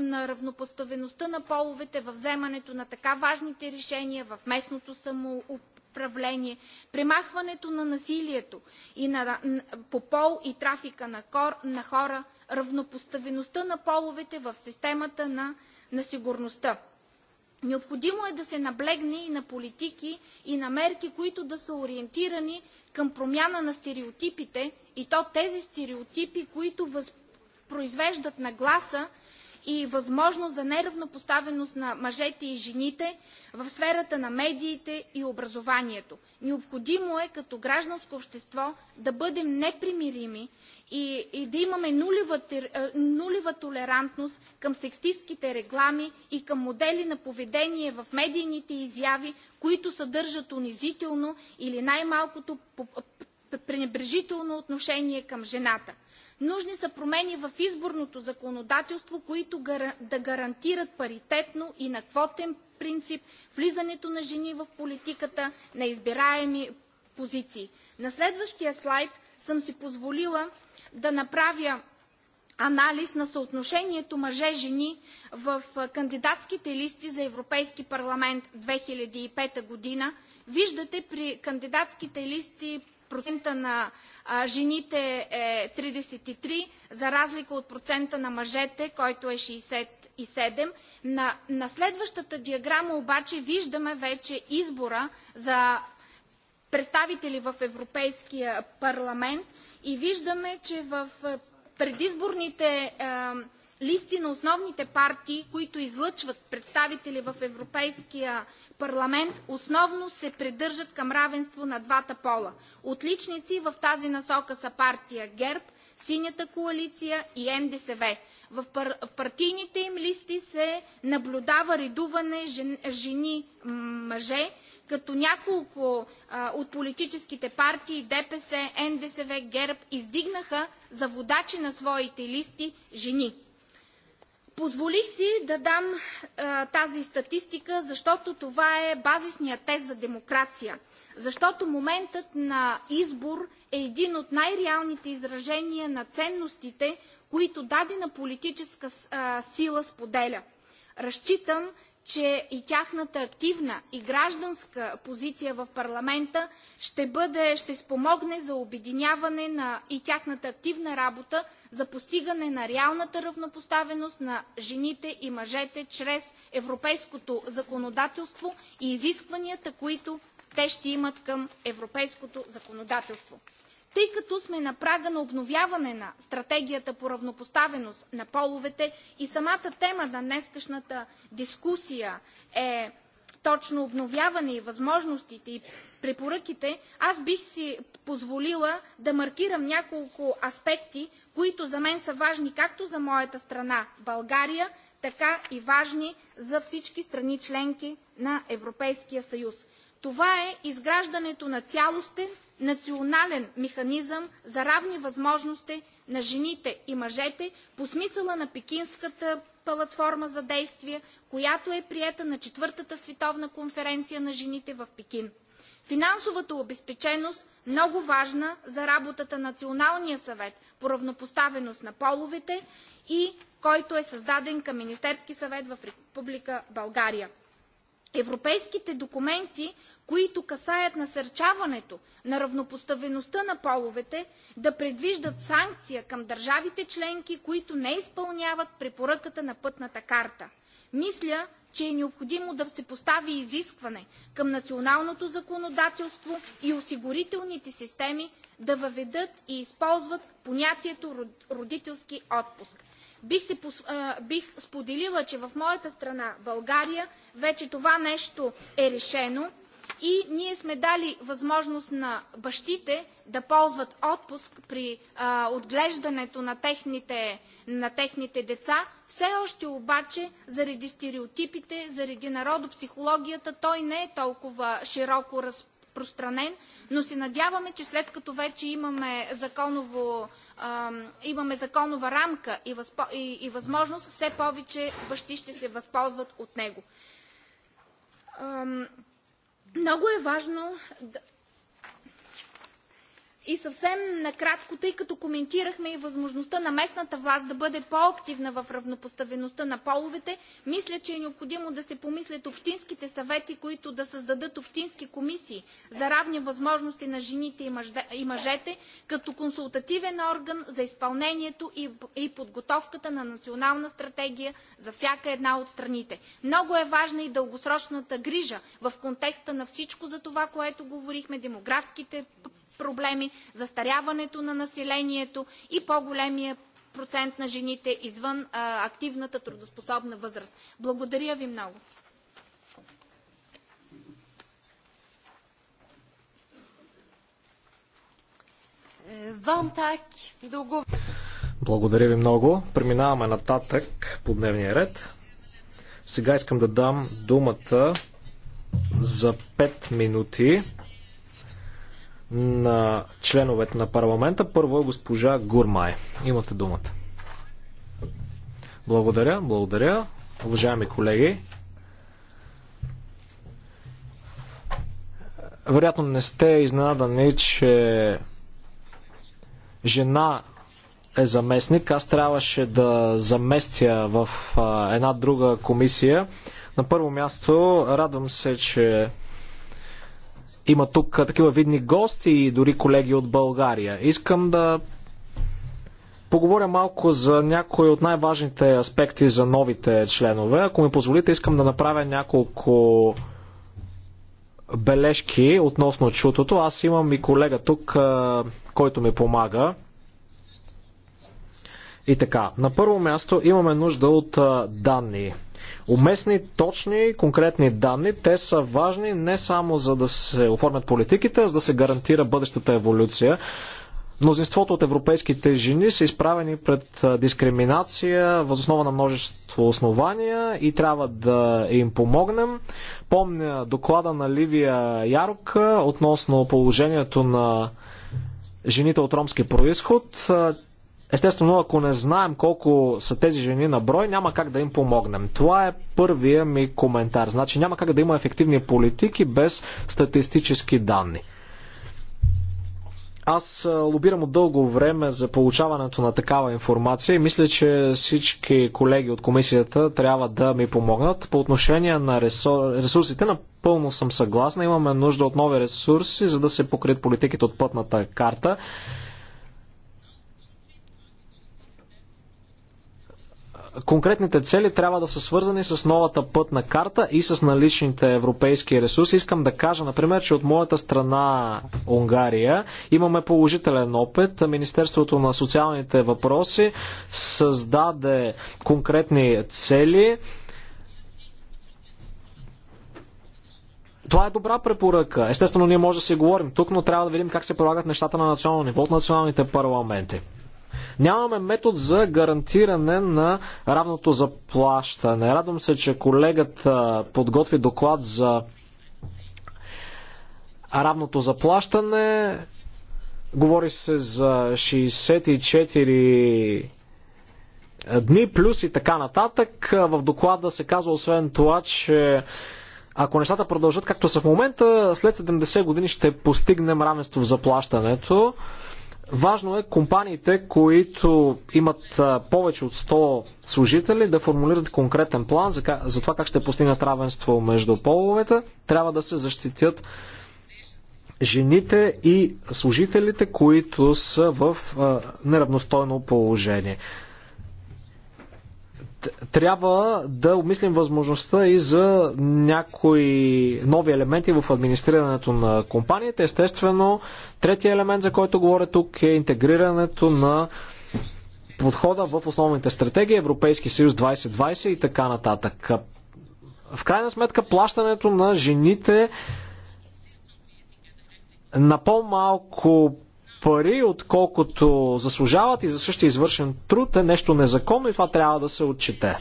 на равнопоставеността на половете във вземането на така важните решения в местното самоуправление, управление, премахването на насилието и на, по пол и трафика на, кор, на хора, равнопоставеността на половете в системата на, на сигурността. Необходимо е да се наблегне и на политики и на мерки, които да са ориентирани към промяна на стереотипите и то тези стереотипи, които възпроизвеждат нагласа и възможност за неравнопоставеност на мъжете и жените в сферата на медиите и образованието. Необходимо е като гражданско общество да бъдем непримирими и, и да имаме нулева, е, нулева толерантност към секстистските реклами и към модели на поведение в медийните изяви, които съдържат унизително или най-малкото пренебрежително отношение към жената. Нужни са промени в изборното законодателство, които да гарантират паритетно и на квотен принцип влизането на жени в политиката на избираеми позиции. На следващия слайд съм си позволила да направя анализ на съотношението мъже-жени в кандидатските листи за Европейски парламент 2005 година. Виждате при кандидатските листи процента на а, жените е 33, за разлика от процента на мъжете, който е 67. На, на следващата диаграма обаче виждаме вече избора за представители в Европейския парламент и виждаме, че в предизборните а, листи на основните партии, които излъчват представители в Европейския парламент, основно се придържат към равенство на двата пола. Отличници в тази насока са партия ГЕРБ, Синята коалиция и НДСВ. В партийните им листи се наблюдава редуване жени-мъже, като няколко а, от политическите партии ДПС, НДСВ, ГЕРБ издигнаха за водачи на своите листи жени. Позволих си да дам а, тази статистика, защото това е базисният тест за демокрация. Защото моментът на избор е един от най-реалните изражения на ценностите, които дадена политическа а, сила споделя. Разчитам, че и тяхната активна и гражданска позиция в парламента ще, бъде, ще спомогне за обединяване на и тяхната активна работа за постигане на реалната равнопоставеност на жените и мъжете чрез европейското законодателство и изискванията, които те ще имат към европейското законодателство тъй като сме на прага на обновяване на стратегията по равнопоставеност на половете и самата тема на днескашната дискусия е точно обновяване и възможностите и препоръките, аз бих си позволила да маркирам няколко аспекти, които за мен са важни както за моята страна България, така и важни за всички страни членки на Европейския съюз. Това е изграждането на цялостен национален механизъм за равни възможности на жените и мъжете по смисъла на Пекинската платформа за действие, която е приета на Четвъртата световна конференция на жените в Пекин. Финансовата обезпеченост, много важна за работата на Националния съвет по равнопоставеност на половете и който е създаден към Министерски съвет в Република България. Европейските документи, които касаят насърчаването на равнопоставеността на половете, да предвиждат санкция към държавите членки, които не изпълняват препоръката на пътната карта. Мисля, че е необходимо да се постави изискване към националното законодателство и осигурителните системи да въведат и използват понятието родителски отпуск. Бих, се, бих споделила, че в моята страна, България, вече това нещо е решено и ние сме дали възможност на бащите да ползват отпуск при а, отглеждането на техните, на техните деца. Все още обаче, заради стереотипите, заради народопсихологията, той не е толкова широко разпространен, но се надяваме, че след като вече имаме, законово, а, имаме законова рамка и, възпо, и, и възможност, все повече бащи ще се възползват от него. Ам... Много е важно и съвсем накратко, тъй като коментирахме и възможността на местната власт да бъде по-активна в равнопоставеността на половете, мисля, че е необходимо да се помислят общинските съвети, които да създадат общински комисии за равни възможности на жените и мъжете, като консултативен орган за изпълнението и подготовката на национална стратегия за всяка една от страните. Много е важна и дългосрочната грижа в контекста на всичко за това, което говорихме, демографските проблеми, застаряването на населението и по-големия процент на жените извън а, активната трудоспособна възраст. Благодаря ви много. Благодаря ви много. Преминаваме нататък по дневния ред. Сега искам да дам думата за 5 минути на членовете на парламента. Първо е госпожа Гурмай. Имате думата. Благодаря, благодаря. Уважаеми колеги, вероятно не сте изненадани, че жена е заместник. Аз трябваше да заместя в една друга комисия. На първо място радвам се, че има тук такива видни гости и дори колеги от България. Искам да поговоря малко за някои от най-важните аспекти за новите членове. Ако ми позволите, искам да направя няколко бележки относно чутото. Аз имам и колега тук, който ми помага. И така, на първо място имаме нужда от данни. Уместни, точни, конкретни данни, те са важни не само за да се оформят политиките, а за да се гарантира бъдещата еволюция. Мнозинството от европейските жени са изправени пред дискриминация възоснова на множество основания и трябва да им помогнем. Помня доклада на Ливия Ярока относно положението на жените от ромски происход. Естествено, ако не знаем колко са тези жени на брой, няма как да им помогнем. Това е първия ми коментар. Значи няма как да има ефективни политики без статистически данни. Аз лобирам от дълго време за получаването на такава информация и мисля, че всички колеги от комисията трябва да ми помогнат. По отношение на ресурсите, напълно съм съгласна. Имаме нужда от нови ресурси, за да се покрият политиките от пътната карта. конкретните цели трябва да са свързани с новата пътна карта и с наличните европейски ресурси. Искам да кажа, например, че от моята страна Унгария имаме положителен опит. Министерството на социалните въпроси създаде конкретни цели. Това е добра препоръка. Естествено, ние може да си говорим тук, но трябва да видим как се прилагат нещата на национално ниво от националните парламенти. Нямаме метод за гарантиране на равното заплащане. Радвам се, че колегата подготви доклад за равното заплащане. Говори се за 64 дни плюс и така нататък. В доклада се казва освен това, че ако нещата продължат както са в момента, след 70 години ще постигнем равенство в заплащането. Важно е компаниите, които имат повече от 100 служители, да формулират конкретен план за, това как ще постигнат равенство между половете. Трябва да се защитят жените и служителите, които са в неравностойно положение трябва да обмислим възможността и за някои нови елементи в администрирането на компанията. Естествено, третия елемент, за който говоря тук, е интегрирането на подхода в основните стратегии Европейски съюз 2020 и така нататък. В крайна сметка, плащането на жените на по-малко пари, отколкото заслужават и за същия извършен труд е нещо незаконно и това трябва да се отчете.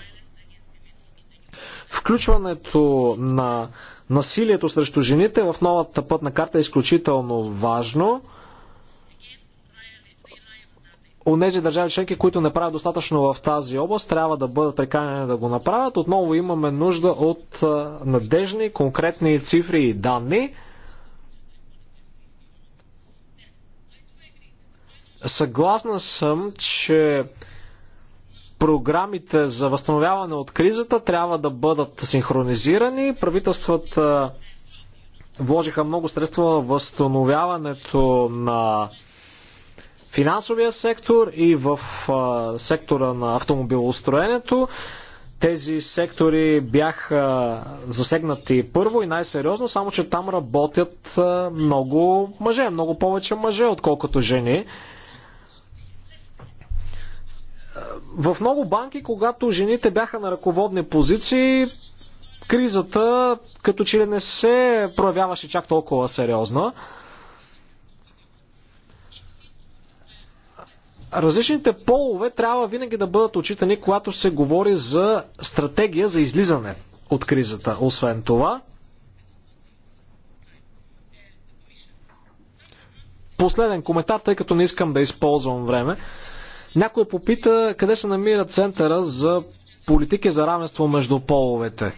Включването на насилието срещу жените в новата пътна карта е изключително важно. Онези държави членки, които не правят достатъчно в тази област, трябва да бъдат приканени да го направят. Отново имаме нужда от надежни, конкретни цифри и данни. Съгласна съм, че програмите за възстановяване от кризата трябва да бъдат синхронизирани. Правителствата вложиха много средства в възстановяването на финансовия сектор и в сектора на автомобилостроенето. Тези сектори бяха засегнати първо и най-сериозно, само че там работят много мъже, много повече мъже, отколкото жени. В много банки, когато жените бяха на ръководни позиции, кризата като че ли не се проявяваше чак толкова сериозна. Различните полове трябва винаги да бъдат очитани, когато се говори за стратегия за излизане от кризата. Освен това, последен коментар, тъй като не искам да използвам време. Някой попита къде се намира центъра за политики за равенство между половете.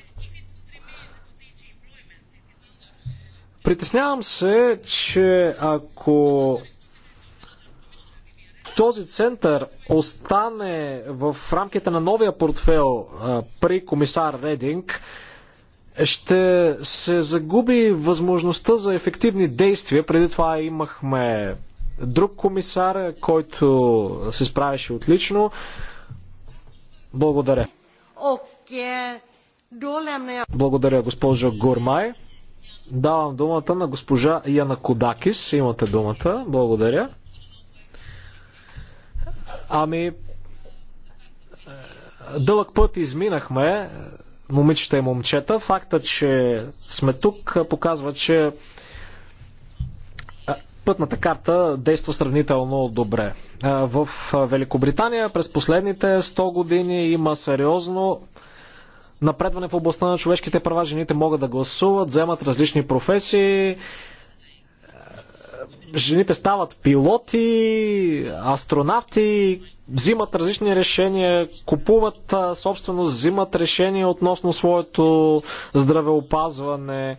Притеснявам се, че ако този център остане в рамките на новия портфел при комисар Рединг, ще се загуби възможността за ефективни действия. Преди това имахме друг комисар, който се справяше отлично. Благодаря. Благодаря, госпожо Гормай. Давам думата на госпожа Яна Кодакис. Имате думата. Благодаря. Ами, дълъг път изминахме, момичета и момчета. Факта, че сме тук, показва, че пътната карта действа сравнително добре. В Великобритания през последните 100 години има сериозно напредване в областта на човешките права. Жените могат да гласуват, вземат различни професии. Жените стават пилоти, астронавти, взимат различни решения, купуват собственост, взимат решения относно своето здравеопазване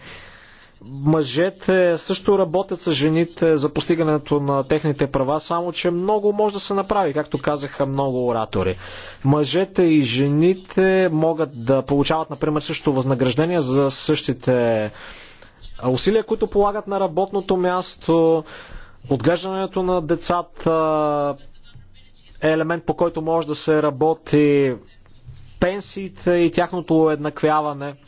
мъжете също работят с жените за постигането на техните права, само че много може да се направи, както казаха много оратори. Мъжете и жените могат да получават, например, също възнаграждения за същите усилия, които полагат на работното място, отглеждането на децата е елемент, по който може да се работи, пенсиите и тяхното уеднаквяване –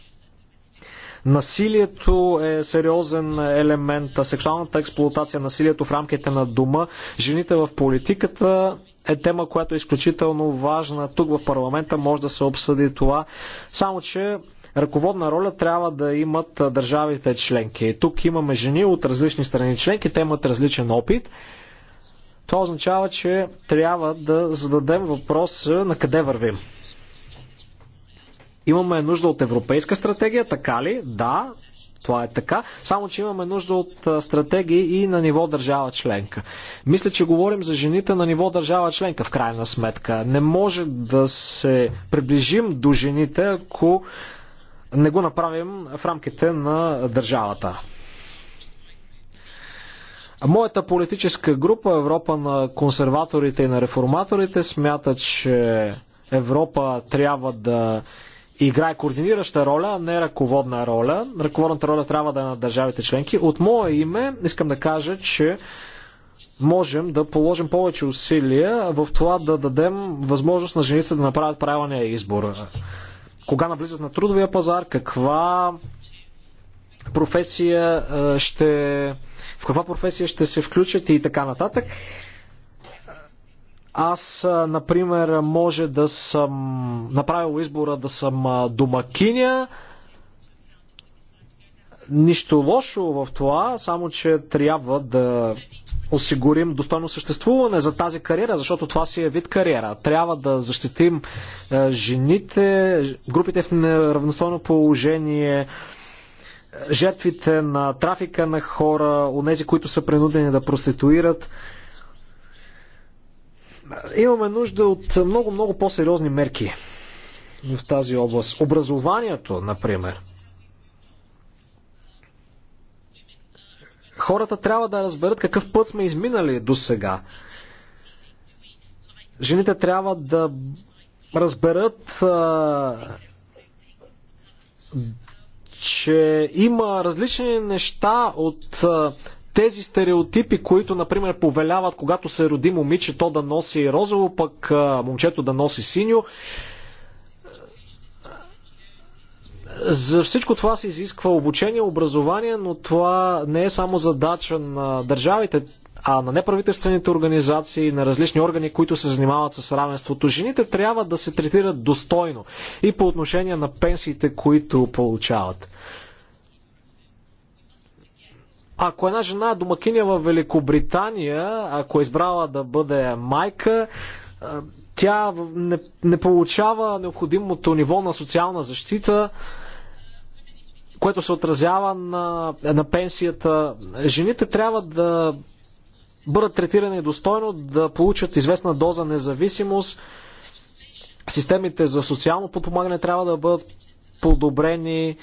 Насилието е сериозен елемент, сексуалната експлуатация, насилието в рамките на дома, жените в политиката е тема, която е изключително важна. Тук в парламента може да се обсъди това. Само, че ръководна роля трябва да имат държавите членки. Тук имаме жени от различни страни членки, те имат различен опит. Това означава, че трябва да зададем въпрос на къде вървим. Имаме нужда от европейска стратегия, така ли? Да, това е така. Само, че имаме нужда от стратегии и на ниво държава членка. Мисля, че говорим за жените на ниво държава членка, в крайна сметка. Не може да се приближим до жените, ако не го направим в рамките на държавата. Моята политическа група, Европа на консерваторите и на реформаторите, смята, че Европа трябва да играе координираща роля, а не ръководна роля. Ръководната роля трябва да е на държавите членки. От мое име искам да кажа, че можем да положим повече усилия в това да дадем възможност на жените да направят правилния избор. Кога навлизат на трудовия пазар, каква професия е, ще, в каква професия ще се включат и така нататък. Аз, например, може да съм направил избора да съм домакиня. Нищо лошо в това, само че трябва да осигурим достойно съществуване за тази кариера, защото това си е вид кариера. Трябва да защитим жените, групите в неравностойно положение, жертвите на трафика на хора, онези, които са принудени да проституират имаме нужда от много-много по-сериозни мерки в тази област. Образованието, например. Хората трябва да разберат какъв път сме изминали до сега. Жените трябва да разберат, че има различни неща от тези стереотипи, които, например, повеляват, когато се роди момиче, то да носи розово, пък момчето да носи синьо. За всичко това се изисква обучение, образование, но това не е само задача на държавите, а на неправителствените организации, на различни органи, които се занимават с равенството. Жените трябва да се третират достойно и по отношение на пенсиите, които получават. Ако една жена е домакиня в Великобритания, ако е избрала да бъде майка, тя не, не получава необходимото ниво на социална защита, което се отразява на, на пенсията. Жените трябва да бъдат третирани достойно, да получат известна доза независимост. Системите за социално подпомагане трябва да бъдат подобрени.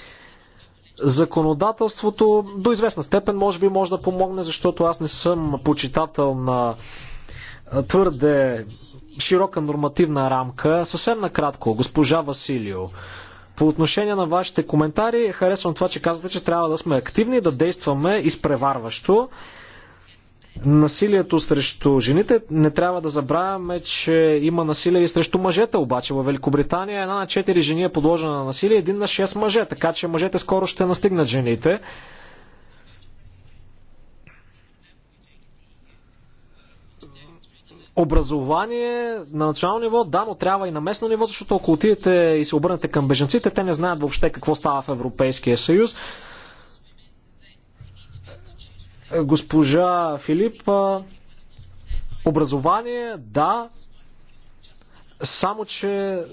Законодателството до известна степен може би може да помогне, защото аз не съм почитател на твърде широка нормативна рамка. Съвсем накратко, госпожа Василио, по отношение на вашите коментари, харесвам това, че казвате, че трябва да сме активни, да действаме изпреварващо насилието срещу жените. Не трябва да забравяме, че има насилие и срещу мъжете, обаче в Великобритания една на четири жени е подложена на насилие, един на шест мъже, така че мъжете скоро ще настигнат жените. Образование на национално ниво, да, но трябва и на местно ниво, защото ако отидете и се обърнете към беженците, те не знаят въобще какво става в Европейския съюз. Госпожа Филип, образование, да, само че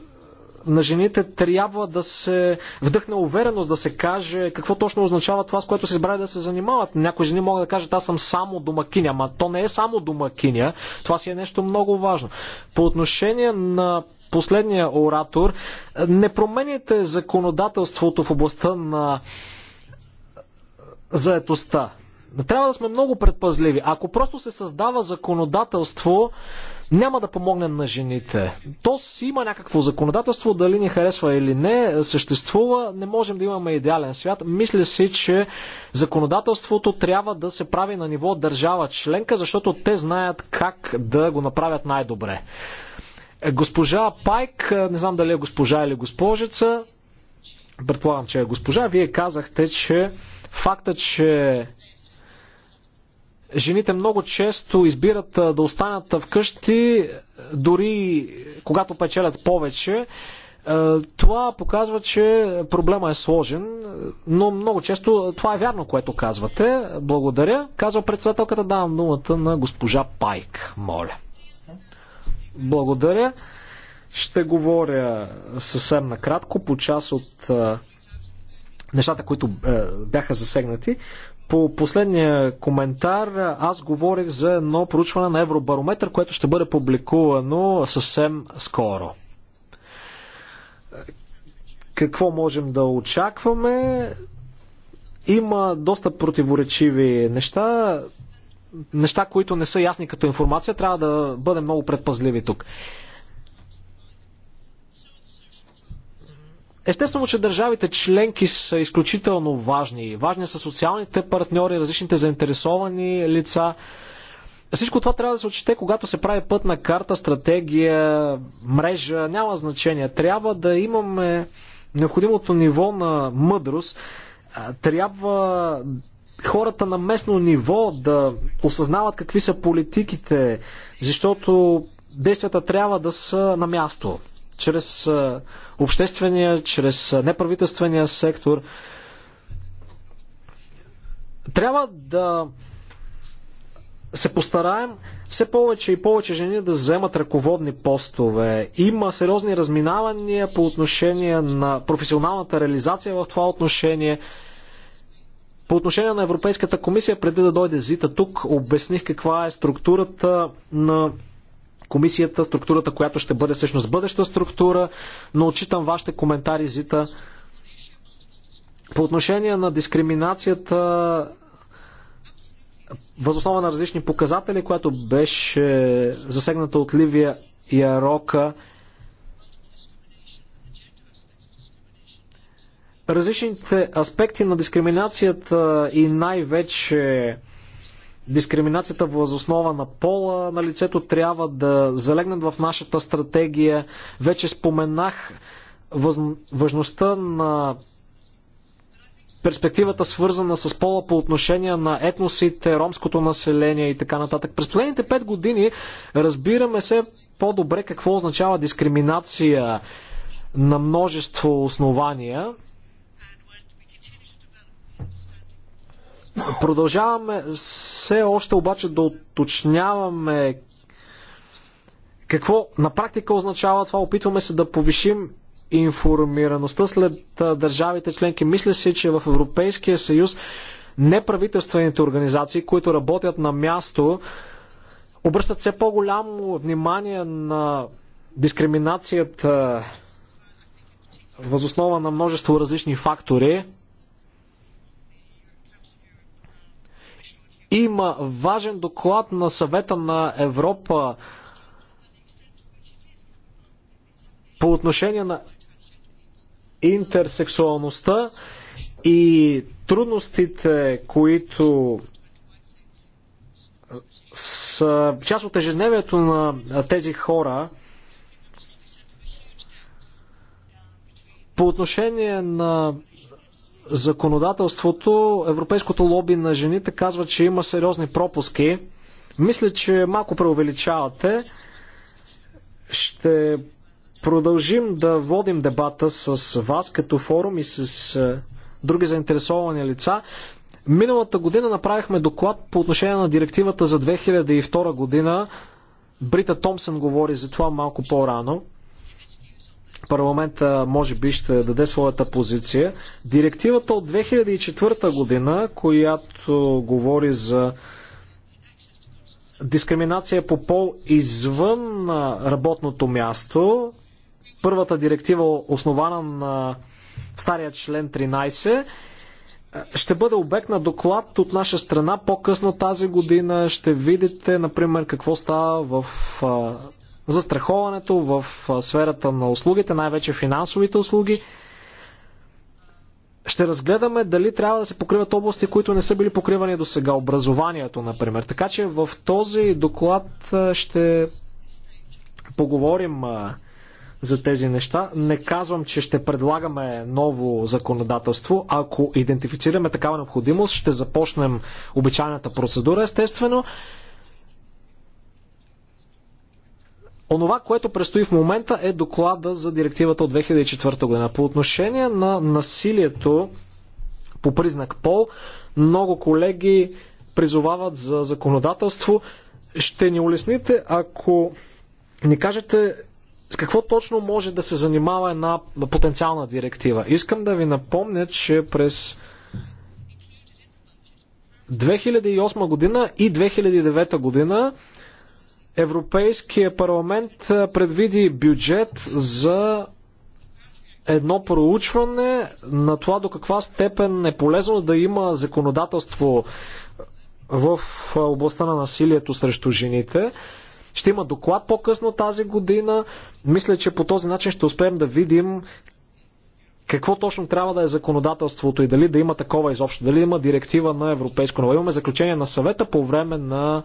на жените трябва да се вдъхне увереност, да се каже какво точно означава това, с което се избрали да се занимават. Някои жени могат да кажат, аз съм само домакиня, ама то не е само домакиня, това си е нещо много важно. По отношение на последния оратор, не промените законодателството в областта на заетостта. Трябва да сме много предпазливи. Ако просто се създава законодателство, няма да помогне на жените. То си има някакво законодателство, дали ни харесва или не, съществува. Не можем да имаме идеален свят. Мисля си, че законодателството трябва да се прави на ниво държава членка, защото те знаят как да го направят най-добре. Госпожа Пайк, не знам дали е госпожа или госпожица, предполагам, че е госпожа, вие казахте, че факта, че Жените много често избират да останат вкъщи, дори когато печелят повече. Това показва, че проблема е сложен, но много често това е вярно, което казвате. Благодаря. Казва председателката, давам думата на госпожа Пайк. Моля. Благодаря. Ще говоря съвсем накратко по част от нещата, които е, бяха засегнати. По последния коментар аз говорих за едно проучване на Евробарометър, което ще бъде публикувано съвсем скоро. Какво можем да очакваме? Има доста противоречиви неща. Неща, които не са ясни като информация, трябва да бъдем много предпазливи тук. Естествено, че държавите членки са изключително важни. Важни са социалните партньори, различните заинтересовани лица. Всичко това трябва да се отчете, когато се прави пътна карта, стратегия, мрежа, няма значение. Трябва да имаме необходимото ниво на мъдрост. Трябва хората на местно ниво да осъзнават какви са политиките, защото действията трябва да са на място чрез обществения, чрез неправителствения сектор. Трябва да се постараем все повече и повече жени да вземат ръководни постове. Има сериозни разминавания по отношение на професионалната реализация в това отношение. По отношение на Европейската комисия, преди да дойде Зита тук, обясних каква е структурата на комисията, структурата, която ще бъде всъщност бъдеща структура, но отчитам вашите коментари, Зита. По отношение на дискриминацията възоснова на различни показатели, която беше засегната от Ливия Ярока, различните аспекти на дискриминацията и най-вече дискриминацията възоснова на пола на лицето трябва да залегнат в нашата стратегия. Вече споменах въз... важността на перспективата свързана с пола по отношение на етносите, ромското население и така нататък. През последните 5 години разбираме се по-добре какво означава дискриминация на множество основания – Продължаваме все още обаче да уточняваме какво на практика означава това. Опитваме се да повишим информираността след държавите членки. Мисля си, че в Европейския съюз неправителствените организации, които работят на място, обръщат все по-голямо внимание на дискриминацията възоснова на множество различни фактори. Има важен доклад на съвета на Европа по отношение на интерсексуалността и трудностите, които са част от ежедневието на тези хора по отношение на законодателството, европейското лоби на жените казва, че има сериозни пропуски. Мисля, че малко преувеличавате. Ще продължим да водим дебата с вас като форум и с е, други заинтересовани лица. Миналата година направихме доклад по отношение на директивата за 2002 година. Брита Томсън говори за това малко по-рано парламента може би ще даде своята позиция. Директивата от 2004 година, която говори за дискриминация по пол извън работното място, първата директива основана на стария член 13, ще бъде обект на доклад от наша страна по-късно тази година. Ще видите, например, какво става в застраховането, в сферата на услугите, най-вече финансовите услуги. Ще разгледаме дали трябва да се покриват области, които не са били покривани до сега. Образованието, например. Така че в този доклад ще поговорим за тези неща. Не казвам, че ще предлагаме ново законодателство. Ако идентифицираме такава необходимост, ще започнем обичайната процедура, естествено. Онова, което предстои в момента е доклада за директивата от 2004 година. По отношение на насилието по признак пол, много колеги призовават за законодателство. Ще ни улесните, ако ни кажете с какво точно може да се занимава една потенциална директива. Искам да ви напомня, че през 2008 година и 2009 година Европейския парламент предвиди бюджет за едно проучване на това до каква степен е полезно да има законодателство в областта на насилието срещу жените. Ще има доклад по-късно тази година. Мисля, че по този начин ще успеем да видим какво точно трябва да е законодателството и дали да има такова изобщо, дали има директива на европейско ниво. Имаме заключение на съвета по време на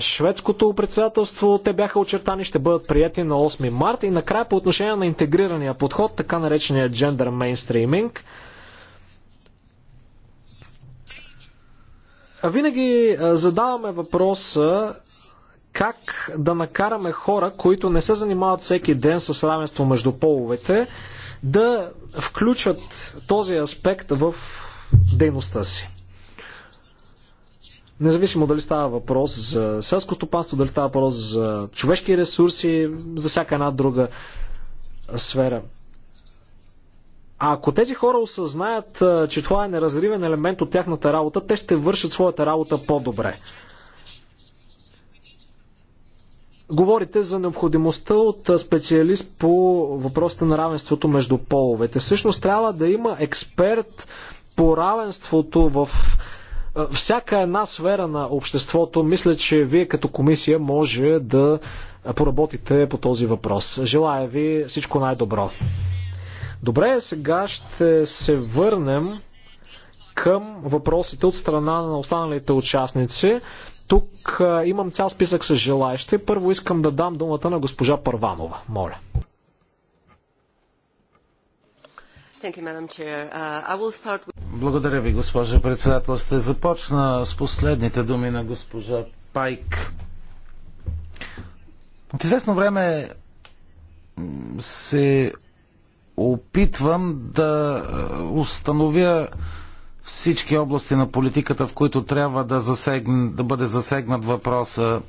шведското председателство. Те бяха очертани, ще бъдат прияти на 8 март. И накрая по отношение на интегрирания подход, така наречения джендър мейнстриминг. Винаги задаваме въпроса как да накараме хора, които не се занимават всеки ден с равенство между половете, да включат този аспект в дейността си. Независимо дали става въпрос за селско стопанство, дали става въпрос за човешки ресурси, за всяка една друга сфера. А ако тези хора осъзнаят, че това е неразривен елемент от тяхната работа, те ще вършат своята работа по-добре. Говорите за необходимостта от специалист по въпросите на равенството между половете. Всъщност трябва да има експерт по равенството в е, всяка една сфера на обществото, мисля, че вие като комисия може да поработите по този въпрос. Желая ви всичко най-добро. Добре, сега ще се върнем към въпросите от страна на останалите участници. Тук е, имам цял списък с желаящи. Първо искам да дам думата на госпожа Първанова. Моля. Uh, Благодаря ви, госпожа председател. Ще започна с последните думи на госпожа Пайк. От известно време се опитвам да е, установя всички области на политиката, в които трябва да, засегн, да бъде засегнат въпроса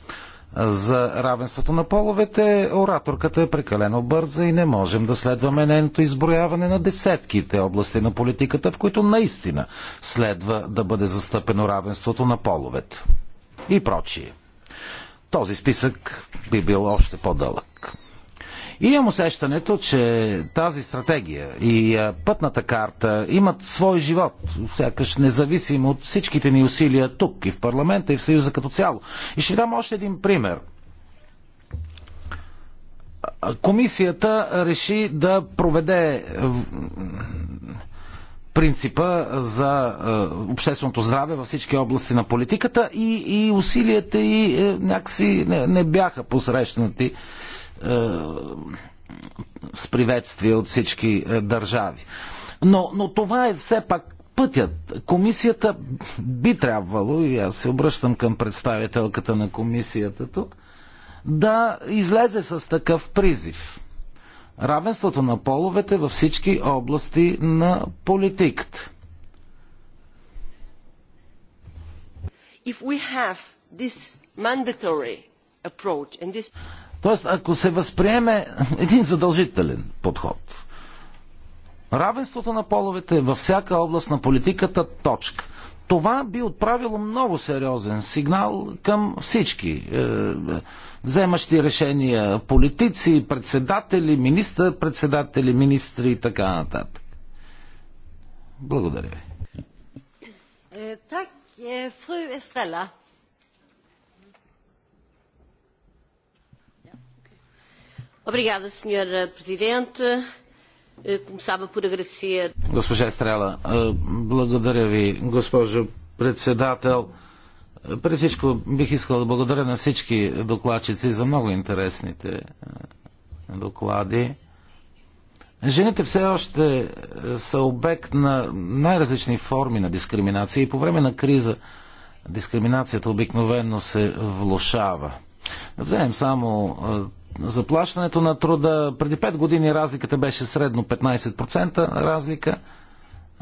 за равенството на половете, ораторката е прекалено бърза и не можем да следваме нейното изброяване на десетките области на политиката, в които наистина следва да бъде застъпено равенството на половете. И прочие. Този списък би бил още по-дълъг имам усещането, че тази стратегия и пътната карта имат свой живот, сякаш независимо от всичките ни усилия тук и в парламента и в Съюза като цяло. И ще дам още един пример. Комисията реши да проведе принципа за общественото здраве във всички области на политиката и, и усилията и е, някакси не, не бяха посрещнати е, с приветствие от всички е, държави. Но, но това е все пак пътят. Комисията би трябвало, и аз се обръщам към представителката на комисията тук, да излезе с такъв призив. Равенството на половете във всички области на политиката. If we have this mandatory approach and this Тоест, ако се възприеме един задължителен подход, равенството на половете е във всяка област на политиката точка. Това би отправило много сериозен сигнал към всички е, вземащи решения политици, председатели, министър-председатели, министри и така нататък. Благодаря ви. Е, так, е, фру Естрела. Obrigada, Presidente. Eh, começava por agradecer. Госпожа Естрела, е, благодаря ви, госпожо председател. Преди всичко бих искал да благодаря на всички докладчици за много интересните е, доклади. Жените все още е, са обект на най-различни форми на дискриминация и по време на криза дискриминацията обикновено се влушава. Да вземем само заплащането на труда. Преди 5 години разликата беше средно 15% разлика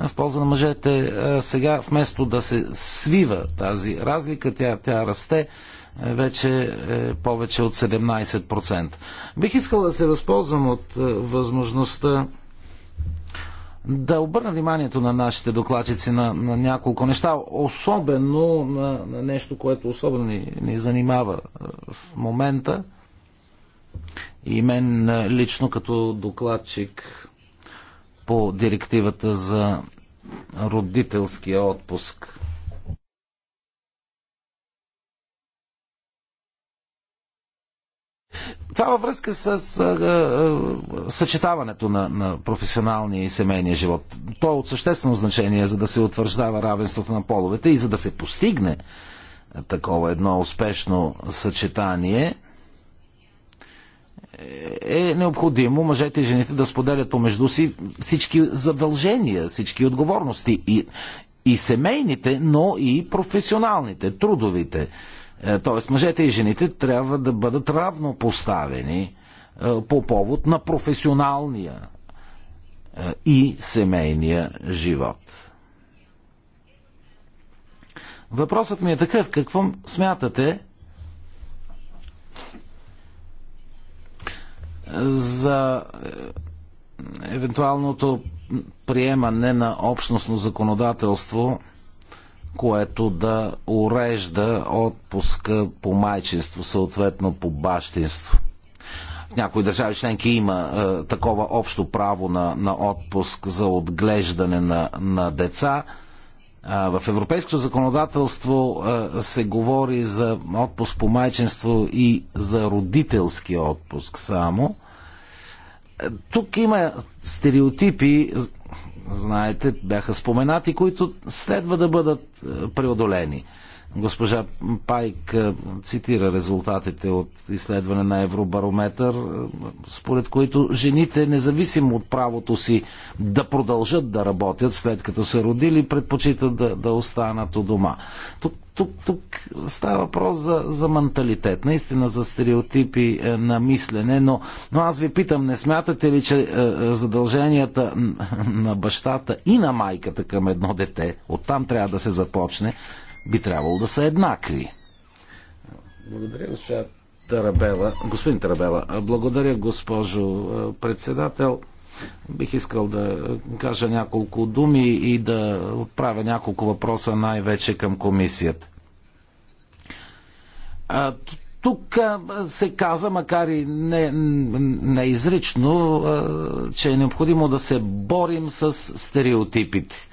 в полза на мъжете. Сега вместо да се свива тази разлика, тя, тя расте вече е повече от 17%. Бих искал да се възползвам от възможността да обърна вниманието на нашите докладчици на, на няколко неща, особено на, на нещо, което особено ни, ни занимава в момента – и мен лично като докладчик по директивата за родителския отпуск. Това във връзка с а, а, съчетаването на, на професионалния и семейния живот. То е от съществено значение, за да се утвърждава равенството на половете и за да се постигне такова едно успешно съчетание е необходимо мъжете и жените да споделят помежду си всички задължения, всички отговорности и, и семейните, но и професионалните, трудовите. Е, тоест мъжете и жените трябва да бъдат равнопоставени е, по повод на професионалния е, и семейния живот. Въпросът ми е такъв. Какво смятате за е, евентуалното приемане на общностно законодателство, което да урежда отпуска по майчинство, съответно по бащинство. В някои държави членки има е, такова общо право на, на отпуск за отглеждане на, на деца – в европейското законодателство се говори за отпуск по майчинство и за родителски отпуск само. Е, тук има стереотипи, знаете, бяха споменати, които следва да бъдат е, преодолени. Госпожа Пайк цитира резултатите от изследване на Евробарометър, според които жените, независимо от правото си да продължат да работят след като са родили, предпочитат да, да останат у дома. Тук, тук, тук става въпрос за, за менталитет, наистина за стереотипи е, на мислене, но, но аз ви питам, не смятате ли, че е, е, задълженията на бащата и на майката към едно дете, оттам трябва да се започне, би трябвало да са еднакви. Благодаря, госпожа Тарабела. Господин Тарабела, благодаря, госпожо председател. Бих искал да кажа няколко думи и да отправя няколко въпроса най-вече към комисията. А, тук се каза, макар и не, не изрично, че е необходимо да се борим с стереотипите.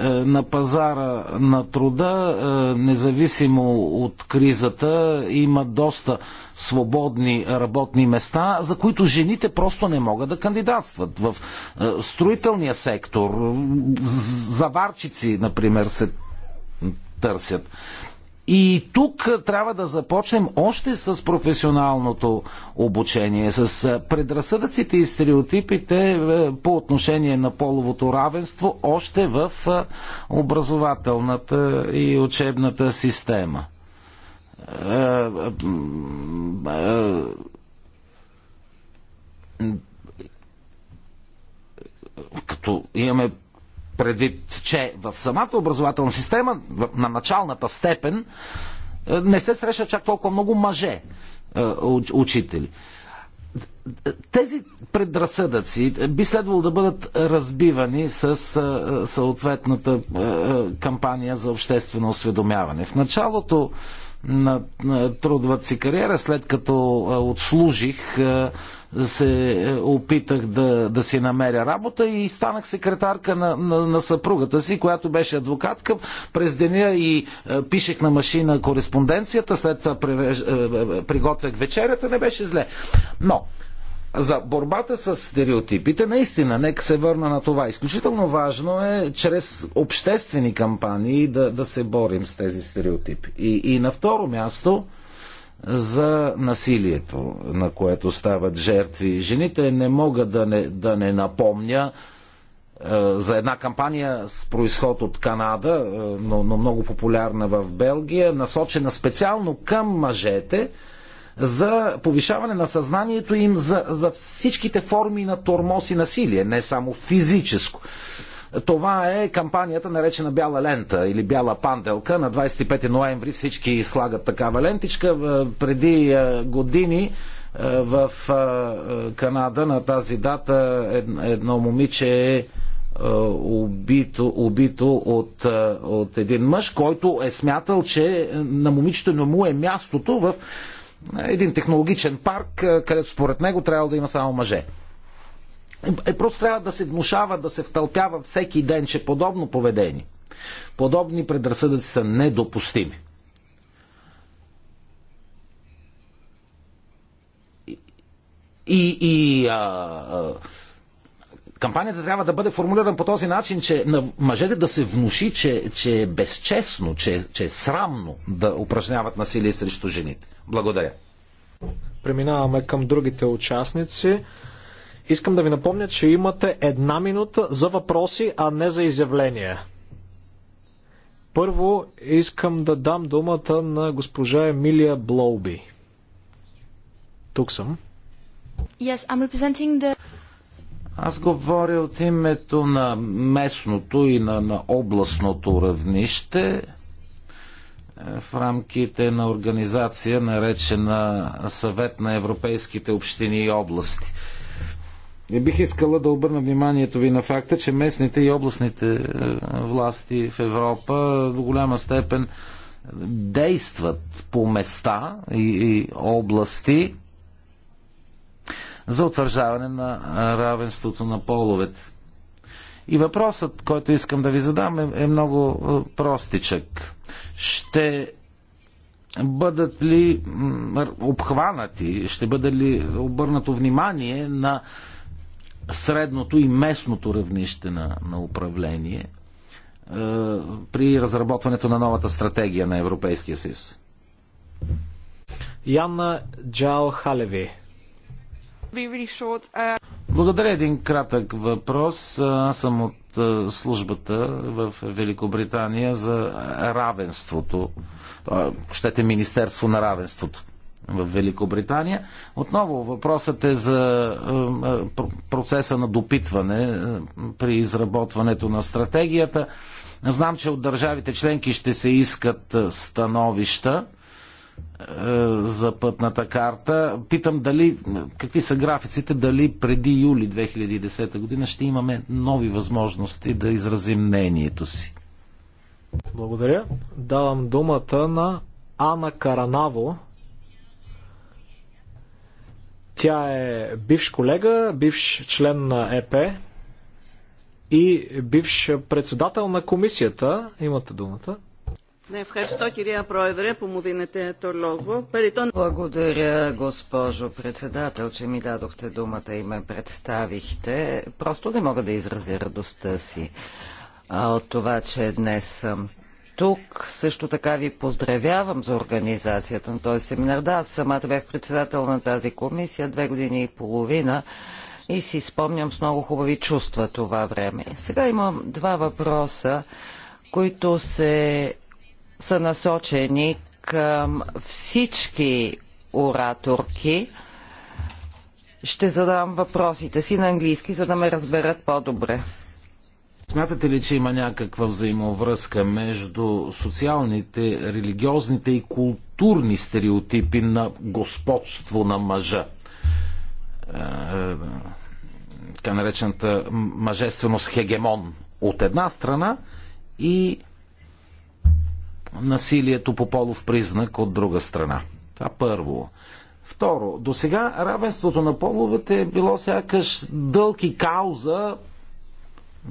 Е, на пазара на труда, е, независимо от кризата, има доста свободни работни места, за които жените просто не могат да кандидатстват. В е, строителния сектор, заварчици, например, се търсят. И тук трябва да започнем още с професионалното обучение, с предразсъдъците и стереотипите е, по отношение на половото равенство още в образователната и учебната система е, е, като имаме предвид, че в самата образователна система на началната степен е, не се среща чак толкова много мъже е, учители. Тези предразсъдъци би следвало да бъдат разбивани с е, съответната кампания за обществено осведомяване. В началото на трудовата си кариера, след като отслужих, се е, опитах да, да си намеря работа и станах секретарка на, на, на съпругата си, която беше адвокатка. През деня и пишех на машина кореспонденцията, след това приготвях вечерята, не беше зле. Но, за борбата с стереотипите, наистина, нека се върна на това. Изключително важно е чрез обществени кампании да, да се борим с тези стереотипи. И, и на второ място, за насилието, на което стават жертви. Жените не мога да не, да не напомня е, за една кампания с происход от Канада, е, но, но много популярна в Белгия, насочена специално към мъжете, за повишаване на съзнанието им за, за всичките форми на тормоз и насилие, не само физическо. Това е кампанията наречена Бяла лента или Бяла панделка. На 25 ноември всички слагат такава лентичка. Преди е, години е, в е, Канада на тази дата едно момиче е убито, убито от, от един мъж, който е смятал, че на момичето не му е мястото в един технологичен парк, където според него трябва да има само мъже. Е, е, просто трябва да се внушава, да се втълпява всеки ден, че подобно поведение, подобни предразсъдъци са недопустими. И, и а, а, кампанията трябва да бъде формулирана по този начин, че на мъжете да се внуши, че, че е безчестно, че, че е срамно да упражняват насилие срещу жените. Благодаря. Преминаваме към другите участници. Искам да ви напомня, че имате една минута за въпроси, а не за изявления. Първо искам да дам думата на госпожа Емилия Блоуби. Тук съм. Yes, I'm representing the... Аз говоря от името на местното и на, на областното равнище е, в рамките на организация, наречена Съвет на европейските общини и области. И бих искала да обърна вниманието ви на факта, че местните и областните е, власти в Европа до голяма степен действат по места и, и области за утвърждаване на равенството на половете. И въпросът, който искам да ви задам е, е много простичък. Ще бъдат ли обхванати, ще бъде ли обърнато внимание на средното и местното равнище на, на управление е, при разработването на новата стратегия на Европейския съюз? Яна Джао Халеви Uh, Благодаря. Един кратък въпрос. Аз съм от службата в Великобритания за равенството. Щете Министерство на равенството в Великобритания. Отново въпросът е за процеса на допитване при изработването на стратегията. Знам, че от държавите членки ще се искат становища за пътната карта. Питам дали, какви са графиците, дали преди юли 2010 година ще имаме нови възможности да изразим мнението си. Благодаря. Давам думата на Ана Каранаво. Тя е бивш колега, бивш член на ЕП и бивш председател на комисията. Имате думата. Ευχαριστώ κυρία Πρόεδρε που μου δίνετε το λόγο. Благодаря госпожо председател, че ми дадохте думата и ме представихте. Просто не мога да изразя радостта си от това, че днес съм тук. Също така ви поздравявам за организацията на този семинар. Да, аз самата бях председател на тази комисия две години и половина и си спомням с много хубави чувства това време. Сега имам два въпроса, които се са насочени към всички ораторки. Ще задам въпросите си на английски, за да ме разберат по-добре. Смятате ли, че има някаква взаимовръзка между социалните, религиозните и културни стереотипи на господство на мъжа? Е, така наречената мъжественост хегемон от една страна и насилието по полов признак от друга страна. Това първо. Второ, до сега равенството на половете е било сякаш дълги кауза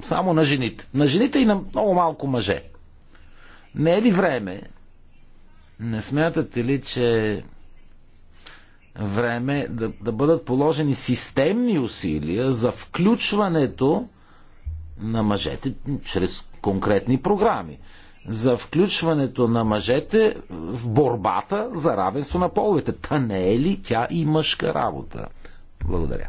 само на жените. На жените и на много малко мъже. Не е ли време? Не смятате ли, че време да, да бъдат положени системни усилия за включването на мъжете чрез конкретни програми? за включването на мъжете в борбата за равенство на половете. Та не е ли тя и мъжка работа? Благодаря.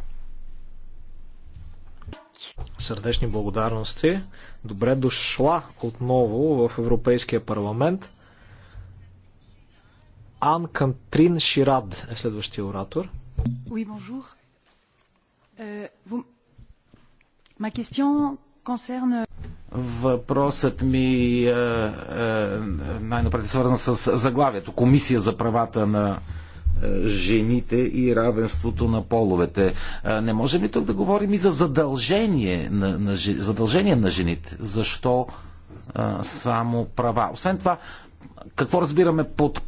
Сърдечни благодарности. Добре дошла отново в Европейския парламент. Ан Кантрин Ширад е следващия оратор. Oui, bonjour. Euh, vous... Ma question concerne... Въпросът ми е, е, най-напред е свързан с заглавието Комисия за правата на е, жените и равенството на половете. Не можем ли тук да говорим и за задължение на, на, задължение на жените? Защо а, само права? Освен това, какво разбираме под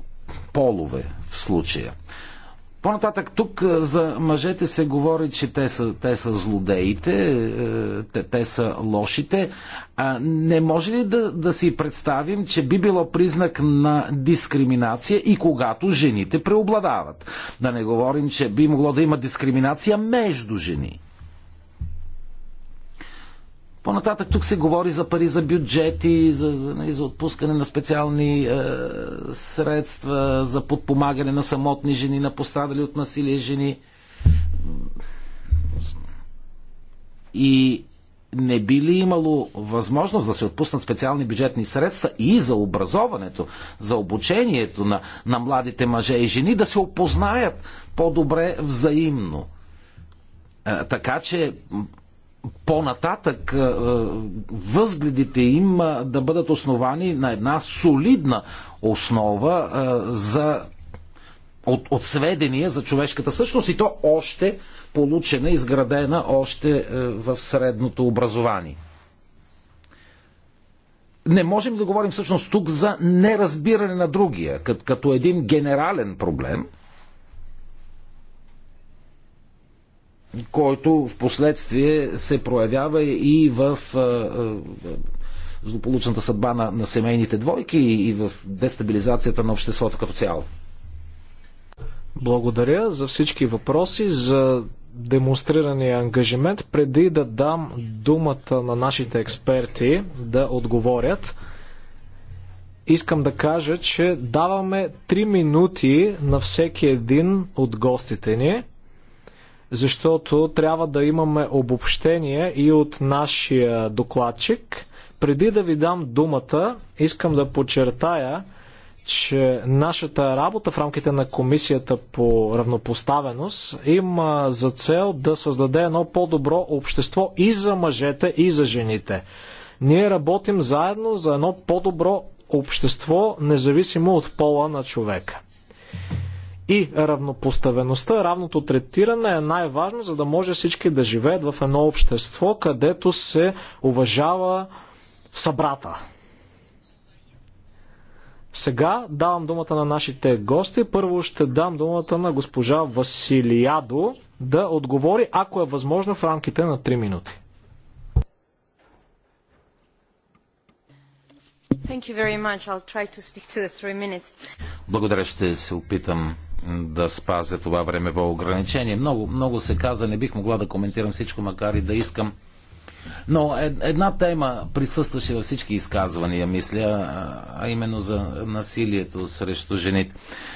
полове в случая? По-нататък тук е, за мъжете се говори, че те са, те са злодеите, е, те, те са лошите. А, не може ли да, да си представим, че би било признак на дискриминация и когато жените преобладават? Да не говорим, че би могло да има дискриминация между жени. По-нататък тук се говори за пари за бюджети, за, за, нали, за отпускане на специални е, средства, за подпомагане на самотни жени, на пострадали от насилие жени. И не би ли имало възможност да се отпуснат специални бюджетни средства и за образоването, за обучението на, на младите мъже и жени, да се опознаят по-добре взаимно? Е, така че по-нататък е, е, възгледите им е, да бъдат основани на една солидна основа за от, от сведения за човешката същност и то още получена, изградена още в средното образование. Не можем да говорим всъщност тук за неразбиране на другия, като един генерален проблем – който в последствие се проявява и в злополучната съдба на, на семейните двойки и в дестабилизацията на обществото като цяло. Благодаря за всички въпроси, за демонстрирания ангажимент. Преди да дам думата на нашите експерти да отговорят, искам да кажа, че даваме 3 минути на всеки един от гостите ни защото трябва да имаме обобщение и от нашия докладчик. Преди да ви дам думата, искам да подчертая, че нашата работа в рамките на Комисията по равнопоставеност има за цел да създаде едно по-добро общество и за мъжете, и за жените. Ние работим заедно за едно по-добро общество, независимо от пола на човека и равнопоставеността, равното третиране е най-важно, за да може всички да живеят в едно общество, където се уважава събрата. Сега давам думата на нашите гости. Първо ще дам думата на госпожа Василиадо да отговори, ако е възможно, в рамките на 3 минути. Благодаря, ще се опитам да спазя това времево ограничение. Много, много се каза, не бих могла да коментирам всичко, макар и да искам. Но е, една тема присъстваше във всички изказвания, мисля, а именно за насилието срещу жените.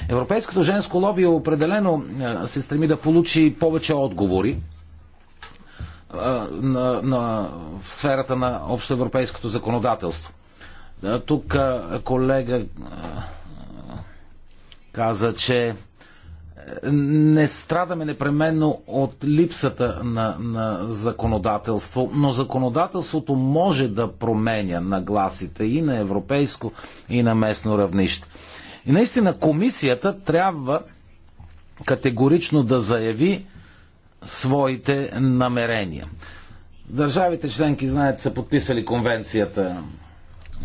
Европейското женско лоби определено се стреми да получи повече отговори на, на, в сферата на общоевропейското законодателство. Тук колега каза, че не страдаме непременно от липсата на, на законодателство, но законодателството може да променя нагласите и на европейско, и на местно равнище. И наистина комисията трябва категорично да заяви своите намерения. Държавите членки, знаят, са подписали конвенцията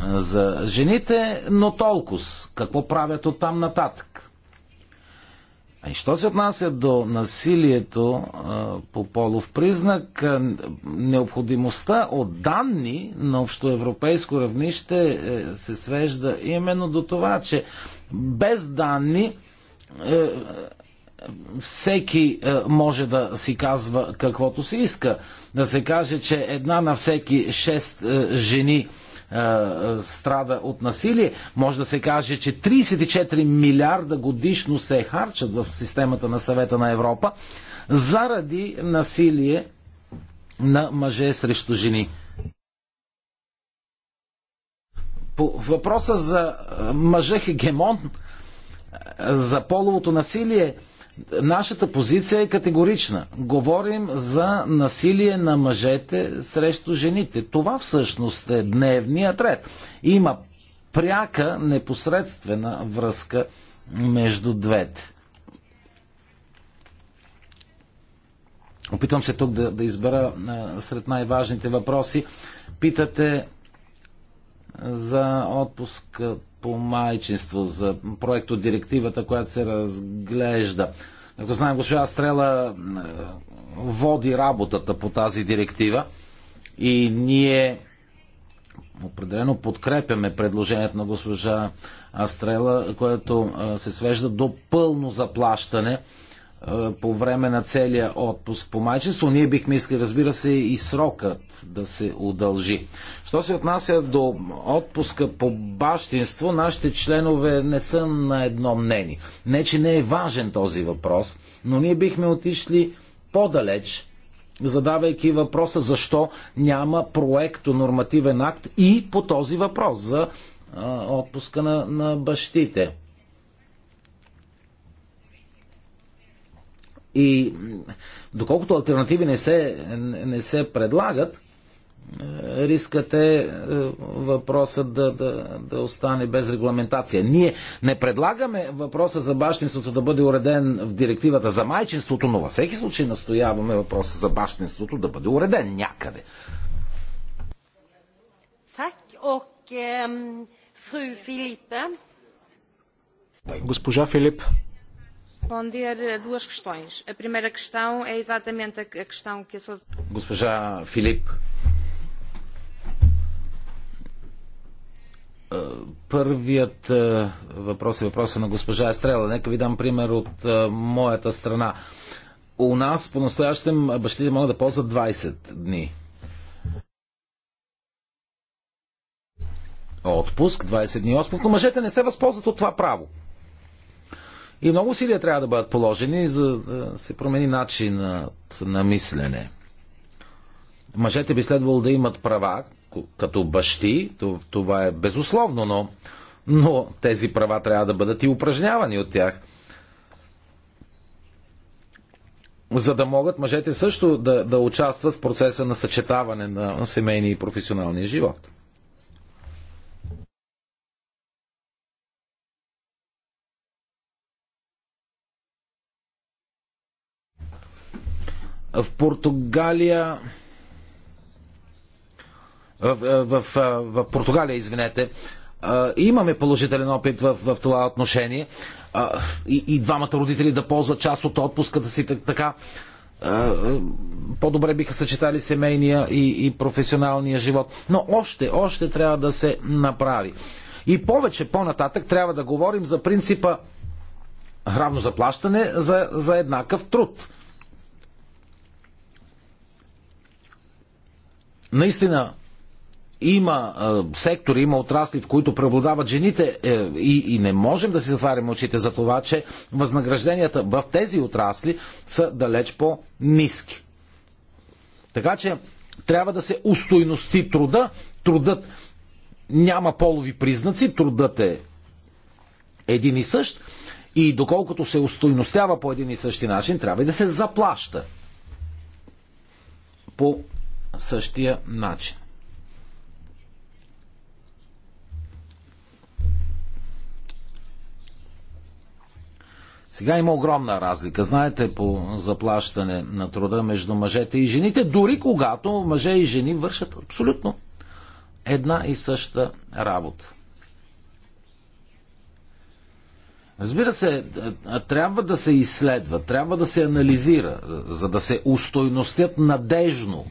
за жените, но толкова. Какво правят от там нататък? И що се отнася до насилието по полов признак, необходимостта от данни на общоевропейско равнище е, се свежда именно до това, че без данни е, всеки е, може да си казва каквото си иска. Да се каже, че една на всеки шест жени е, страда от насилие. Може да се каже, че 34 милиарда годишно се харчат в системата на съвета на Европа заради насилие на мъже срещу жени. По въпроса за е, мъжа хегемон, е, за половото насилие, Нашата позиция е категорична. Говорим за насилие на мъжете срещу жените. Това всъщност е дневният ред. Има пряка, непосредствена връзка между двете. Опитвам се тук да, да избера а, сред най-важните въпроси. Питате за отпуск по майчинство, за проект от директивата, която се разглежда. Ако знаем, госпожа Астрела, е, води работата по тази директива и ние определено подкрепяме предложението на госпожа Астрела, което е, се свежда до пълно заплащане по време на целия отпуск по майчество. Ние бихме искали, разбира се, и срокът да се удължи. Що се отнася до отпуска по бащинство, нашите членове не са на едно мнение. Не, че не е важен този въпрос, но ние бихме отишли по-далеч, задавайки въпроса защо няма проекто нормативен акт и по този въпрос за отпуска на, на бащите. И доколкото альтернативи не се, не се предлагат, е, рискът е, е въпросът да, да, да остане без регламентация. Ние не предлагаме въпроса за бащинството да бъде уреден в директивата за майчинството, но във всеки случай настояваме въпроса за бащинството да бъде уреден някъде. Госпожа Филип. Госпожа Филип, е, Първият е, въпрос е въпроса на госпожа Естрела. Нека ви дам пример от е, моята страна. У нас по-настоящем бащите могат да ползват 20 дни. Отпуск, 20 дни отпуск, но мъжете не се възползват от това право. И много усилия трябва да бъдат положени, за да се промени начинът на мислене. Мъжете би следвало да имат права като бащи, това е безусловно, но, но тези права трябва да бъдат и упражнявани от тях. За да могат мъжете също да, да участват в процеса на съчетаване на семейния и професионалния живот. В Португалия в, в, в, в Португалия, извинете, имаме положителен опит в, в това отношение и, и двамата родители да ползват част от отпуската си така по-добре биха съчетали семейния и, и професионалния живот. Но още, още трябва да се направи. И повече по-нататък трябва да говорим за принципа равно заплащане за, за еднакъв труд. Наистина, има е, сектори, има отрасли, в които преобладават жените е, и, и не можем да си затваряме очите за това, че възнагражденията в тези отрасли са далеч по-низки. Така че трябва да се устойности труда. Трудът няма полови признаци, трудът е един и същ и доколкото се устойностява по един и същи начин, трябва и да се заплаща по същия начин. Сега има огромна разлика. Знаете по заплащане на труда между мъжете и жените, дори когато мъже и жени вършат абсолютно една и съща работа. Разбира се, трябва да се изследва, трябва да се анализира, за да се устойностят надежно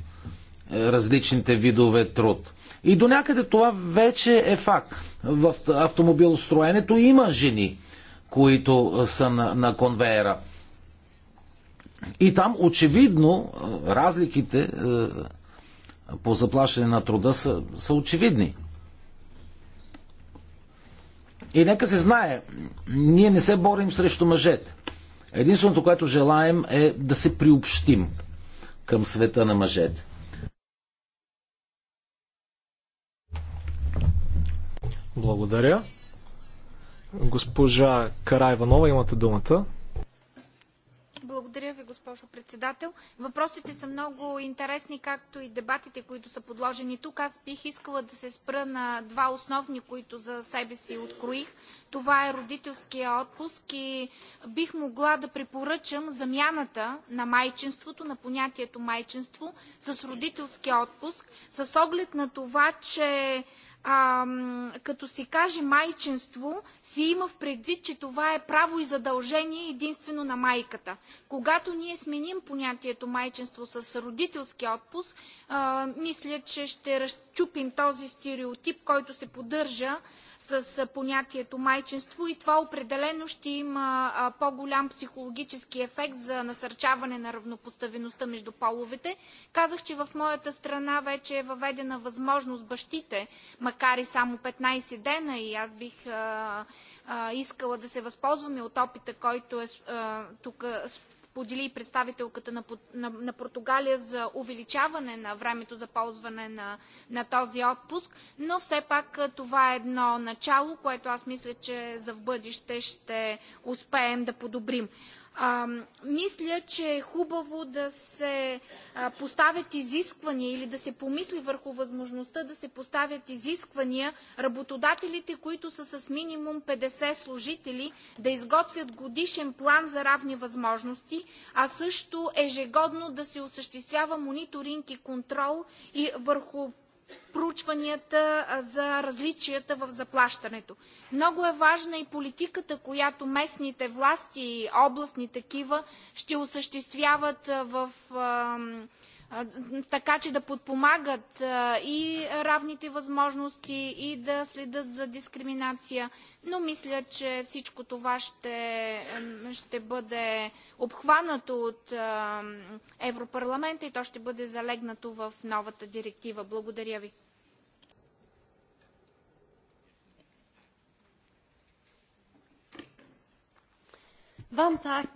различните видове труд. И до някъде това вече е факт. В автомобилостроенето има жени, които са на, на конвейера. И там очевидно разликите по заплащане на труда са, са очевидни. И нека се знае, ние не се борим срещу мъжете. Единственото, което желаем е да се приобщим към света на мъжете. Благодаря. Госпожа Карайванова, имате думата. Благодаря ви, госпожо председател. Въпросите са много интересни, както и дебатите, които са подложени тук. Аз бих искала да се спра на два основни, които за себе си откроих. Това е родителския отпуск и бих могла да препоръчам замяната на майчинството, на понятието майчинство, с родителския отпуск, с оглед на това, че а, като се каже майчинство, се има в предвид, че това е право и задължение единствено на майката. Когато ние сменим понятието майчинство с родителски отпуск, а, мисля, че ще разчупим този стереотип, който се поддържа с понятието майчинство и това определено ще има по-голям психологически ефект за насърчаване на равнопоставеността между половете. Казах, че в моята страна вече е въведена възможност бащите, макар и само 15 дена и аз бих искала да се възползваме от опита, който е тук подели и представителката на, на, на Португалия за увеличаване на времето за ползване на, на този отпуск, но все пак това е едно начало, което аз мисля, че за в бъдеще ще успеем да подобрим мисля, че е хубаво да се поставят изисквания или да се помисли върху възможността да се поставят изисквания работодателите, които са с минимум 50 служители, да изготвят годишен план за равни възможности, а също ежегодно да се осъществява мониторинг и контрол и върху проучванията за различията в заплащането. Много е важна и политиката, която местните власти и областни такива ще осъществяват в така че да подпомагат и равните възможности, и да следят за дискриминация, но мисля, че всичко това ще, ще бъде обхванато от Европарламента и то ще бъде залегнато в новата директива. Благодаря ви. Вам так.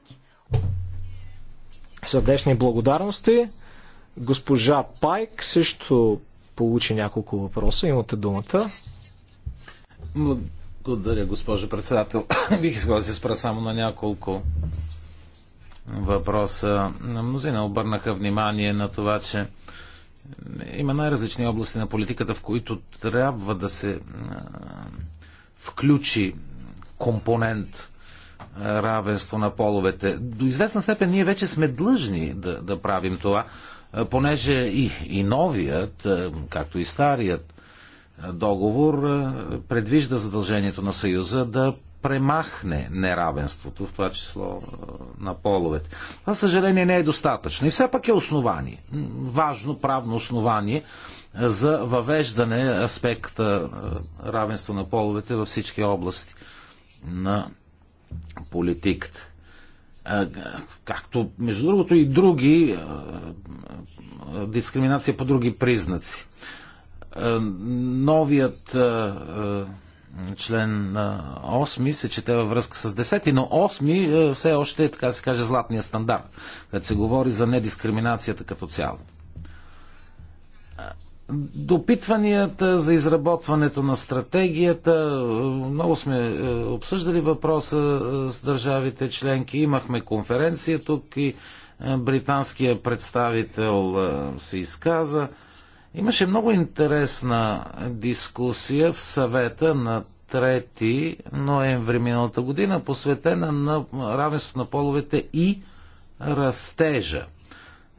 Сърдечни благодарности. Госпожа Пайк също получи няколко въпроса. Имате думата. Благодаря, госпожо председател. Бих искал да се спра само на няколко въпроса. Мнозина обърнаха внимание на това, че има най-различни области на политиката, в които трябва да се включи компонент равенство на половете. До известна степен ние вече сме длъжни да, да правим това, понеже и, и новият, както и старият договор е, предвижда задължението на Съюза да премахне неравенството, в това число е, на половете. Това, съжаление, не е достатъчно. И все пак е основание. Важно правно основание е, за въвеждане аспекта равенство на половете във всички области на политиката. Както, между другото, и други дискриминация по други признаци. Е, новият е, е, член 8 се чете във връзка с 10, но 8 все още е, така се каже, златния стандарт, като се говори за недискриминацията като цяло. Допитванията за изработването на стратегията, много сме обсъждали въпроса с държавите членки, имахме конференция тук и британският представител се изказа. Имаше много интересна дискусия в съвета на 3 ноември миналата година, посветена на равенството на половете и растежа.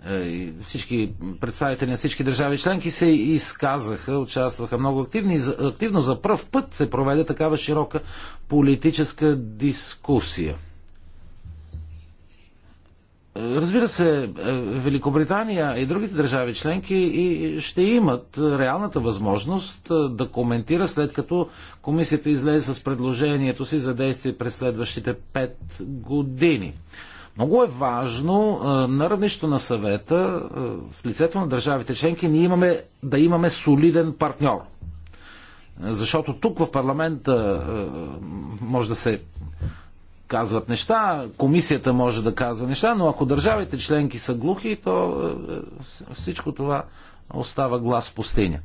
Е, всички представители на всички държави членки се изказаха, участваха много активни, активно. За първ път се проведе такава широка политическа дискусия. Разбира се, е, Великобритания и другите държави членки и ще имат реалната възможност е, да коментира след като комисията излезе с предложението си за действие през следващите 5 години. Много е важно е, на равнището на съвета, в лицето на държавите членки, ние имаме, да имаме солиден партньор. Защото тук в парламента може да се казват неща, комисията може да казва неща, но ако държавите членки са глухи, то е, всичко това остава глас в пустиня.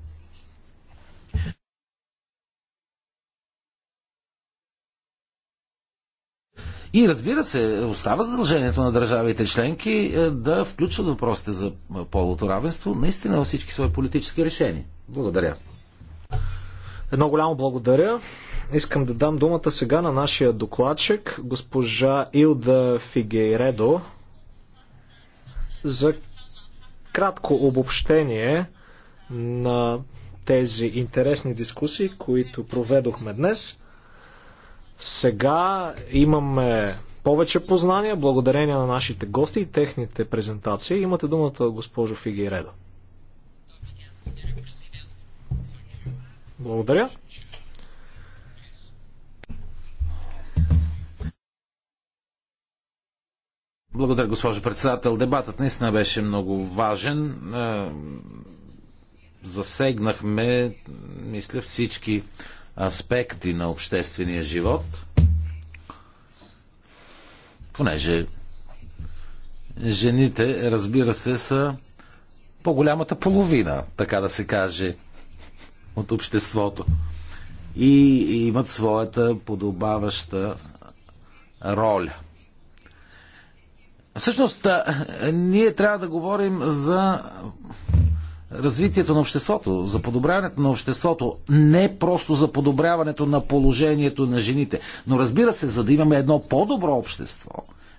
И разбира се, остава задължението на държавите членки е, да включват въпросите за полото равенство наистина във всички свои политически решения. Благодаря. Едно голямо благодаря. Искам да дам думата сега на нашия докладчик, госпожа Илда Фигейредо, за кратко обобщение на тези интересни дискусии, които проведохме днес. Сега имаме повече познания благодарение на нашите гости и техните презентации. Имате думата, госпожо Фигейредо. Благодаря. Благодаря, госпожо председател. Дебатът наистина беше много важен. Е, засегнахме, мисля, всички аспекти на обществения живот, понеже жените, разбира се, са по-голямата половина, така да се каже, от обществото. И имат своята подобаваща роля. Всъщност, ние трябва да говорим за развитието на обществото, за подобряването на обществото, не просто за подобряването на положението на жените. Но разбира се, за да имаме едно по-добро общество,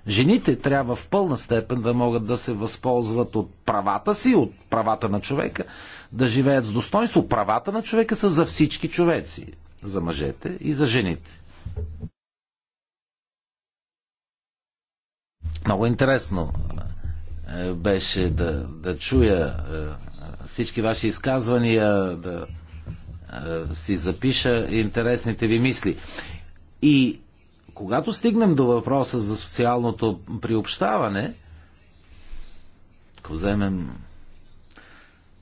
жените трябва в пълна степен да могат да се възползват от правата си, от правата на човека, да живеят с достоинство. Правата на човека са за всички човеци, за мъжете и за жените. Много интересно е, беше да, да чуя е, всички ваши изказвания, да е, си запиша интересните ви мисли. И когато стигнем до въпроса за социалното приобщаване, ако вземем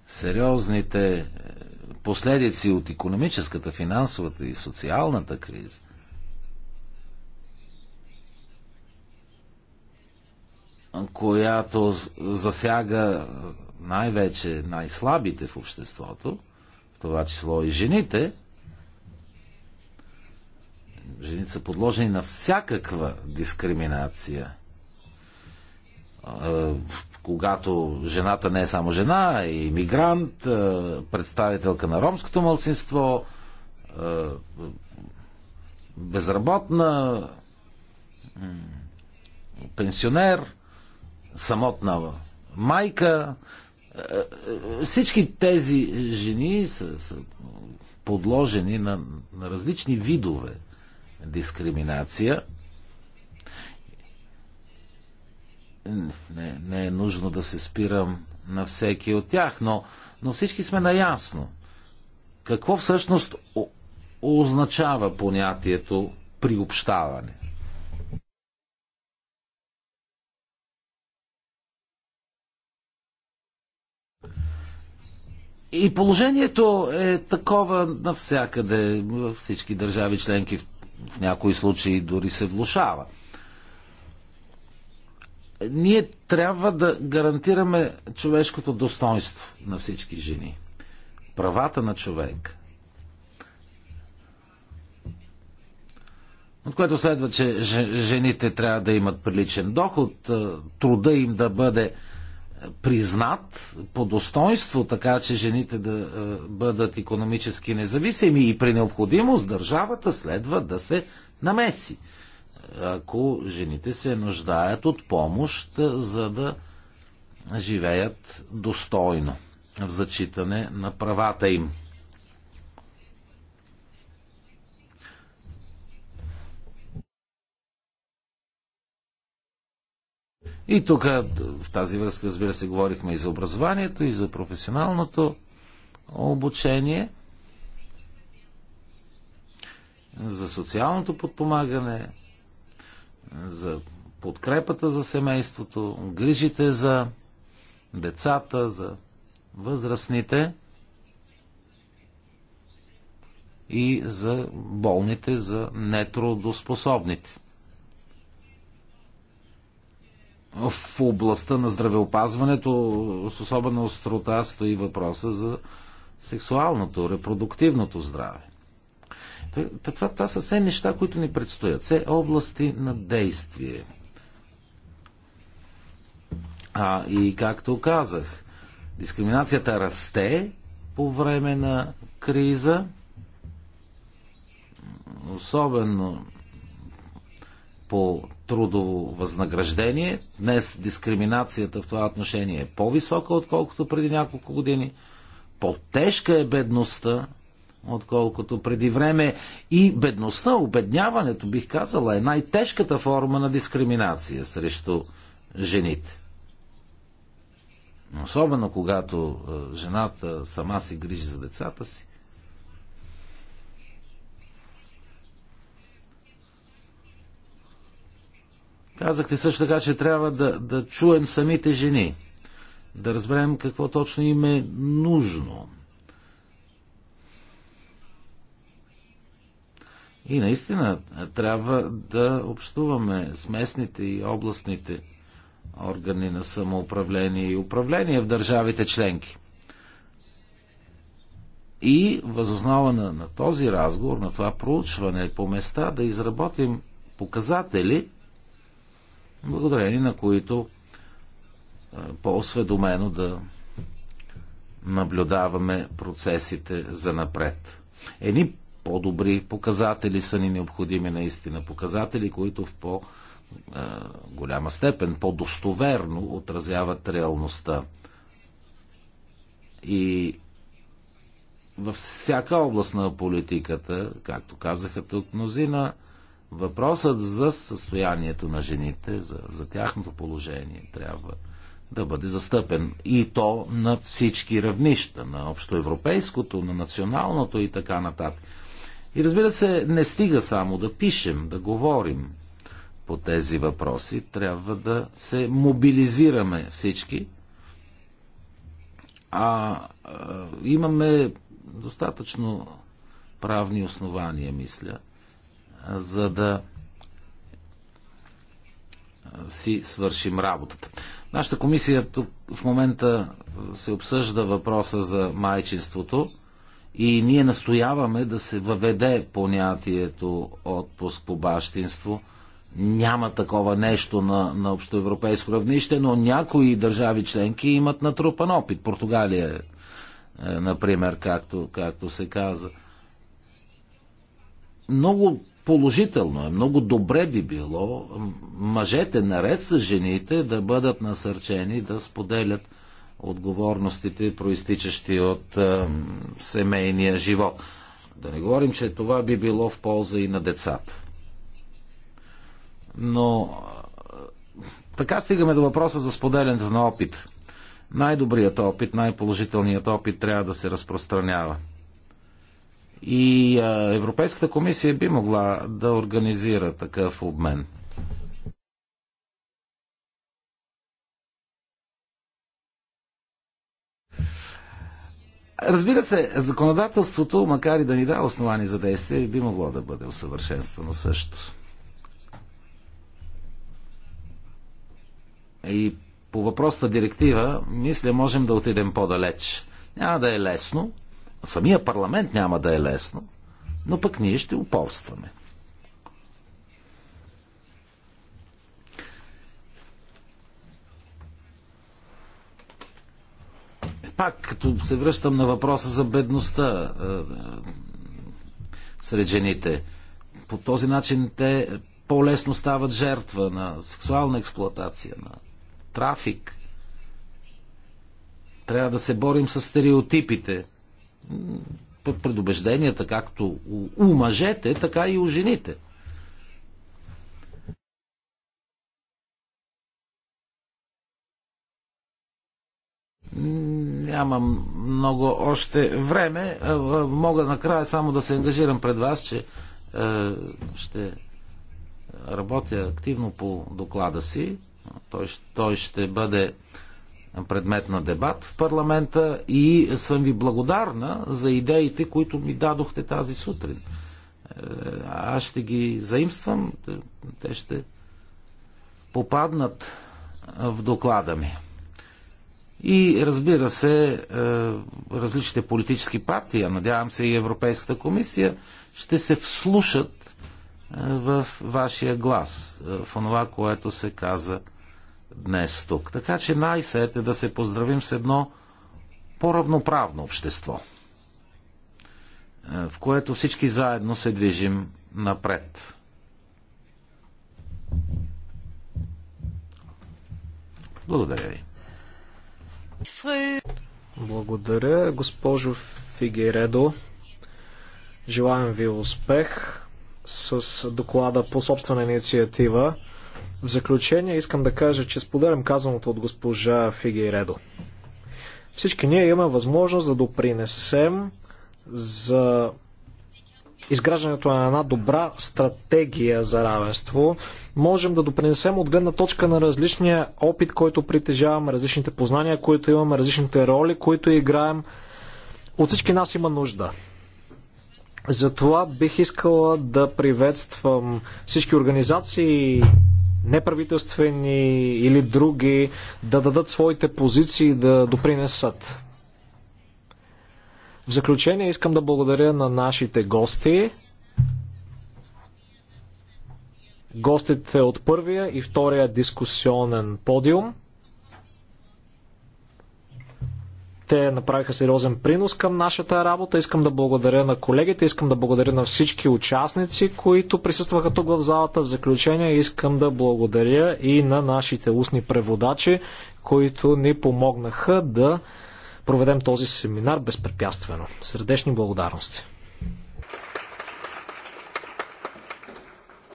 сериозните последици от економическата, финансовата и социалната криза, която засяга най-вече най-слабите в обществото, в това число и жените, жените са подложени на всякаква дискриминация. Когато жената не е само жена, е мигрант, представителка на ромското мълцинство, безработна, пенсионер – самотна майка. Е, е, всички тези жени са, са подложени на, на различни видове дискриминация. Не, не е нужно да се спирам на всеки от тях, но, но всички сме наясно. Какво всъщност означава понятието приобщаване? И положението е такова навсякъде, във всички държави членки, в някои случаи дори се влушава. Ние трябва да гарантираме човешкото достоинство на всички жени. Правата на човек. От което следва, че жените трябва да имат приличен доход, труда им да бъде признат по достоинство, така че жените да е, бъдат економически независими и при необходимост държавата следва да се намеси. Ако жените се нуждаят от помощ, е, за да живеят достойно в зачитане на правата им. И тук в тази връзка, разбира се, говорихме и за образованието, и за професионалното обучение, за социалното подпомагане, за подкрепата за семейството, грижите за децата, за възрастните и за болните, за нетрудоспособните. в областта на здравеопазването с особена острота стои въпроса за сексуалното, репродуктивното здраве. Това, това, това са все неща, които ни предстоят. Все области на действие. А и както казах, дискриминацията расте по време на криза, особено по трудово възнаграждение. Днес дискриминацията в това отношение е по-висока, отколкото преди няколко години. По-тежка е бедността, отколкото преди време. И бедността, обедняването, бих казала, е най-тежката форма на дискриминация срещу жените. Особено когато е, жената сама си грижи за децата си Казахте също така, че трябва да, да чуем самите жени, да разберем какво точно им е нужно. И наистина трябва да общуваме с местните и областните органи на самоуправление и управление в държавите членки. И възоснова на, на този разговор, на това проучване по места, да изработим показатели, благодарение на които по-осведомено да наблюдаваме процесите за напред. Едни по-добри показатели са ни необходими наистина. Показатели, които в по- голяма степен по-достоверно отразяват реалността. И във всяка област на политиката, както казаха тук мнозина, въпросът за състоянието на жените, за, за тяхното положение трябва да бъде застъпен. И то на всички равнища, на общоевропейското, на националното и така нататък. И разбира се, не стига само да пишем, да говорим по тези въпроси. Трябва да се мобилизираме всички. А, а имаме достатъчно правни основания, мисля, за да си свършим работата. Нашата комисия тук в момента се обсъжда въпроса за майчинството и ние настояваме да се въведе понятието отпуск по бащинство. Няма такова нещо на, на общоевропейско равнище, но някои държави членки имат натрупан опит. Португалия, е, е, например, както, както се каза. Много положително е, много добре би било мъжете наред с жените да бъдат насърчени да споделят отговорностите, проистичащи от е, семейния живот. Да не говорим, че това би било в полза и на децата. Но е, така стигаме до въпроса за споделянето на опит. Най-добрият опит, най-положителният опит трябва да се разпространява – и Европейската комисия би могла да организира такъв обмен. Разбира се, законодателството, макар и да ни дава основани за действие, би могло да бъде усъвършенствано също. И по въпросната директива, мисля, можем да отидем по-далеч. Няма да е лесно, самия парламент няма да е лесно, но пък ние ще упорстваме. Е, пак, като се връщам на въпроса за бедността е, е, сред жените, по този начин те по-лесно стават жертва на сексуална експлоатация, на трафик. Трябва да се борим с стереотипите, предубежденията както у мъжете, така и у жените. Нямам много още време. Е, е, мога накрая само да се ангажирам пред вас, че е, ще работя активно по доклада си. Той, ще бъде предмет на дебат в парламента и съм ви благодарна за идеите, които ми дадохте тази сутрин. Е, аз ще ги заимствам, те ще попаднат в доклада ми. И разбира се, е, различните политически партии, а надявам се и Европейската комисия, ще се вслушат е, в вашия глас, в това, което се каза днес тук. Така че най-сете да се поздравим с едно по-равноправно общество, е, в което всички заедно се движим напред. Благодаря ви. Благодаря, госпожо Фигередо. Желаем ви успех с доклада по собствена инициатива. В заключение искам да кажа, че споделям казаното от госпожа Фигейредо. Всички ние имаме възможност да допринесем за изграждането на една добра стратегия за равенство, можем да допринесем от гледна точка на различния опит, който притежаваме, различните познания, които имаме, различните роли, които играем. От всички нас има нужда. Затова бих искала да приветствам всички организации неправителствени или други, да дадат своите позиции да допринесат. В заключение искам да благодаря на нашите гости. Гостите от първия и втория дискусионен подиум. Те направиха сериозен принос към нашата работа. Искам да благодаря на колегите, искам да благодаря на всички участници, които присъстваха тук в залата. В заключение искам да благодаря и на нашите устни преводачи, които ни помогнаха да проведем този семинар безпрепятствено. Сърдечни благодарности!